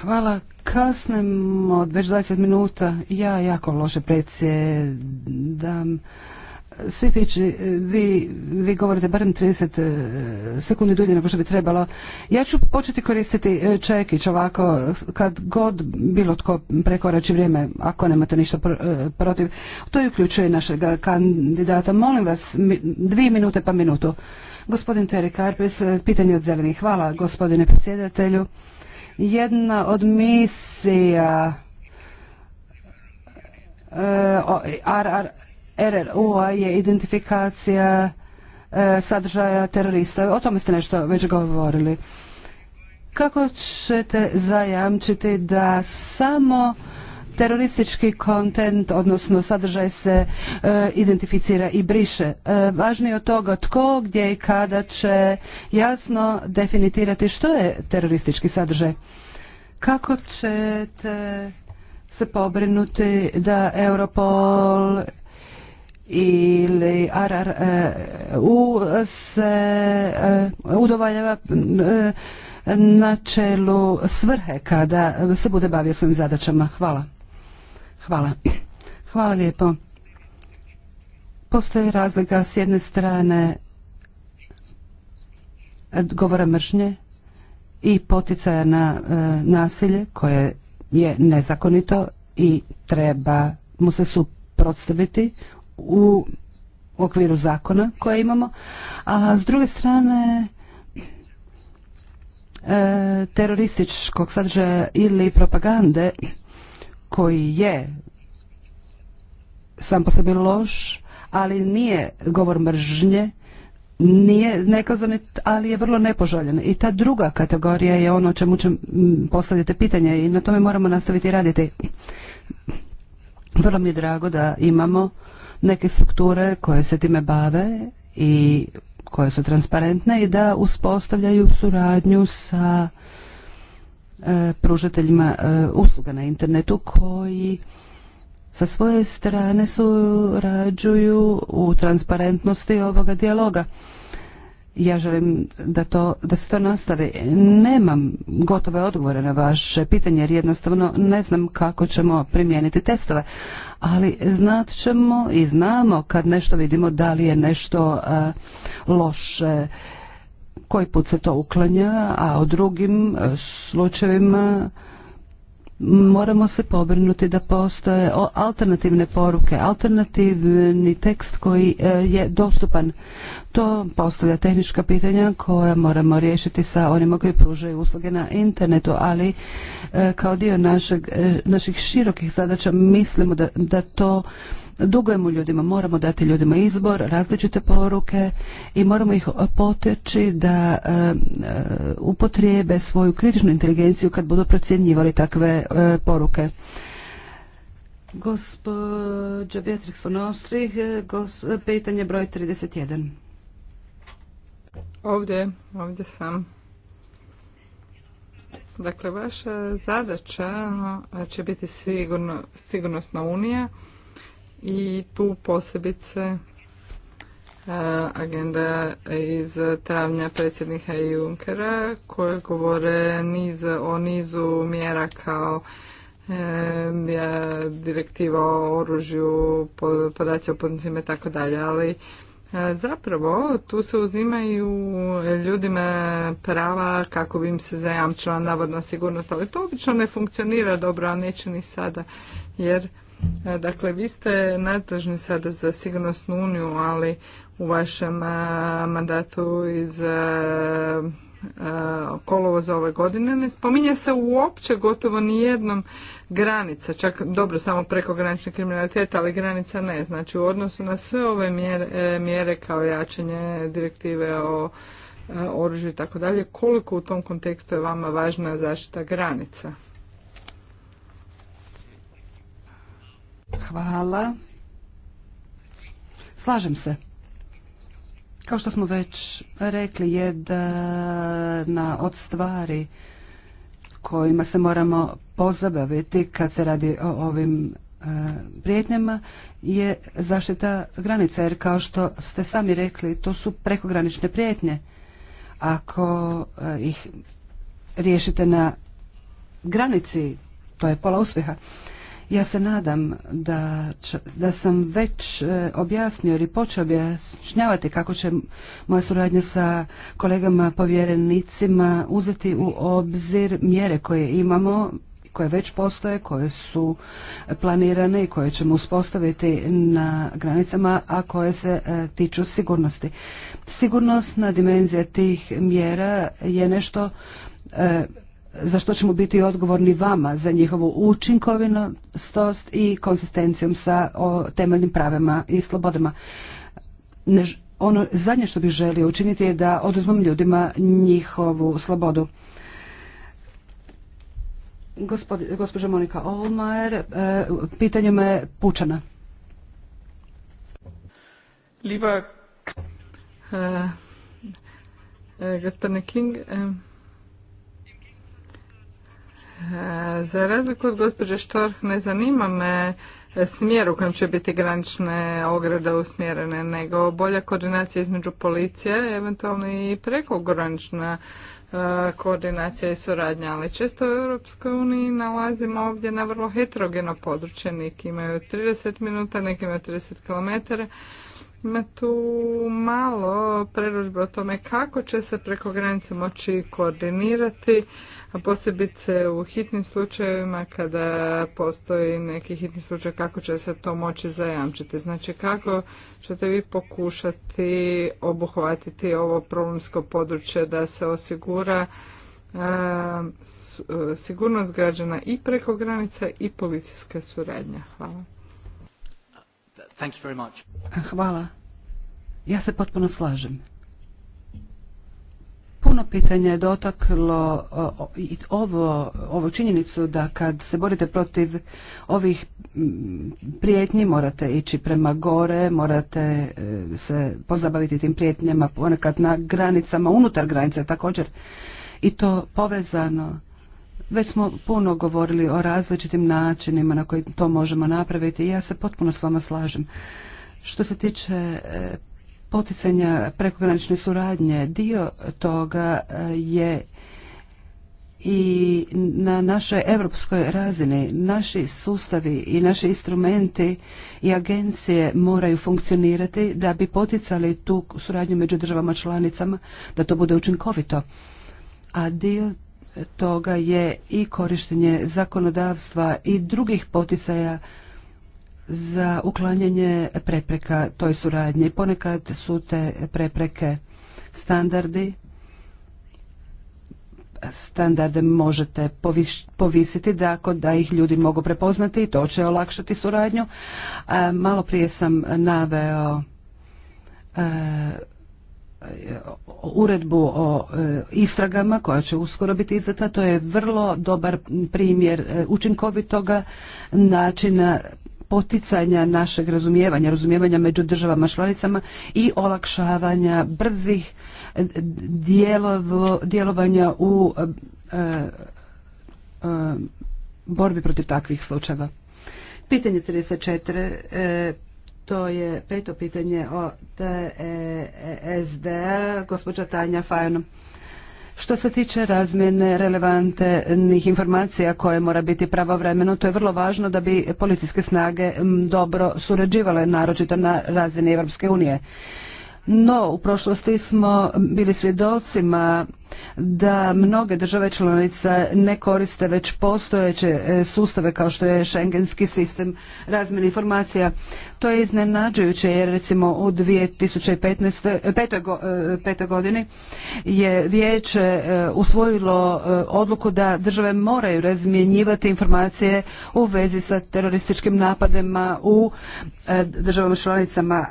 Hvala. Kasnemo već 20 minuta. Ja jako loše predsjedam svi pići, e, vi, vi govorite barem 30 e, sekundi dulje nego što bi trebalo. Ja ću početi koristiti e, čekić ovako, kad god bilo tko prekorači vrijeme, ako nemate ništa protiv. To i uključuje našeg kandidata. Molim vas, dvije minute pa minutu. Gospodin Teri Karpis, pitanje od zelenih. Hvala gospodine predsjedatelju. Jedna od misija ar, RRU-a je identifikacija e, sadržaja terorista. O tome ste nešto već govorili. Kako ćete zajamčiti da samo teroristički kontent, odnosno sadržaj se e, identificira i briše. E, važnije od toga tko, gdje i kada će jasno definitirati što je teroristički sadržaj. Kako ćete se pobrinuti da Europol ili e, u se e, udovoljava e, načelu svrhe kada se bude bavio svojim zadaćama. Hvala. Hvala. Hvala lijepo. Postoji razlika s jedne strane govora mršnje i poticaja na nasilje koje je nezakonito i treba mu se suprotstaviti u okviru zakona koje imamo, a s druge strane e, terorističkog sadržaja ili propagande koji je sam po sebi loš, ali nije govor mržnje, nije nekazan ali je vrlo nepoželjen. I ta druga kategorija je ono čemu će postaviti pitanje i na tome moramo nastaviti raditi. Vrlo mi je drago da imamo neke strukture koje se time bave i koje su transparentne i da uspostavljaju suradnju sa e, pružateljima e, usluga na internetu koji sa svoje strane surađuju u transparentnosti ovoga dijaloga ja želim da, to, da se to nastavi. Nemam gotove odgovore na vaše pitanje jer jednostavno ne znam kako ćemo primijeniti testove. Ali znat ćemo i znamo kad nešto vidimo da li je nešto e, loše. Koji put se to uklanja, a o drugim e, slučajevima moramo se pobrinuti da postoje alternativne poruke, alternativni tekst koji e, je dostupan. To postavlja tehnička pitanja koja moramo riješiti sa onima koji pružaju usluge na internetu, ali e, kao dio našeg, e, naših širokih zadaća mislimo da, da to Dugujemo ljudima, moramo dati ljudima izbor, različite poruke i moramo ih poteći da e, e, upotrijebe svoju kritičnu inteligenciju kad budu procjenjivali takve e, poruke. Gospođa Beatrix von Ostrih, pitanje broj 31. Ovdje, ovdje sam. Dakle, vaša zadaća će biti sigurno, sigurnosna unija i tu posebice e, agenda iz travnja predsjednika Junckera koje govore o nizu mjera kao e, direktiva o oružju, podaci o potencijima i tako dalje, ali e, Zapravo, tu se uzimaju ljudima prava kako bi im se zajamčila navodna sigurnost, ali to obično ne funkcionira dobro, a neće ni sada, jer E, dakle, vi ste nadležni sada za sigurnosnu uniju, ali u vašem e, mandatu iz e, kolovo za ove godine ne spominje se uopće gotovo ni jednom granica, čak dobro samo preko granične kriminaliteta, ali granica ne. Znači u odnosu na sve ove mjere, mjere kao jačanje direktive o oružju i tako dalje, koliko u tom kontekstu je vama važna zaštita granica? Hvala. Slažem se. Kao što smo već rekli, jedna od stvari kojima se moramo pozabaviti kad se radi o ovim e, prijetnjama je zaštita granica, jer kao što ste sami rekli, to su prekogranične prijetnje. Ako e, ih riješite na granici, to je pola uspjeha. Ja se nadam da, da sam već e, objasnio ili počeo objašnjavati kako će moja suradnja sa kolegama povjerenicima uzeti u obzir mjere koje imamo koje već postoje, koje su planirane i koje ćemo uspostaviti na granicama, a koje se e, tiču sigurnosti. Sigurnosna dimenzija tih mjera je nešto e, za što ćemo biti odgovorni vama za njihovu učinkovitost i konsistencijom sa o, temeljnim pravima i slobodama. ono zadnje što bih želio učiniti je da oduzmem ljudima njihovu slobodu. gospođa Monika Olmajer, e, me Pučana. Liba, e, e, gospodine King, E, za razliku od gospođe Štorh ne zanima me smjer u kojem će biti granične ograde usmjerene, nego bolja koordinacija između policije, eventualno i prekogranična e, koordinacija i suradnja, ali često u Europskoj uniji nalazimo ovdje na vrlo heterogeno područje, neki imaju 30 minuta, neki imaju 30 kilometara ima tu malo preružbe o tome kako će se preko granice moći koordinirati, a posebice u hitnim slučajevima kada postoji neki hitni slučaj kako će se to moći zajamčiti. Znači kako ćete vi pokušati obuhvatiti ovo problemsko područje da se osigura sigurnost građana i preko granica i policijska suradnja. Hvala. Hvala. Ja se potpuno slažem. Puno pitanja je dotaklo ovo, ovo činjenicu da kad se borite protiv ovih prijetnji morate ići prema gore, morate e, se pozabaviti tim prijetnjama ponekad na granicama, unutar granice također i to povezano već smo puno govorili o različitim načinima na koji to možemo napraviti i ja se potpuno s vama slažem. Što se tiče e, poticanja prekogranične suradnje, dio toga e, je i na našoj europskoj razini naši sustavi i naši instrumenti i agencije moraju funkcionirati da bi poticali tu suradnju među državama članicama da to bude učinkovito. A dio toga je i korištenje zakonodavstva i drugih poticaja za uklanjanje prepreka toj suradnji. Ponekad su te prepreke standardi. Standarde možete povisiti tako da ih ljudi mogu prepoznati i to će olakšati suradnju. Malo prije sam naveo e, uredbu o e, istragama koja će uskoro biti izdata. To je vrlo dobar primjer e, učinkovitoga načina poticanja našeg razumijevanja, razumijevanja među državama članicama i olakšavanja brzih e, djelovanja u borbi protiv takvih slučajeva. Pitanje 34. E, to je peto pitanje od tsd e gospođa Tanja Fajon. Što se tiče razmjene relevantnih informacija koje mora biti pravovremeno, to je vrlo važno da bi policijske snage dobro surađivale, naročito na razini Europske unije. No, u prošlosti smo bili svjedocima da mnoge države članice ne koriste već postojeće e, sustave kao što je šengenski sistem razmjene informacija. To je iznenađujuće jer recimo u 2005. E, e, godini je vijeće usvojilo odluku da države moraju razmjenjivati informacije u vezi sa terorističkim napadima u državama članicama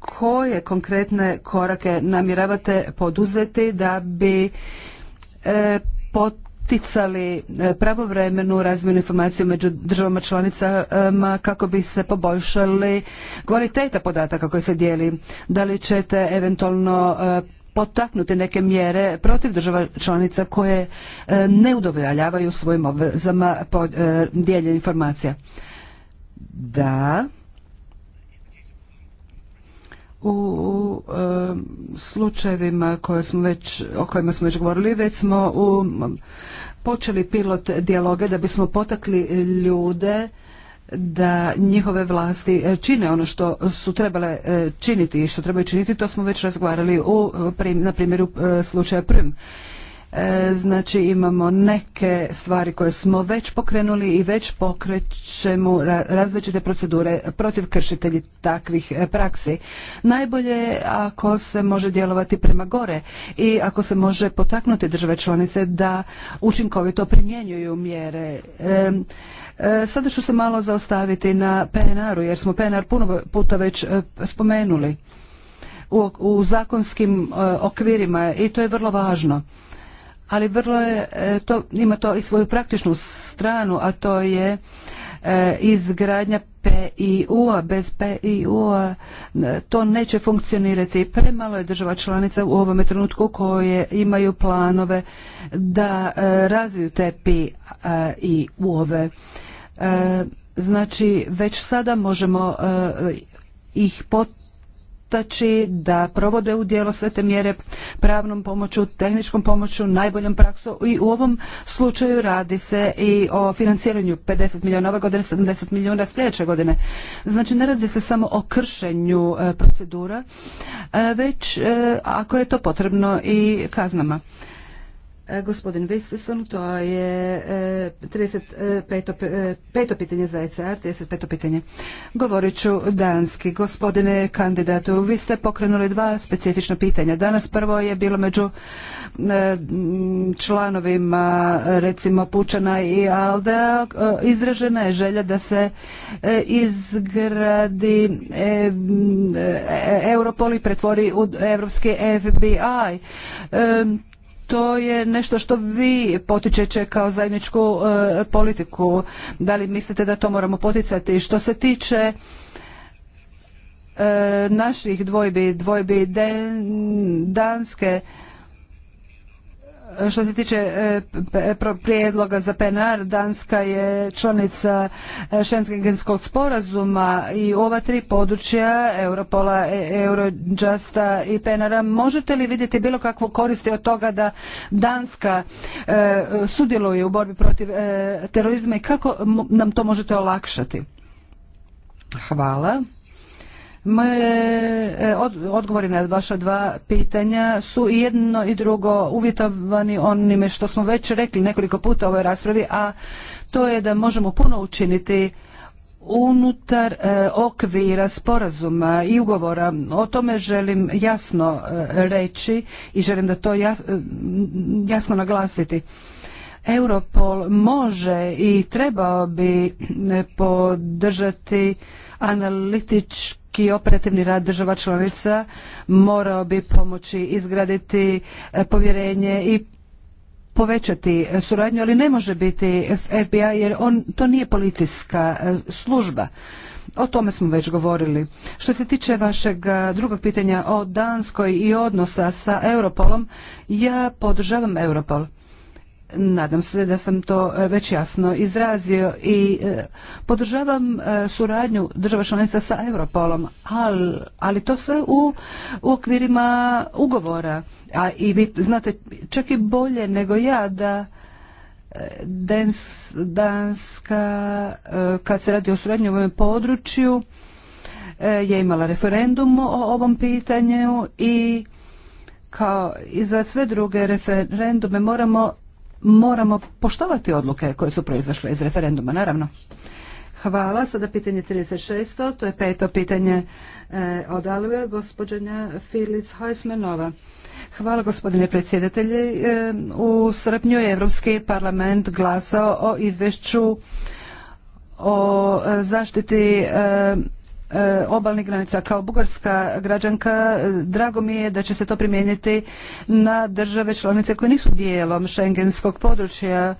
koje konkretne korake namjeravate poduzeti da bi e, poticali e, pravovremenu razmjenu informacija među državama članicama kako bi se poboljšali kvaliteta podataka koje se dijeli. Da li ćete eventualno e, potaknuti neke mjere protiv država članica koje ne udovoljavaju svojim obvezama po informacija? Da u slučajevima koje smo već, o kojima smo već govorili, već smo u, počeli pilot dijaloge da bismo potakli ljude da njihove vlasti e, čine ono što su trebale e, činiti i što trebaju činiti, to smo već razgovarali u, na primjeru e, slučaja Prim. E, znači imamo neke stvari koje smo već pokrenuli i već pokrećemo različite procedure protiv kršitelji takvih e, praksi. Najbolje ako se može djelovati prema gore i ako se može potaknuti države članice da učinkovito primjenjuju mjere. E, sada ću se malo zaostaviti na PNR-u jer smo PNR puno puta već spomenuli u zakonskim okvirima i to je vrlo važno ali vrlo je, e, to, ima to i svoju praktičnu stranu, a to je e, izgradnja PIU-a. Bez PIU-a e, to neće funkcionirati. Premalo je država članica u ovome trenutku koje imaju planove da razviju te PIU-ove. Znači, već sada možemo ih potrebiti. Znači da provode u djelo sve te mjere pravnom pomoću, tehničkom pomoću, najboljom praksom i u ovom slučaju radi se i o financiranju 50 milijuna ove godine, 70 milijuna sljedeće godine. Znači ne radi se samo o kršenju e, procedura, e, već e, ako je to potrebno i kaznama. E, gospodin Vistison, to je 35. E, e, peto pitanje za ECR, 35. pitanje. Govorit ću danski. Gospodine kandidatu, vi ste pokrenuli dva specifična pitanja. Danas prvo je bilo među članovima recimo Pučana i Alda izražena je želja da se izgradi Europol i pretvori u evropski FBI to je nešto što vi potičete kao zajedničku e, politiku. Da li mislite da to moramo poticati? Što se tiče e, naših dvojbi, dvojbi Danske, što se tiče e, e, prijedloga za PNR, Danska je članica Šengenskog e, sporazuma i u ova tri područja, Europola, Eurojusta i PNR-a, možete li vidjeti bilo kakvu korist od toga da Danska sudjeluje u borbi protiv terorizma i kako nam to možete olakšati? Hvala. Moje e, odgovori na vaša dva pitanja su jedno i drugo uvjetovani onime što smo već rekli nekoliko puta u ovoj raspravi, a to je da možemo puno učiniti unutar e, okvira sporazuma i ugovora. O tome želim jasno e, reći i želim da to jasno naglasiti. Europol može i trebao bi podržati analitički operativni rad država članica, morao bi pomoći izgraditi e, povjerenje i povećati suradnju, ali ne može biti FBI jer on, to nije policijska e, služba. O tome smo već govorili. Što se tiče vašeg e, drugog pitanja o Danskoj i odnosa sa Europolom, ja podržavam Europol. Nadam se da sam to e, već jasno izrazio i e, podržavam e, suradnju država članica sa Europolom, ali, to sve u, okvirima ugovora. A i vi znate čak i bolje nego ja da Danska kad se radi o suradnju u ovom području je imala referendum o ovom pitanju i kao i za sve druge referendume moramo moramo poštovati odluke koje su proizašle iz referenduma, naravno. Hvala. Sada pitanje 36. To je peto pitanje eh, od Alve, gospođenja Filic Hajsmenova. Hvala gospodine predsjedatelji. Eh, u srpnju je Europski parlament glasao o izvješću o eh, zaštiti E, obalnih granica. Kao bugarska građanka e, drago mi je da će se to primijeniti na države članice koje nisu dijelom šengenskog područja.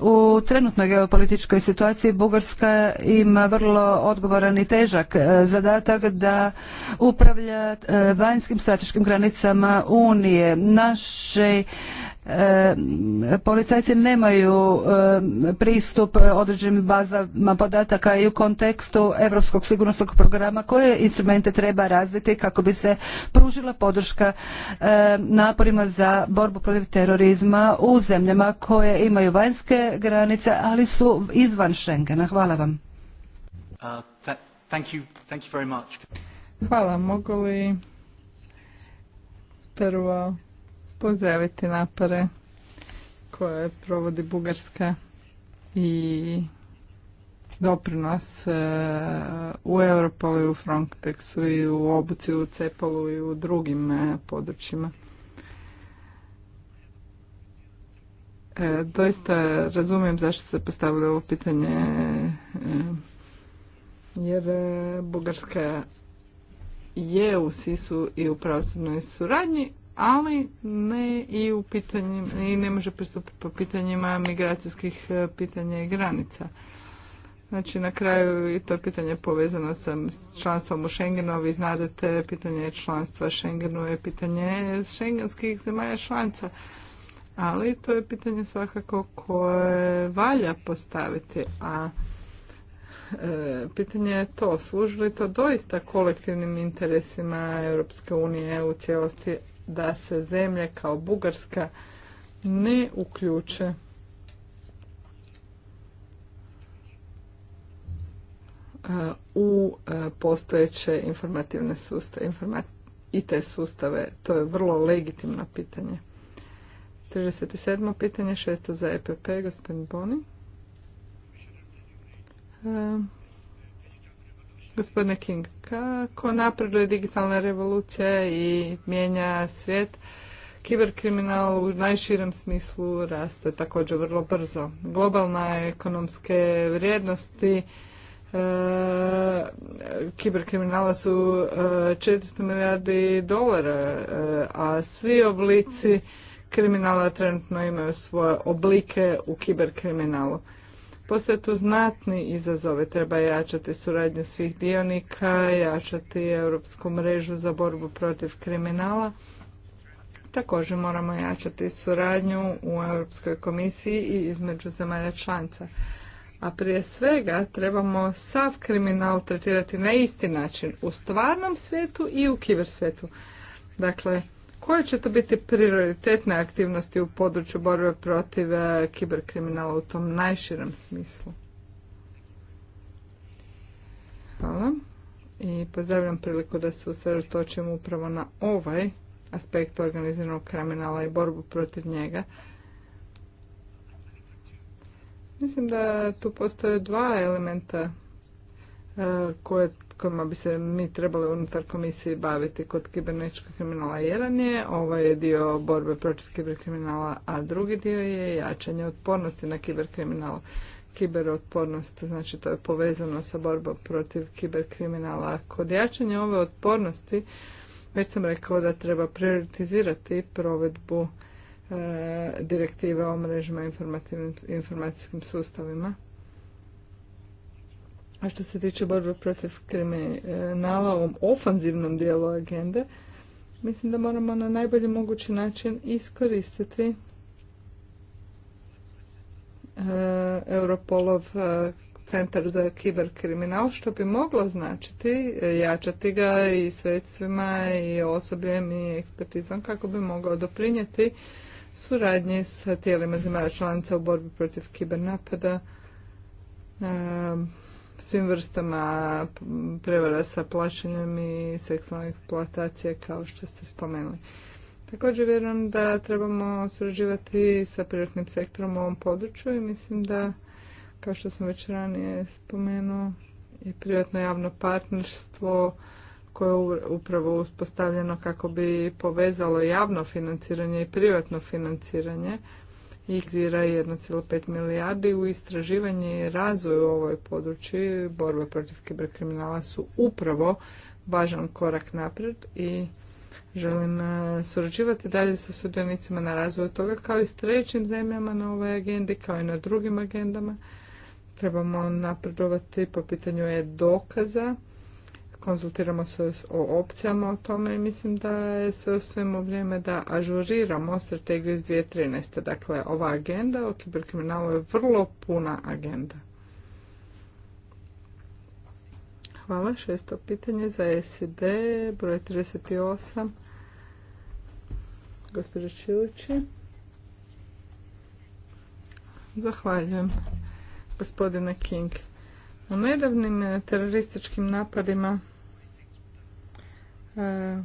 U trenutnoj geopolitičkoj situaciji Bugarska ima vrlo odgovoran i težak e, zadatak da upravlja vanjskim strateškim granicama Unije. Naše E, policajci nemaju e, pristup određenim bazama podataka i u kontekstu Europskog sigurnosnog programa koje instrumente treba razviti kako bi se pružila podrška e, naporima za borbu protiv terorizma u zemljama koje imaju vanjske granice, ali su izvan Schengena. Hvala vam. Uh, Hvala. Mogu li prvo pozdraviti napore koje provodi Bugarska i doprinos e, u Europolu i u Frontexu i u obuci u Cepolu i u drugim e, područjima. E, doista razumijem zašto ste postavili ovo pitanje jer Bugarska je u Sisu i u pravosudnoj suradnji, ali ne i u pitanjima, i ne može pristupiti po pitanjima migracijskih e, pitanja i granica. Znači na kraju i to pitanje povezano sa članstvom u Schengenu, vi znate, pitanje članstva Schengenu je pitanje šengenskih zemalja članca. Ali to je pitanje svakako koje valja postaviti, a e, pitanje je to, služi li to doista kolektivnim interesima Europske unije u cijelosti, da se zemlje kao Bugarska ne uključe uh, u uh, postojeće informativne sustave i te sustave. To je vrlo legitimno pitanje. 37. pitanje, šesto za EPP, gospodin Boni. Uh, gospodine King, kako napreduje digitalna revolucija i mijenja svijet, kiberkriminal u najširem smislu raste također vrlo brzo. Globalna ekonomske vrijednosti e, kiberkriminala su e, 400 milijardi dolara, e, a svi oblici kriminala trenutno imaju svoje oblike u kiberkriminalu. Postoje tu znatni izazove, treba jačati suradnju svih dionika, jačati europsku mrežu za borbu protiv kriminala. Također moramo jačati suradnju u Europskoj komisiji i između zemalja članica. A prije svega trebamo sav kriminal tretirati na isti način u stvarnom svijetu i u svijetu. Dakle, koje će to biti prioritetne aktivnosti u području borbe protiv e, kiberkriminala u tom najširem smislu? Hvala. I pozdravljam priliku da se usredotočimo upravo na ovaj aspekt organiziranog kriminala i borbu protiv njega. Mislim da tu postoje dva elementa e, koje kojima bi se mi trebali unutar komisije baviti kod kibernetičkog kriminala. Jedan je ovaj dio borbe protiv kiberkriminala, a drugi dio je jačanje otpornosti na kiberkriminal. Kiberotpornost, znači to je povezano sa borbom protiv kiberkriminala. Kod jačanja ove otpornosti već sam rekao da treba prioritizirati provedbu e, direktive o mrežima informacijskim sustavima a što se tiče borbe protiv kriminala, ovom ofanzivnom dijelu agende, mislim da moramo na najbolji mogući način iskoristiti e, Europolov e, centar za kiberkriminal, što bi moglo značiti e, jačati ga i sredstvima i osobljem i ekspertizom kako bi mogao doprinijeti suradnji sa tijelima zemlja članica u borbi protiv kibernapada, svim vrstama prevara sa plaćanjem i seksualne eksploatacije kao što ste spomenuli. Također vjerujem da trebamo surađivati sa privatnim sektorom u ovom području i mislim da, kao što sam već ranije spomenuo, je privatno javno partnerstvo koje je upravo uspostavljeno kako bi povezalo javno financiranje i privatno financiranje izira 1,5 milijardi u istraživanje i razvoju u ovoj područji borbe protiv kiberkriminala su upravo važan korak naprijed i želim e, surađivati dalje sa sudionicima na razvoju toga kao i s trećim zemljama na ovoj agendi kao i na drugim agendama. Trebamo napredovati po pitanju e-dokaza konzultiramo se o opcijama o tome i mislim da je sve u svemu vrijeme da ažuriramo strategiju iz 2013. Dakle, ova agenda o kiberkriminalu je vrlo puna agenda. Hvala. Šesto pitanje za SID, broj 38. Gospođo Čilići. Zahvaljujem. Gospodine King. U nedavnim terorističkim napadima E,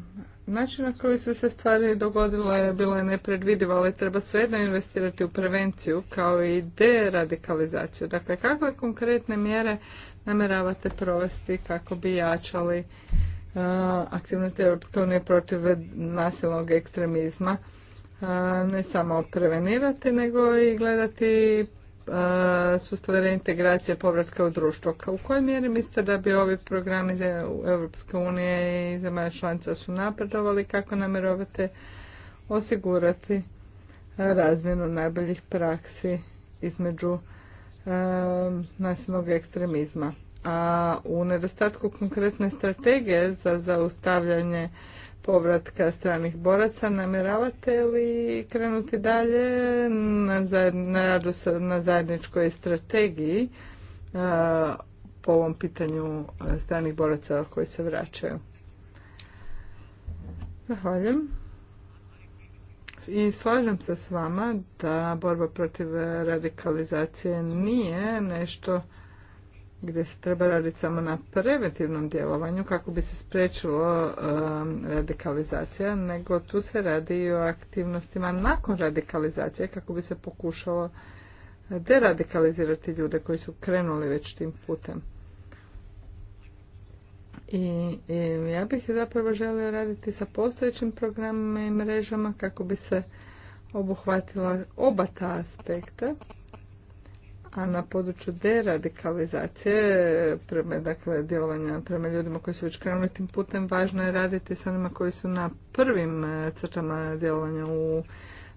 način na koji su se stvari dogodile bilo je nepredvidivo, ali treba svejedno investirati u prevenciju kao i deradikalizaciju. Dakle, kakve konkretne mjere namjeravate provesti kako bi jačali e, aktivnosti Europske unije protiv nasilnog ekstremizma? E, ne samo prevenirati, nego i gledati E, sustave reintegracije povratka u društvo. U kojoj mjeri mislite da bi ovi programi za Europske unije i zemalja članica su napredovali? Kako namjerovate osigurati e, razmjenu najboljih praksi između e, nasilnog ekstremizma? A u nedostatku konkretne strategije za zaustavljanje povratka stranih boraca. Namjeravate li krenuti dalje na, na radu na zajedničkoj strategiji po ovom pitanju stranih boraca koji se vraćaju? Zahvaljujem. I slažem se s vama da borba protiv radikalizacije nije nešto gdje se treba raditi samo na preventivnom djelovanju kako bi se spriječilo um, radikalizacija, nego tu se radi i o aktivnostima nakon radikalizacije kako bi se pokušalo deradikalizirati ljude koji su krenuli već tim putem. I, i ja bih zapravo želio raditi sa postojećim programima i mrežama kako bi se obuhvatila oba ta aspekta a na području deradikalizacije, prema, dakle, djelovanja prema ljudima koji su već krenuli tim putem, važno je raditi s onima koji su na prvim e, crtama djelovanja u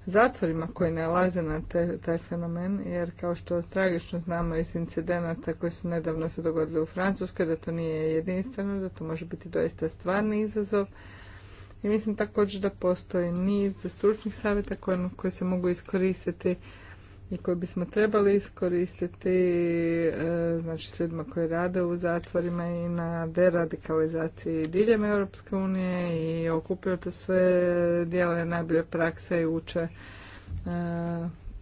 zatvorima koji nalaze na taj fenomen, jer kao što tragično znamo iz incidenata koji su nedavno se dogodili u Francuskoj, da to nije jedinstveno, da to može biti doista stvarni izazov. I mislim također da postoji niz stručnih savjeta koje koji se mogu iskoristiti i koju bismo trebali iskoristiti e, znači s ljudima koji rade u zatvorima i na deradikalizaciji diljem Europske unije i okupio to sve dijele najbolje prakse i uče e,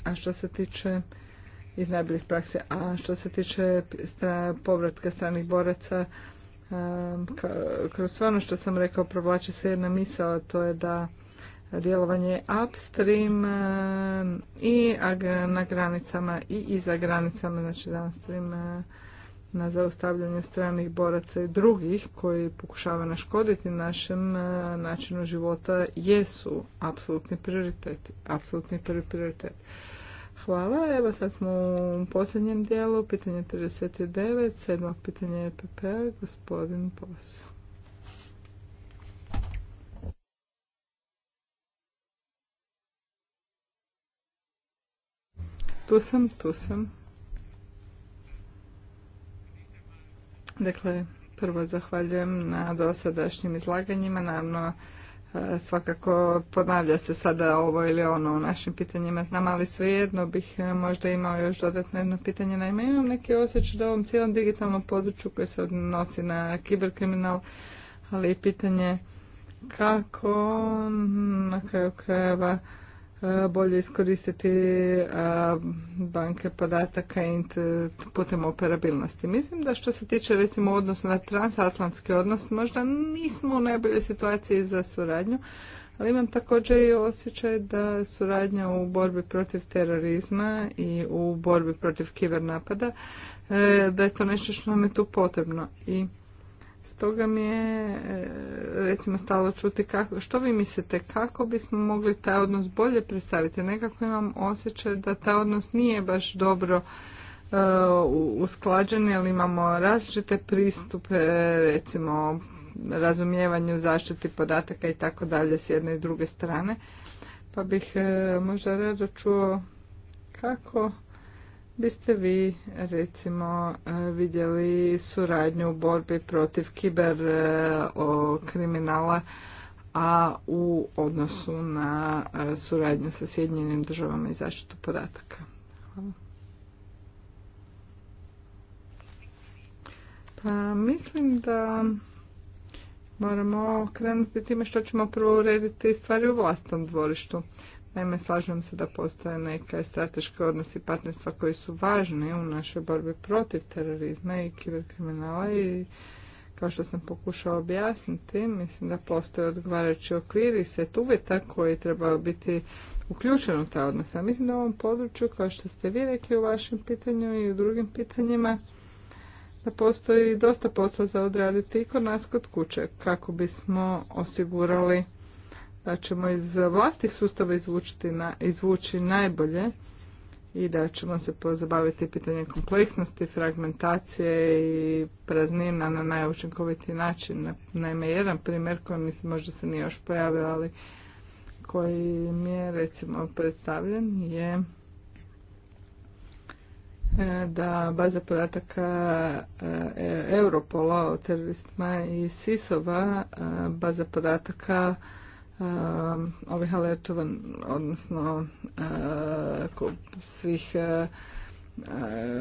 a što se tiče iz najboljih prakse. A što se tiče povratka stranih boraca, e, kroz sve ono što sam rekao provlači se jedna misao, a to je da djelovanje upstream e, i na granicama i iza granicama, znači downstream e, na zaustavljanje stranih boraca i drugih koji pokušava naškoditi našem e, načinu života jesu apsolutni prioritet. Apsolutni prvi prioritet. Hvala. Evo sad smo u posljednjem dijelu. Pitanje 39. Sedmo pitanje PP, Gospodin Pos. Tu sam, tu sam. Dakle, prvo zahvaljujem na dosadašnjim izlaganjima. Naravno, e, svakako ponavlja se sada ovo ili ono u našim pitanjima znam, ali svejedno bih e, možda imao još dodatno jedno pitanje. Naime, imam neki osjećaj da u ovom cijelom digitalnom području koje se odnosi na kiberkriminal, ali i pitanje kako na kraju krajeva E, bolje iskoristiti e, banke podataka i putem operabilnosti. Mislim da što se tiče recimo odnosu na transatlantski odnos, možda nismo u najboljoj situaciji za suradnju, ali imam također i osjećaj da suradnja u borbi protiv terorizma i u borbi protiv napada e, da je to nešto što nam je tu potrebno. I Stoga mi je e, recimo stalo čuti kako, što vi mislite kako bismo mogli taj odnos bolje predstaviti. Nekako imam osjećaj da taj odnos nije baš dobro uh, usklađen jer imamo različite pristupe recimo razumijevanju zaštiti podataka i tako dalje s jedne i druge strane. Pa bih e, možda rado čuo kako biste vi recimo vidjeli suradnju u borbi protiv kiber e, kriminala, a u odnosu na e, suradnju sa Sjedinjenim državama i zaštitu podataka? Hvala. Pa mislim da moramo krenuti time što ćemo prvo urediti stvari u vlastnom dvorištu. Naime, slažem se da postoje neke strateške i partnerstva koji su važni u našoj borbi protiv terorizma i kiberkriminala i kao što sam pokušao objasniti, mislim da postoje odgovarajući okvir i set uvjeta koji treba biti uključen u ta odnosa. Mislim da u ovom području, kao što ste vi rekli u vašem pitanju i u drugim pitanjima, da postoji dosta posla za odraditi i kod nas kod kuće kako bismo osigurali da ćemo iz vlastih sustava izvučiti na, izvući najbolje i da ćemo se pozabaviti pitanjem kompleksnosti, fragmentacije i praznina na najučinkoviti način. Naime, jedan primjer koji mislim možda se nije još pojavio, ali koji mi je recimo predstavljen je e, da baza podataka e, Europola o teroristima i SIS-ova, e, baza podataka Eh, ovih alertova, odnosno eh, svih eh,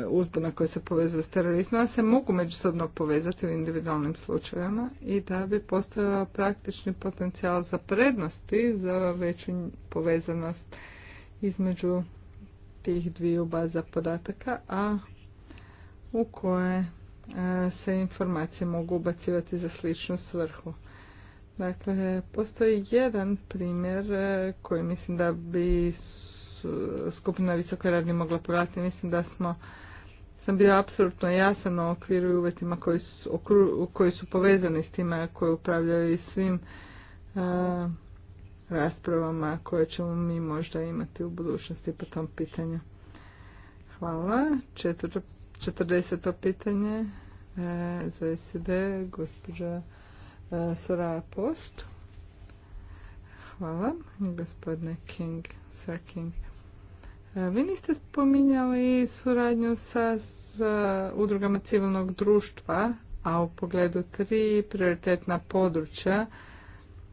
uzbuna koje se povezuju s terorizmom, se mogu međusobno povezati u individualnim slučajevima i da bi postojao praktični potencijal za prednosti, za veću povezanost između tih dviju baza podataka, a u koje se informacije mogu ubacivati za sličnu svrhu. Dakle, postoji jedan primjer e, koji mislim da bi skupina visokoj radni mogla pogledati. Mislim da smo sam bio apsolutno jasan u okviru i uvjetima koji su, okru, koji su povezani s time koje upravljaju i svim e, raspravama koje ćemo mi možda imati u budućnosti po tom pitanju. Hvala. Četvr, četrdeseto pitanje e, za SED, gospođa Soraya Post. Hvala, gospodine King, Sir King. E, vi niste spominjali suradnju sa udrugama civilnog društva, a u pogledu tri prioritetna područja,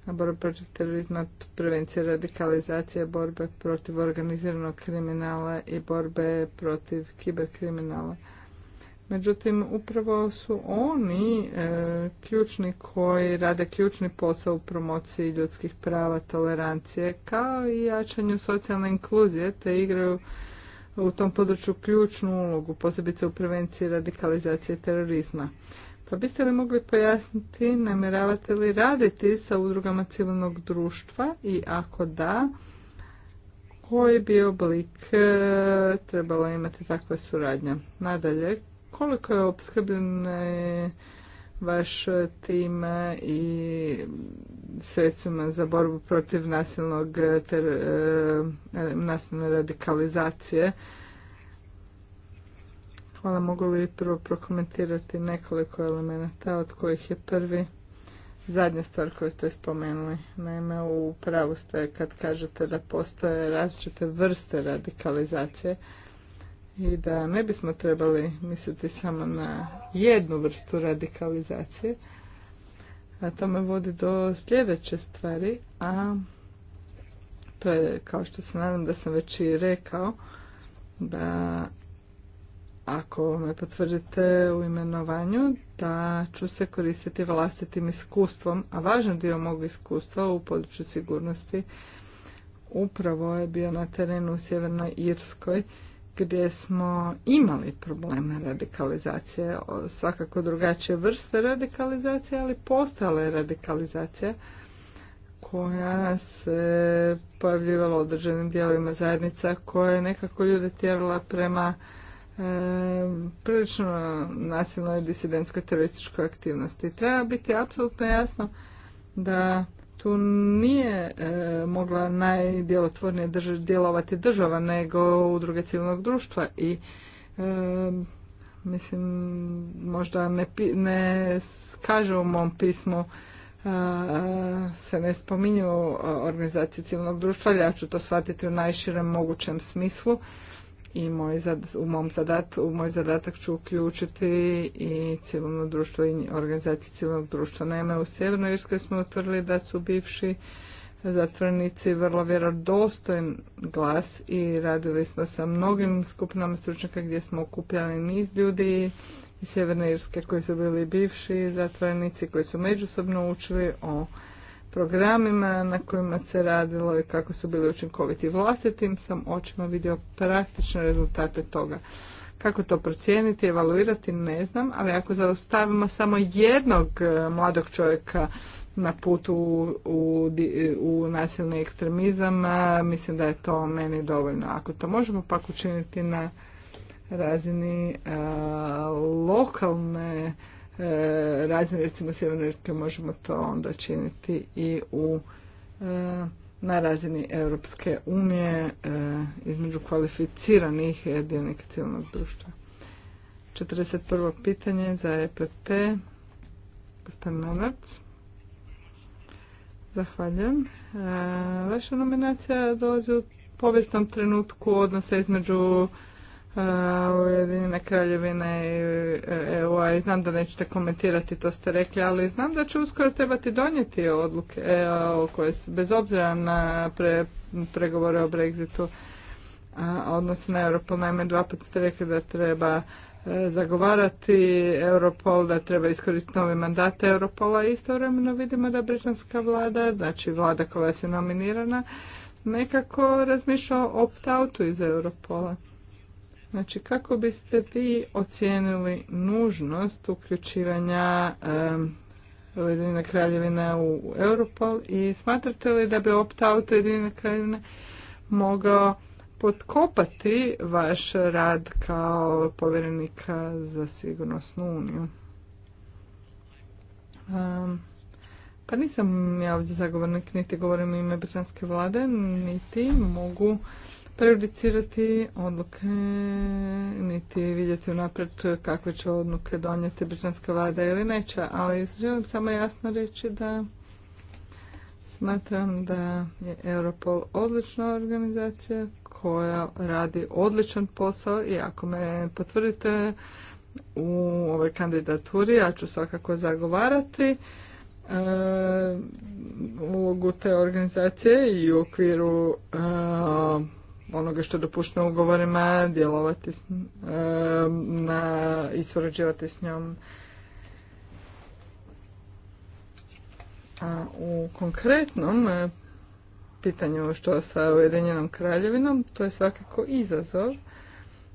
borba protiv terorizma, prevencija radikalizacije, borbe protiv organiziranog kriminala i borbe protiv kiberkriminala. Međutim, upravo su oni e, ključni koji rade ključni posao u promociji ljudskih prava, tolerancije, kao i jačanju socijalne inkluzije, te igraju u tom području ključnu ulogu, posebice u prevenciji radikalizacije terorizma. Pa biste li mogli pojasniti, namjeravate li raditi sa udrugama civilnog društva i ako da, koji bi oblik e, trebalo imati takva suradnja. Nadalje, koliko je opskrbljen vaš tim i sredstvima za borbu protiv nasilnog eh, nasilne radikalizacije. Hvala, mogu li prvo prokomentirati nekoliko elemenata od kojih je prvi zadnja stvar koju ste spomenuli. Naime, u pravu ste kad kažete da postoje različite vrste radikalizacije i da ne bismo trebali misliti samo na jednu vrstu radikalizacije. A to me vodi do sljedeće stvari, a to je kao što se nadam da sam već i rekao, da ako me potvrdite u imenovanju, da ću se koristiti vlastitim iskustvom, a važan dio mog iskustva u području sigurnosti upravo je bio na terenu u Sjevernoj Irskoj, gdje smo imali probleme radikalizacije, svakako drugačije vrste radikalizacije, ali postala je radikalizacija koja se pojavljivala u određenim dijelovima zajednica koja je nekako ljude tjerala prema e, prilično nasilnoj disidentskoj terorističkoj aktivnosti. Treba biti apsolutno jasno da tu nije e, mogla najdjelotvornije djelovati država nego udruge civilnog društva i e, mislim možda ne, ne kaže u mom pismu se ne spominju e, organizacije civilnog društva, ali ja ću to shvatiti u najširem mogućem smislu i moj u mom zadat, u moj zadatak ću uključiti i civilno društvo i organizacije civilnog društva. Naime, u Sjevernoj Irskoj smo utvrdili da su bivši zatvorenici vrlo vjerodostojen glas i radili smo sa mnogim skupinama stručnjaka gdje smo okupljali niz ljudi iz Sjeverne Irske koji su bili bivši zatvorenici koji su međusobno učili o programima na kojima se radilo i kako su bili učinkoviti vlastitim, sam očima vidio praktične rezultate toga. Kako to procijeniti, evaluirati, ne znam, ali ako zaustavimo samo jednog e, mladog čovjeka na putu u, u, nasilni ekstremizam, e, mislim da je to meni dovoljno. Ako to možemo pak učiniti na razini e, lokalne E, razine, recimo Sjeverne možemo to onda činiti i u e, na razini Europske unije e, između kvalificiranih dionika civilnog društva. 41. pitanje za EPP. Gospodin Lenarc. Zahvaljujem. Vaša nominacija dolazi u povijesnom trenutku odnosa između Ujedinjene kraljevine i EU-a e i znam da nećete komentirati, to ste rekli, ali znam da će uskoro trebati donijeti odluke e koje bez obzira na pre, pregovore o Brexitu odnosno na Europol. Naime, dva put ste rekli da treba e, zagovarati Europol, da treba iskoristiti novi mandat Europola i istovremeno vidimo da britanska vlada, znači vlada koja se nominirana, nekako razmišlja o opt-outu iz Europola. Znači, kako biste vi ocijenili nužnost uključivanja Ujedinjene kraljevine u Europol i smatrate li da bi opt-out Ujedinjene kraljevine mogao potkopati vaš rad kao povjerenika za sigurnosnu uniju? pa nisam ja ovdje zagovornik, niti govorim ime britanske vlade, niti mogu prejudicirati odluke, niti vidjeti unaprijed kakve će odluke donijeti britanska vlada ili neće, ali želim samo jasno reći da smatram da je Europol odlična organizacija koja radi odličan posao i ako me potvrdite u ovoj kandidaturi, ja ću svakako zagovarati e, ulogu te organizacije i u okviru e, onoga što je dopušteno ugovorima, djelovati na, i surađivati s njom. A u konkretnom e, pitanju što sa Ujedinjenom kraljevinom, to je svakako izazov.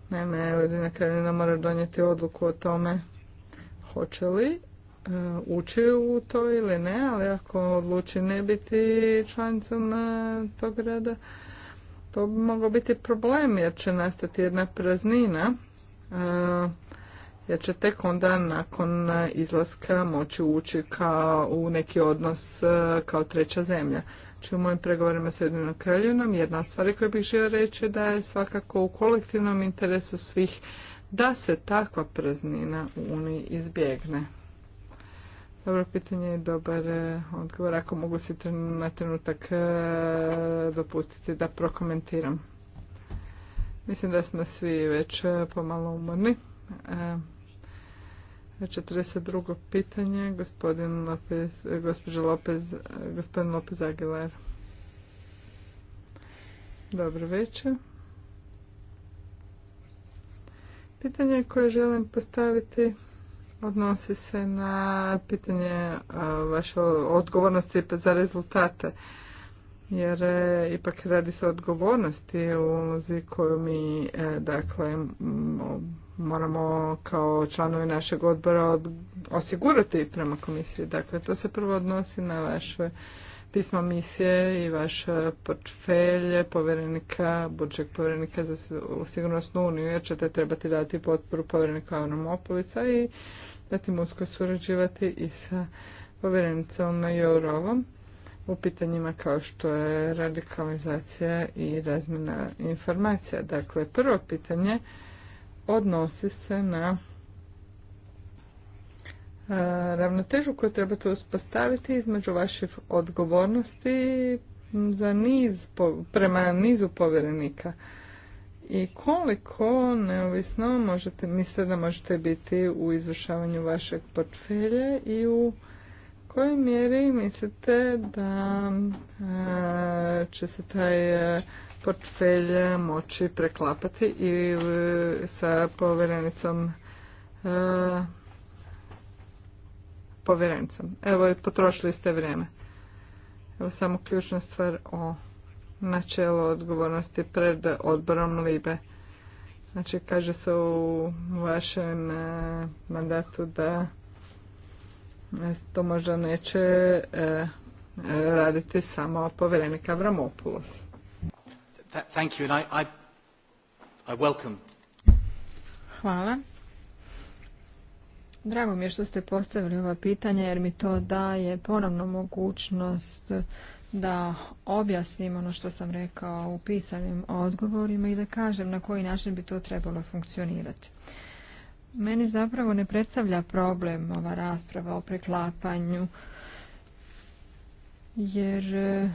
Naime, Ujedinjena kraljevina mora donijeti odluku o tome hoće li e, ući u to ili ne, ali ako odluči ne biti članicom e, tog rada, to bi mogao biti problem jer će nastati jedna praznina e, jer će tek onda nakon e, izlaska moći ući kao u neki odnos e, kao treća zemlja. Znači u mojim pregovorima s Jedinom Kraljevnom, jedna stvar koju bih želio reći da je svakako u kolektivnom interesu svih da se takva praznina u Uniji izbjegne. Dobro pitanje je dobar e, odgovor. Ako mogu se na trenutak e, dopustiti da prokomentiram. Mislim da smo svi već e, pomalo umorni. 42. pitanje, gospodin Lopez, gospođa Lopez, gospodin Lopez Aguilar. Dobro večer. Pitanje koje želim postaviti odnosi se na pitanje e, vaše odgovornosti za rezultate. Jer e, ipak radi se o odgovornosti u ulozi koju mi e, dakle moramo kao članovi našeg odbora osigurati prema komisiji. Dakle, to se prvo odnosi na vaše pismo misije i vaš portfelje povjerenika, budućeg povjerenika za sigurnosnu uniju, jer ćete trebati dati potporu povjerenika Avramopolisa i zatim usko surađivati i sa povjerenicom Jourovom u pitanjima kao što je radikalizacija i razmjena informacija. Dakle, prvo pitanje odnosi se na e, ravnotežu koju trebate uspostaviti između vaših odgovornosti za niz, prema nizu povjerenika i koliko neovisno možete, mislite da možete biti u izvršavanju vašeg portfelja i u kojoj mjeri mislite da e, će se taj e, portfelj moći preklapati i sa povjerenicom e, povjerenicom. Evo, potrošili ste vrijeme. Evo samo ključna stvar o načelo odgovornosti pred odborom LIBE. Znači, kaže se u vašem e, mandatu da e, to možda neće e, raditi samo povjerenik Avramopoulos. Thank Hvala. Drago mi je što ste postavili ova pitanja jer mi to daje ponovno mogućnost da objasnim ono što sam rekao u pisanim odgovorima i da kažem na koji način bi to trebalo funkcionirati. Meni zapravo ne predstavlja problem ova rasprava o preklapanju, jer e,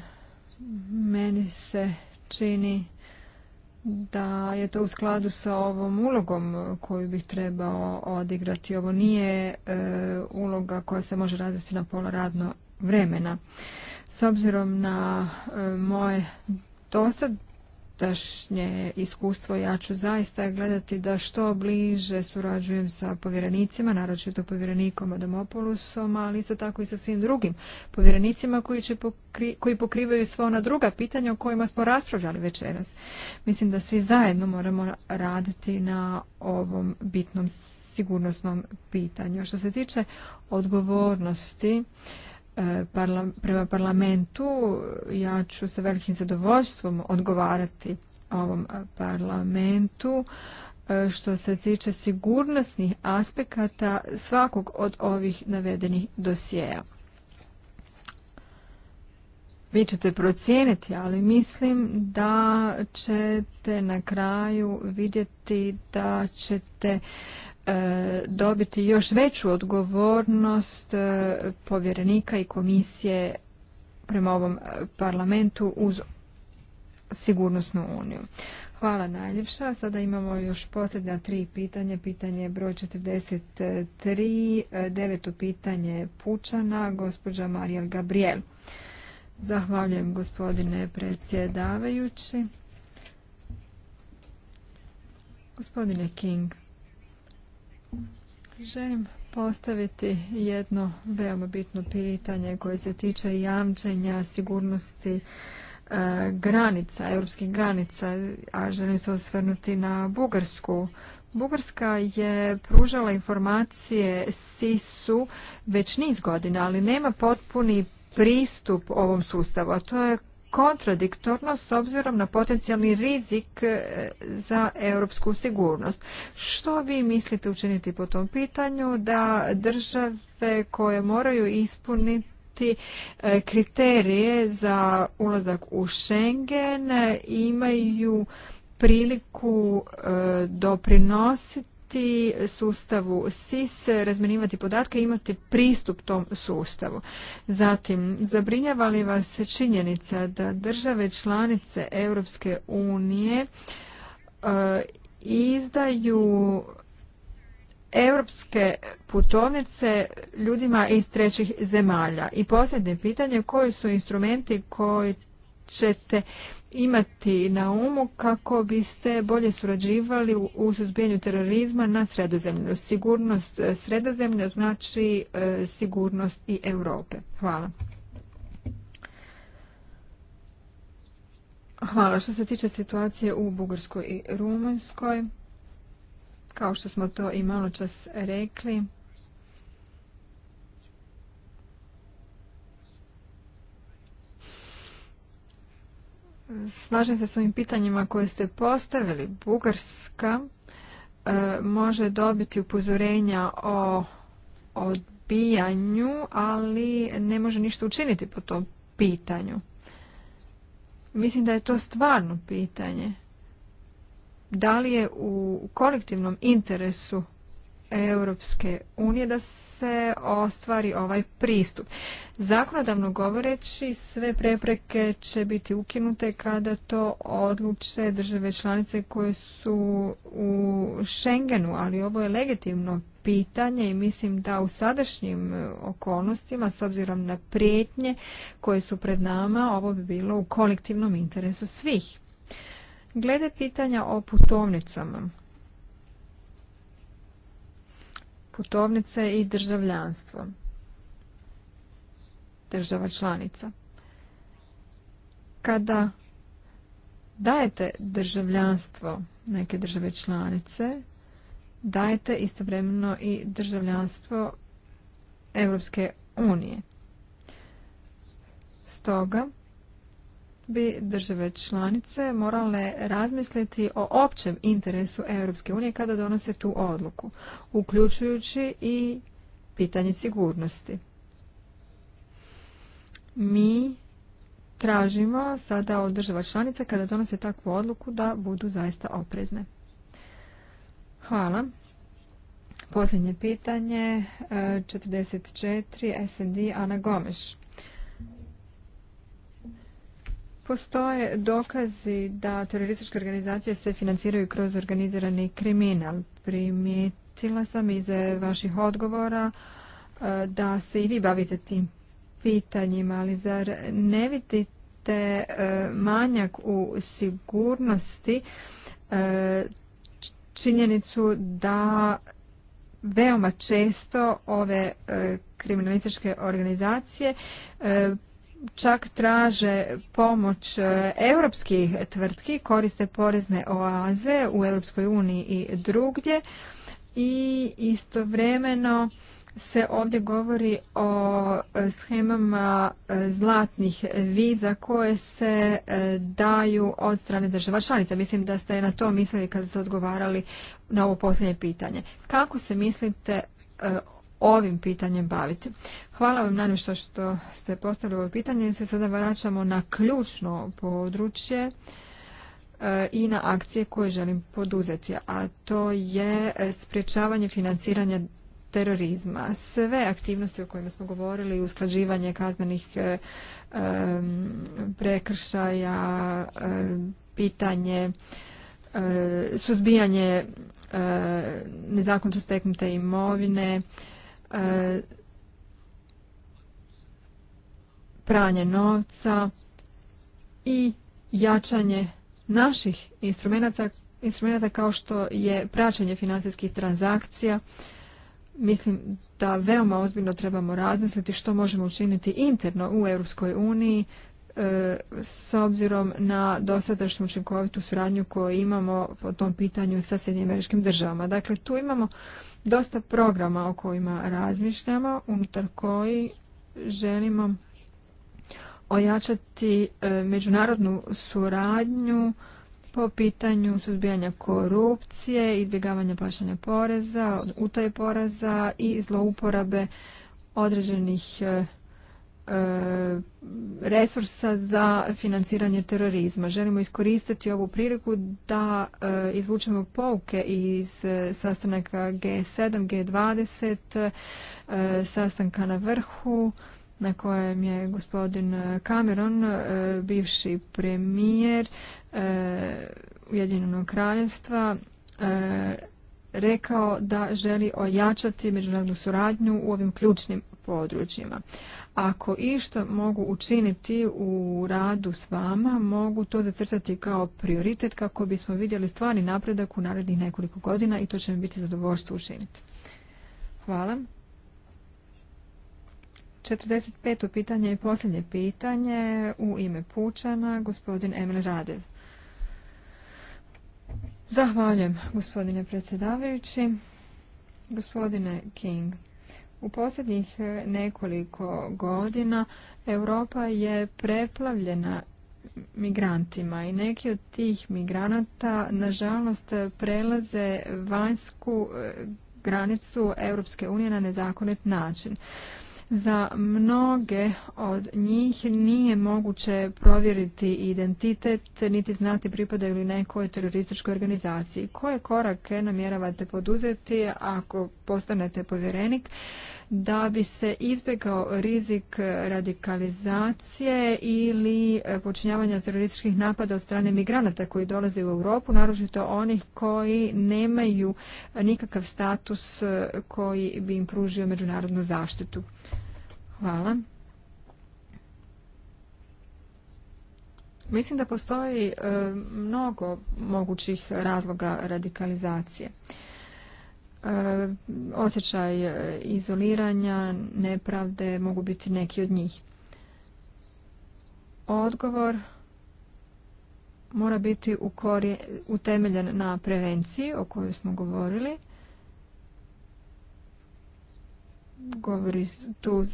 meni se čini da je to u skladu sa ovom ulogom koju bih trebao odigrati. Ovo nije e, uloga koja se može raditi na pola radno vremena. S obzirom na e, moje dosadašnje iskustvo, ja ću zaista gledati da što bliže surađujem sa povjerenicima, naročito povjerenikom Adamopolusom, ali isto tako i sa svim drugim povjerenicima koji, će koji pokrivaju sva ona druga pitanja o kojima smo raspravljali večeras. Mislim da svi zajedno moramo raditi na ovom bitnom sigurnosnom pitanju. Što se tiče odgovornosti, E, prema parlamentu ja ću sa velikim zadovoljstvom odgovarati ovom e, parlamentu e, što se tiče sigurnosnih aspekata svakog od ovih navedenih dosijeja. Vi ćete procijeniti, ali mislim da ćete na kraju vidjeti da ćete E, dobiti još veću odgovornost e, povjerenika i komisije prema ovom e, parlamentu uz sigurnosnu uniju. Hvala najljepša. Sada imamo još posljednja tri pitanja. Pitanje broj 43, deveto pitanje Pučana, gospođa Marijel Gabriel. Zahvaljujem gospodine predsjedavajući. Gospodine King, Želim postaviti jedno veoma bitno pitanje koje se tiče jamčenja sigurnosti e, granica, europskih granica, a želim se osvrnuti na Bugarsku. Bugarska je pružala informacije SIS-u već niz godina, ali nema potpuni pristup ovom sustavu, a to je kontradiktorno s obzirom na potencijalni rizik e, za europsku sigurnost. Što vi mislite učiniti po tom pitanju da države koje moraju ispuniti e, kriterije za ulazak u Schengen imaju priliku e, doprinositi ti sustavu SIS, razmenivati podatke i imati pristup tom sustavu. Zatim, zabrinjava li vas činjenica da države članice Europske unije e, izdaju europske putovnice ljudima iz trećih zemalja. I posljednje pitanje, koji su instrumenti koji ćete imati na umu kako biste bolje surađivali u suzbijanju terorizma na sredozemlju. Sigurnost e, sredozemlja znači e, sigurnost i Europe. Hvala. Hvala. Što se tiče situacije u Bugarskoj i Rumunjskoj, kao što smo to i malo čas rekli, Slažem se s ovim pitanjima koje ste postavili. Bugarska e, može dobiti upozorenja o odbijanju, ali ne može ništa učiniti po tom pitanju. Mislim da je to stvarno pitanje. Da li je u kolektivnom interesu Europske unije da se ostvari ovaj pristup. Zakonodavno govoreći sve prepreke će biti ukinute kada to odluče države članice koje su u Schengenu, ali ovo je legitimno pitanje i mislim da u sadašnjim okolnostima s obzirom na prijetnje koje su pred nama ovo bi bilo u kolektivnom interesu svih. Glede pitanja o putovnicama putovnice i državljanstvo država članica. Kada dajete državljanstvo neke države članice, dajete istovremeno i državljanstvo Europske unije. Stoga, bi države članice morale razmisliti o općem interesu Europske unije kada donose tu odluku, uključujući i pitanje sigurnosti. Mi tražimo sada od država članica kada donose takvu odluku da budu zaista oprezne. Hvala. Posljednje pitanje, 44 e, SND Ana Gomeš. Postoje dokazi da terorističke organizacije se financiraju kroz organizirani kriminal. Primijetila sam iz e, vaših odgovora e, da se i vi bavite tim pitanjima, ali zar ne vidite e, manjak u sigurnosti činjenicu da veoma često ove kriminalističke organizacije čak traže pomoć e, europskih tvrtki, koriste porezne oaze u Europskoj uniji i drugdje i istovremeno se ovdje govori o e, schemama e, zlatnih viza koje se daju od strane država članica. Mislim da ste na to mislili kad ste odgovarali na ovo posljednje pitanje. Kako se mislite ovim pitanjem baviti? Hvala vam najviše što ste postavili ovo pitanje. Se sada vraćamo na ključno područje e, i na akcije koje želim poduzeti, a to je sprječavanje financiranja terorizma. Sve aktivnosti o kojima smo govorili, usklađivanje kaznenih e, e, prekršaja, pitanje, suzbijanje nezakonito steknute imovine, pranje novca i jačanje naših instrumenta kao što je praćenje financijskih transakcija. Mislim da veoma ozbiljno trebamo razmisliti što možemo učiniti interno u Europskoj uniji e, s obzirom na dosadašnju učinkovitu suradnju koju imamo po tom pitanju sa Sjedinim američkim državama. Dakle, tu imamo dosta programa o kojima razmišljamo, unutar koji želimo ojačati e, međunarodnu suradnju po pitanju suzbijanja korupcije, izbjegavanja plaćanja poreza, utaje poreza i zlouporabe određenih e, e, resursa za financiranje terorizma. Želimo iskoristiti ovu priliku da izvučemo pouke iz sastanaka G7, G20, sastanka na vrhu na kojem je gospodin e, Cameron, e, bivši premijer e, Ujedinjenog kraljevstva, rekao da želi ojačati međunarodnu suradnju u ovim ključnim područjima. Ako išta mogu učiniti u radu s vama, mogu to zacrtati kao prioritet kako bismo vidjeli stvarni napredak u narednih nekoliko godina i to će mi biti zadovoljstvo učiniti. Hvala. 45. pitanje i posljednje pitanje u ime Pučana, gospodin Emil Radev. Zahvaljujem, gospodine predsjedavajući. Gospodine King, u posljednjih nekoliko godina Europa je preplavljena migrantima i neki od tih migranata nažalost prelaze vanjsku eh, granicu Europske unije na nezakonit način. Za mnoge od njih nije moguće provjeriti identitet niti znati pripadaju li nekoj terorističkoj organizaciji. Koje korake namjeravate poduzeti ako postanete povjerenik da bi se izbjegao rizik radikalizacije ili e, počinjavanja terorističkih napada od strane migranata koji dolaze u Europu, naročito onih koji nemaju nikakav status e, koji bi im pružio međunarodnu zaštitu. Hvala. Mislim da postoji e, mnogo mogućih razloga radikalizacije. E, osjećaj e, izoliranja, nepravde, mogu biti neki od njih. Odgovor mora biti utemeljen na prevenciji o kojoj smo govorili. tu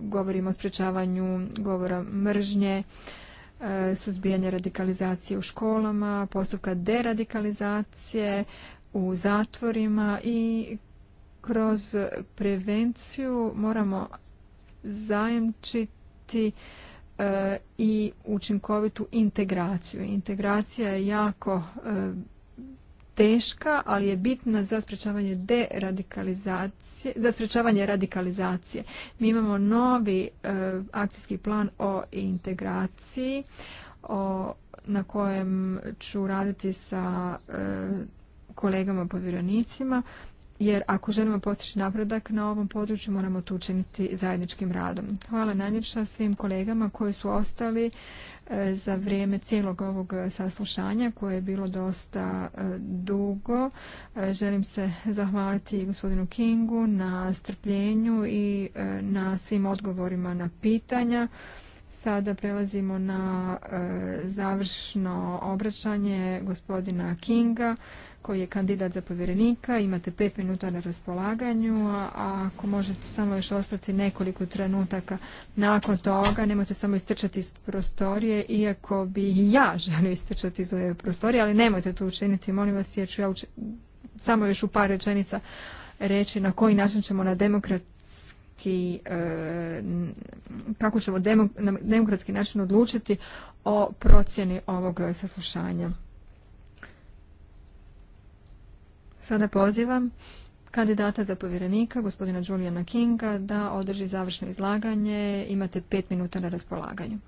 govorimo o sprječavanju govora mržnje, e, suzbijanje radikalizacije u školama, postupka deradikalizacije, u zatvorima i kroz prevenciju moramo zajemčiti e, i učinkovitu integraciju. Integracija je jako e, teška, ali je bitna za sprečavanje deradikalizacije, za sprečavanje radikalizacije. Mi imamo novi e, akcijski plan o integraciji na kojem ću raditi sa kolegama povjerenicima jer ako želimo postići napredak na ovom području moramo to učiniti zajedničkim radom. Hvala najljepša svim kolegama koji su ostali e, za vrijeme cijelog ovog saslušanja koje je bilo dosta e, dugo. E, želim se zahvaliti gospodinu Kingu na strpljenju i na svim odgovorima na pitanja. Sada prelazimo na završno obraćanje gospodina Kinga koji je kandidat za povjerenika. Imate pet minuta na raspolaganju, a ako možete samo još ostati nekoliko trenutaka nakon toga, nemojte samo istrčati iz prostorije, iako bi ja *laughs* želio istrčati iz ove prostorije, ali nemojte to učiniti, molim vas, jer ću ja samo još u par rečenica reći na koji način ćemo na demokrat e, kako ćemo na demokratski način odlučiti o procjeni ovog saslušanja. Sada pozivam kandidata za povjerenika, gospodina juliana Kinga, da održi završno izlaganje. Imate pet minuta na raspolaganju.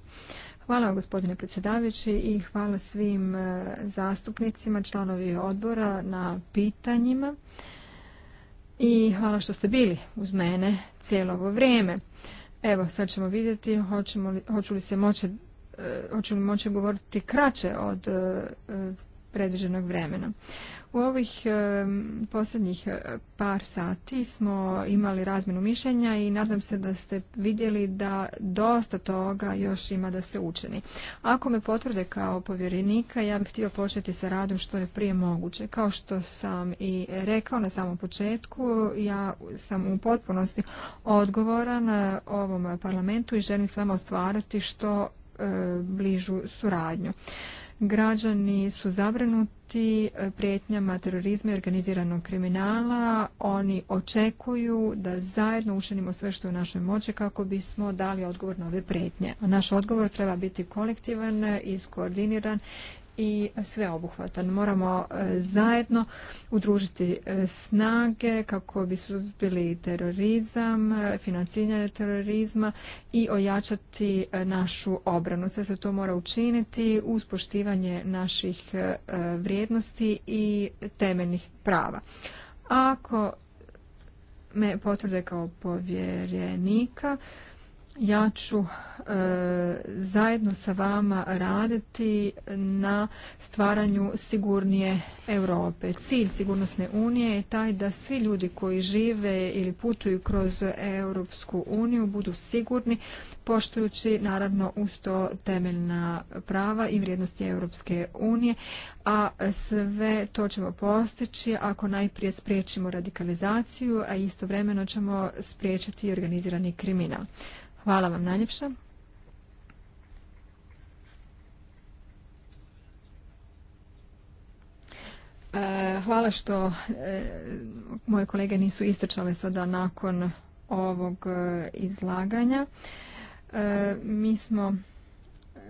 Hvala vam gospodine predsjedavajući i hvala svim e, zastupnicima, članovi odbora na pitanjima i hvala što ste bili uz mene cijelo ovo vrijeme. Evo, sad ćemo vidjeti hoćemo hoću li se moći e, hoću li moći govoriti kraće od e, predviđenog vremena. U ovih e, posljednjih e, par sati smo imali razminu mišljenja i nadam se da ste vidjeli da dosta toga još ima da se učini. Ako me potvrde kao povjerenika, ja bih htio početi sa radom što je prije moguće. Kao što sam i rekao na samom početku, ja sam u potpunosti odgovoran e, ovom parlamentu i želim s vama ostvarati što bližu suradnju. Građani su zabrinuti e, prijetnjama terorizma i organiziranog kriminala. Oni očekuju da zajedno učinimo sve što je u našoj moći kako bismo dali odgovor na ove prijetnje. Naš odgovor treba biti kolektivan, iskoordiniran i sveobuhvatan. Moramo e, zajedno udružiti e, snage kako bi suzbili terorizam, e, financiranje terorizma i ojačati našu obranu. Sve se to mora učiniti uz poštivanje naših vrijednosti i temeljnih prava. Ako me potvrde kao povjerenika, ja ću e, zajedno sa vama raditi na stvaranju sigurnije Europe. Cilj sigurnosne unije je taj da svi ljudi koji žive ili putuju kroz Europsku uniju budu sigurni poštujući naravno usto temeljna prava i vrijednosti Europske unije, a sve to ćemo postići ako najprije spriječimo radikalizaciju, a istovremeno ćemo spriječiti organizirani kriminal. Hvala vam najljepša. E, hvala što e, moje kolege nisu istrčale sada nakon ovog e, izlaganja. Mi smo,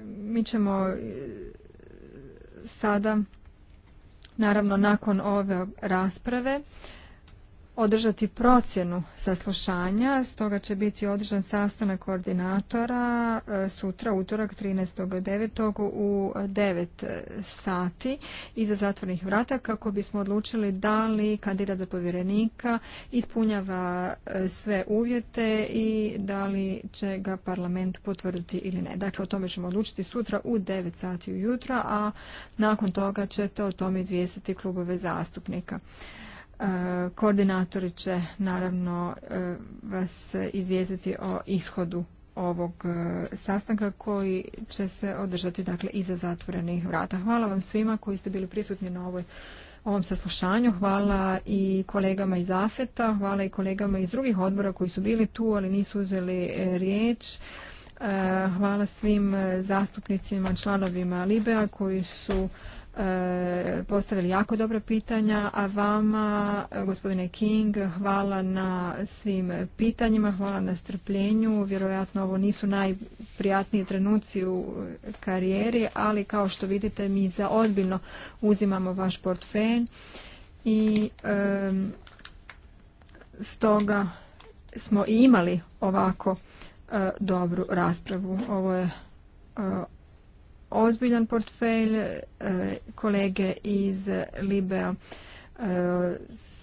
mi ćemo sada, naravno nakon ove rasprave, održati procjenu saslušanja, stoga će biti održan sastanak koordinatora e, sutra, utorak 13.9. u 9 sati iza zatvornih vrata kako bismo odlučili da li kandidat za povjerenika ispunjava e, sve uvjete i da li će ga parlament potvrditi ili ne. Dakle, o tome ćemo odlučiti sutra u 9 sati ujutro, a nakon toga ćete o tome izvijestiti klubove zastupnika. E, koordinatori će naravno e, vas izvijestiti o ishodu ovog e, sastanka koji će se održati dakle iza zatvorenih vrata. Hvala vam svima koji ste bili prisutni na ovoj ovom saslušanju. Hvala i kolegama iz AFETA, hvala i kolegama iz drugih odbora koji su bili tu, ali nisu uzeli riječ. Hvala svim zastupnicima, članovima Libea koji su E, postavili jako dobra pitanja, a vama, gospodine King, hvala na svim pitanjima, hvala na strpljenju. Vjerojatno ovo nisu najprijatniji trenuci u karijeri, ali kao što vidite mi za ozbiljno uzimamo vaš portfelj i e, stoga smo imali ovako e, dobru raspravu. Ovo je ozbiljan portfelj. E, kolege iz Libea e,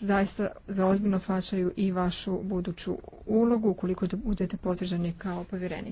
zaista za ozbiljno shvaćaju i vašu buduću ulogu ukoliko budete potvrđeni kao povjerenik.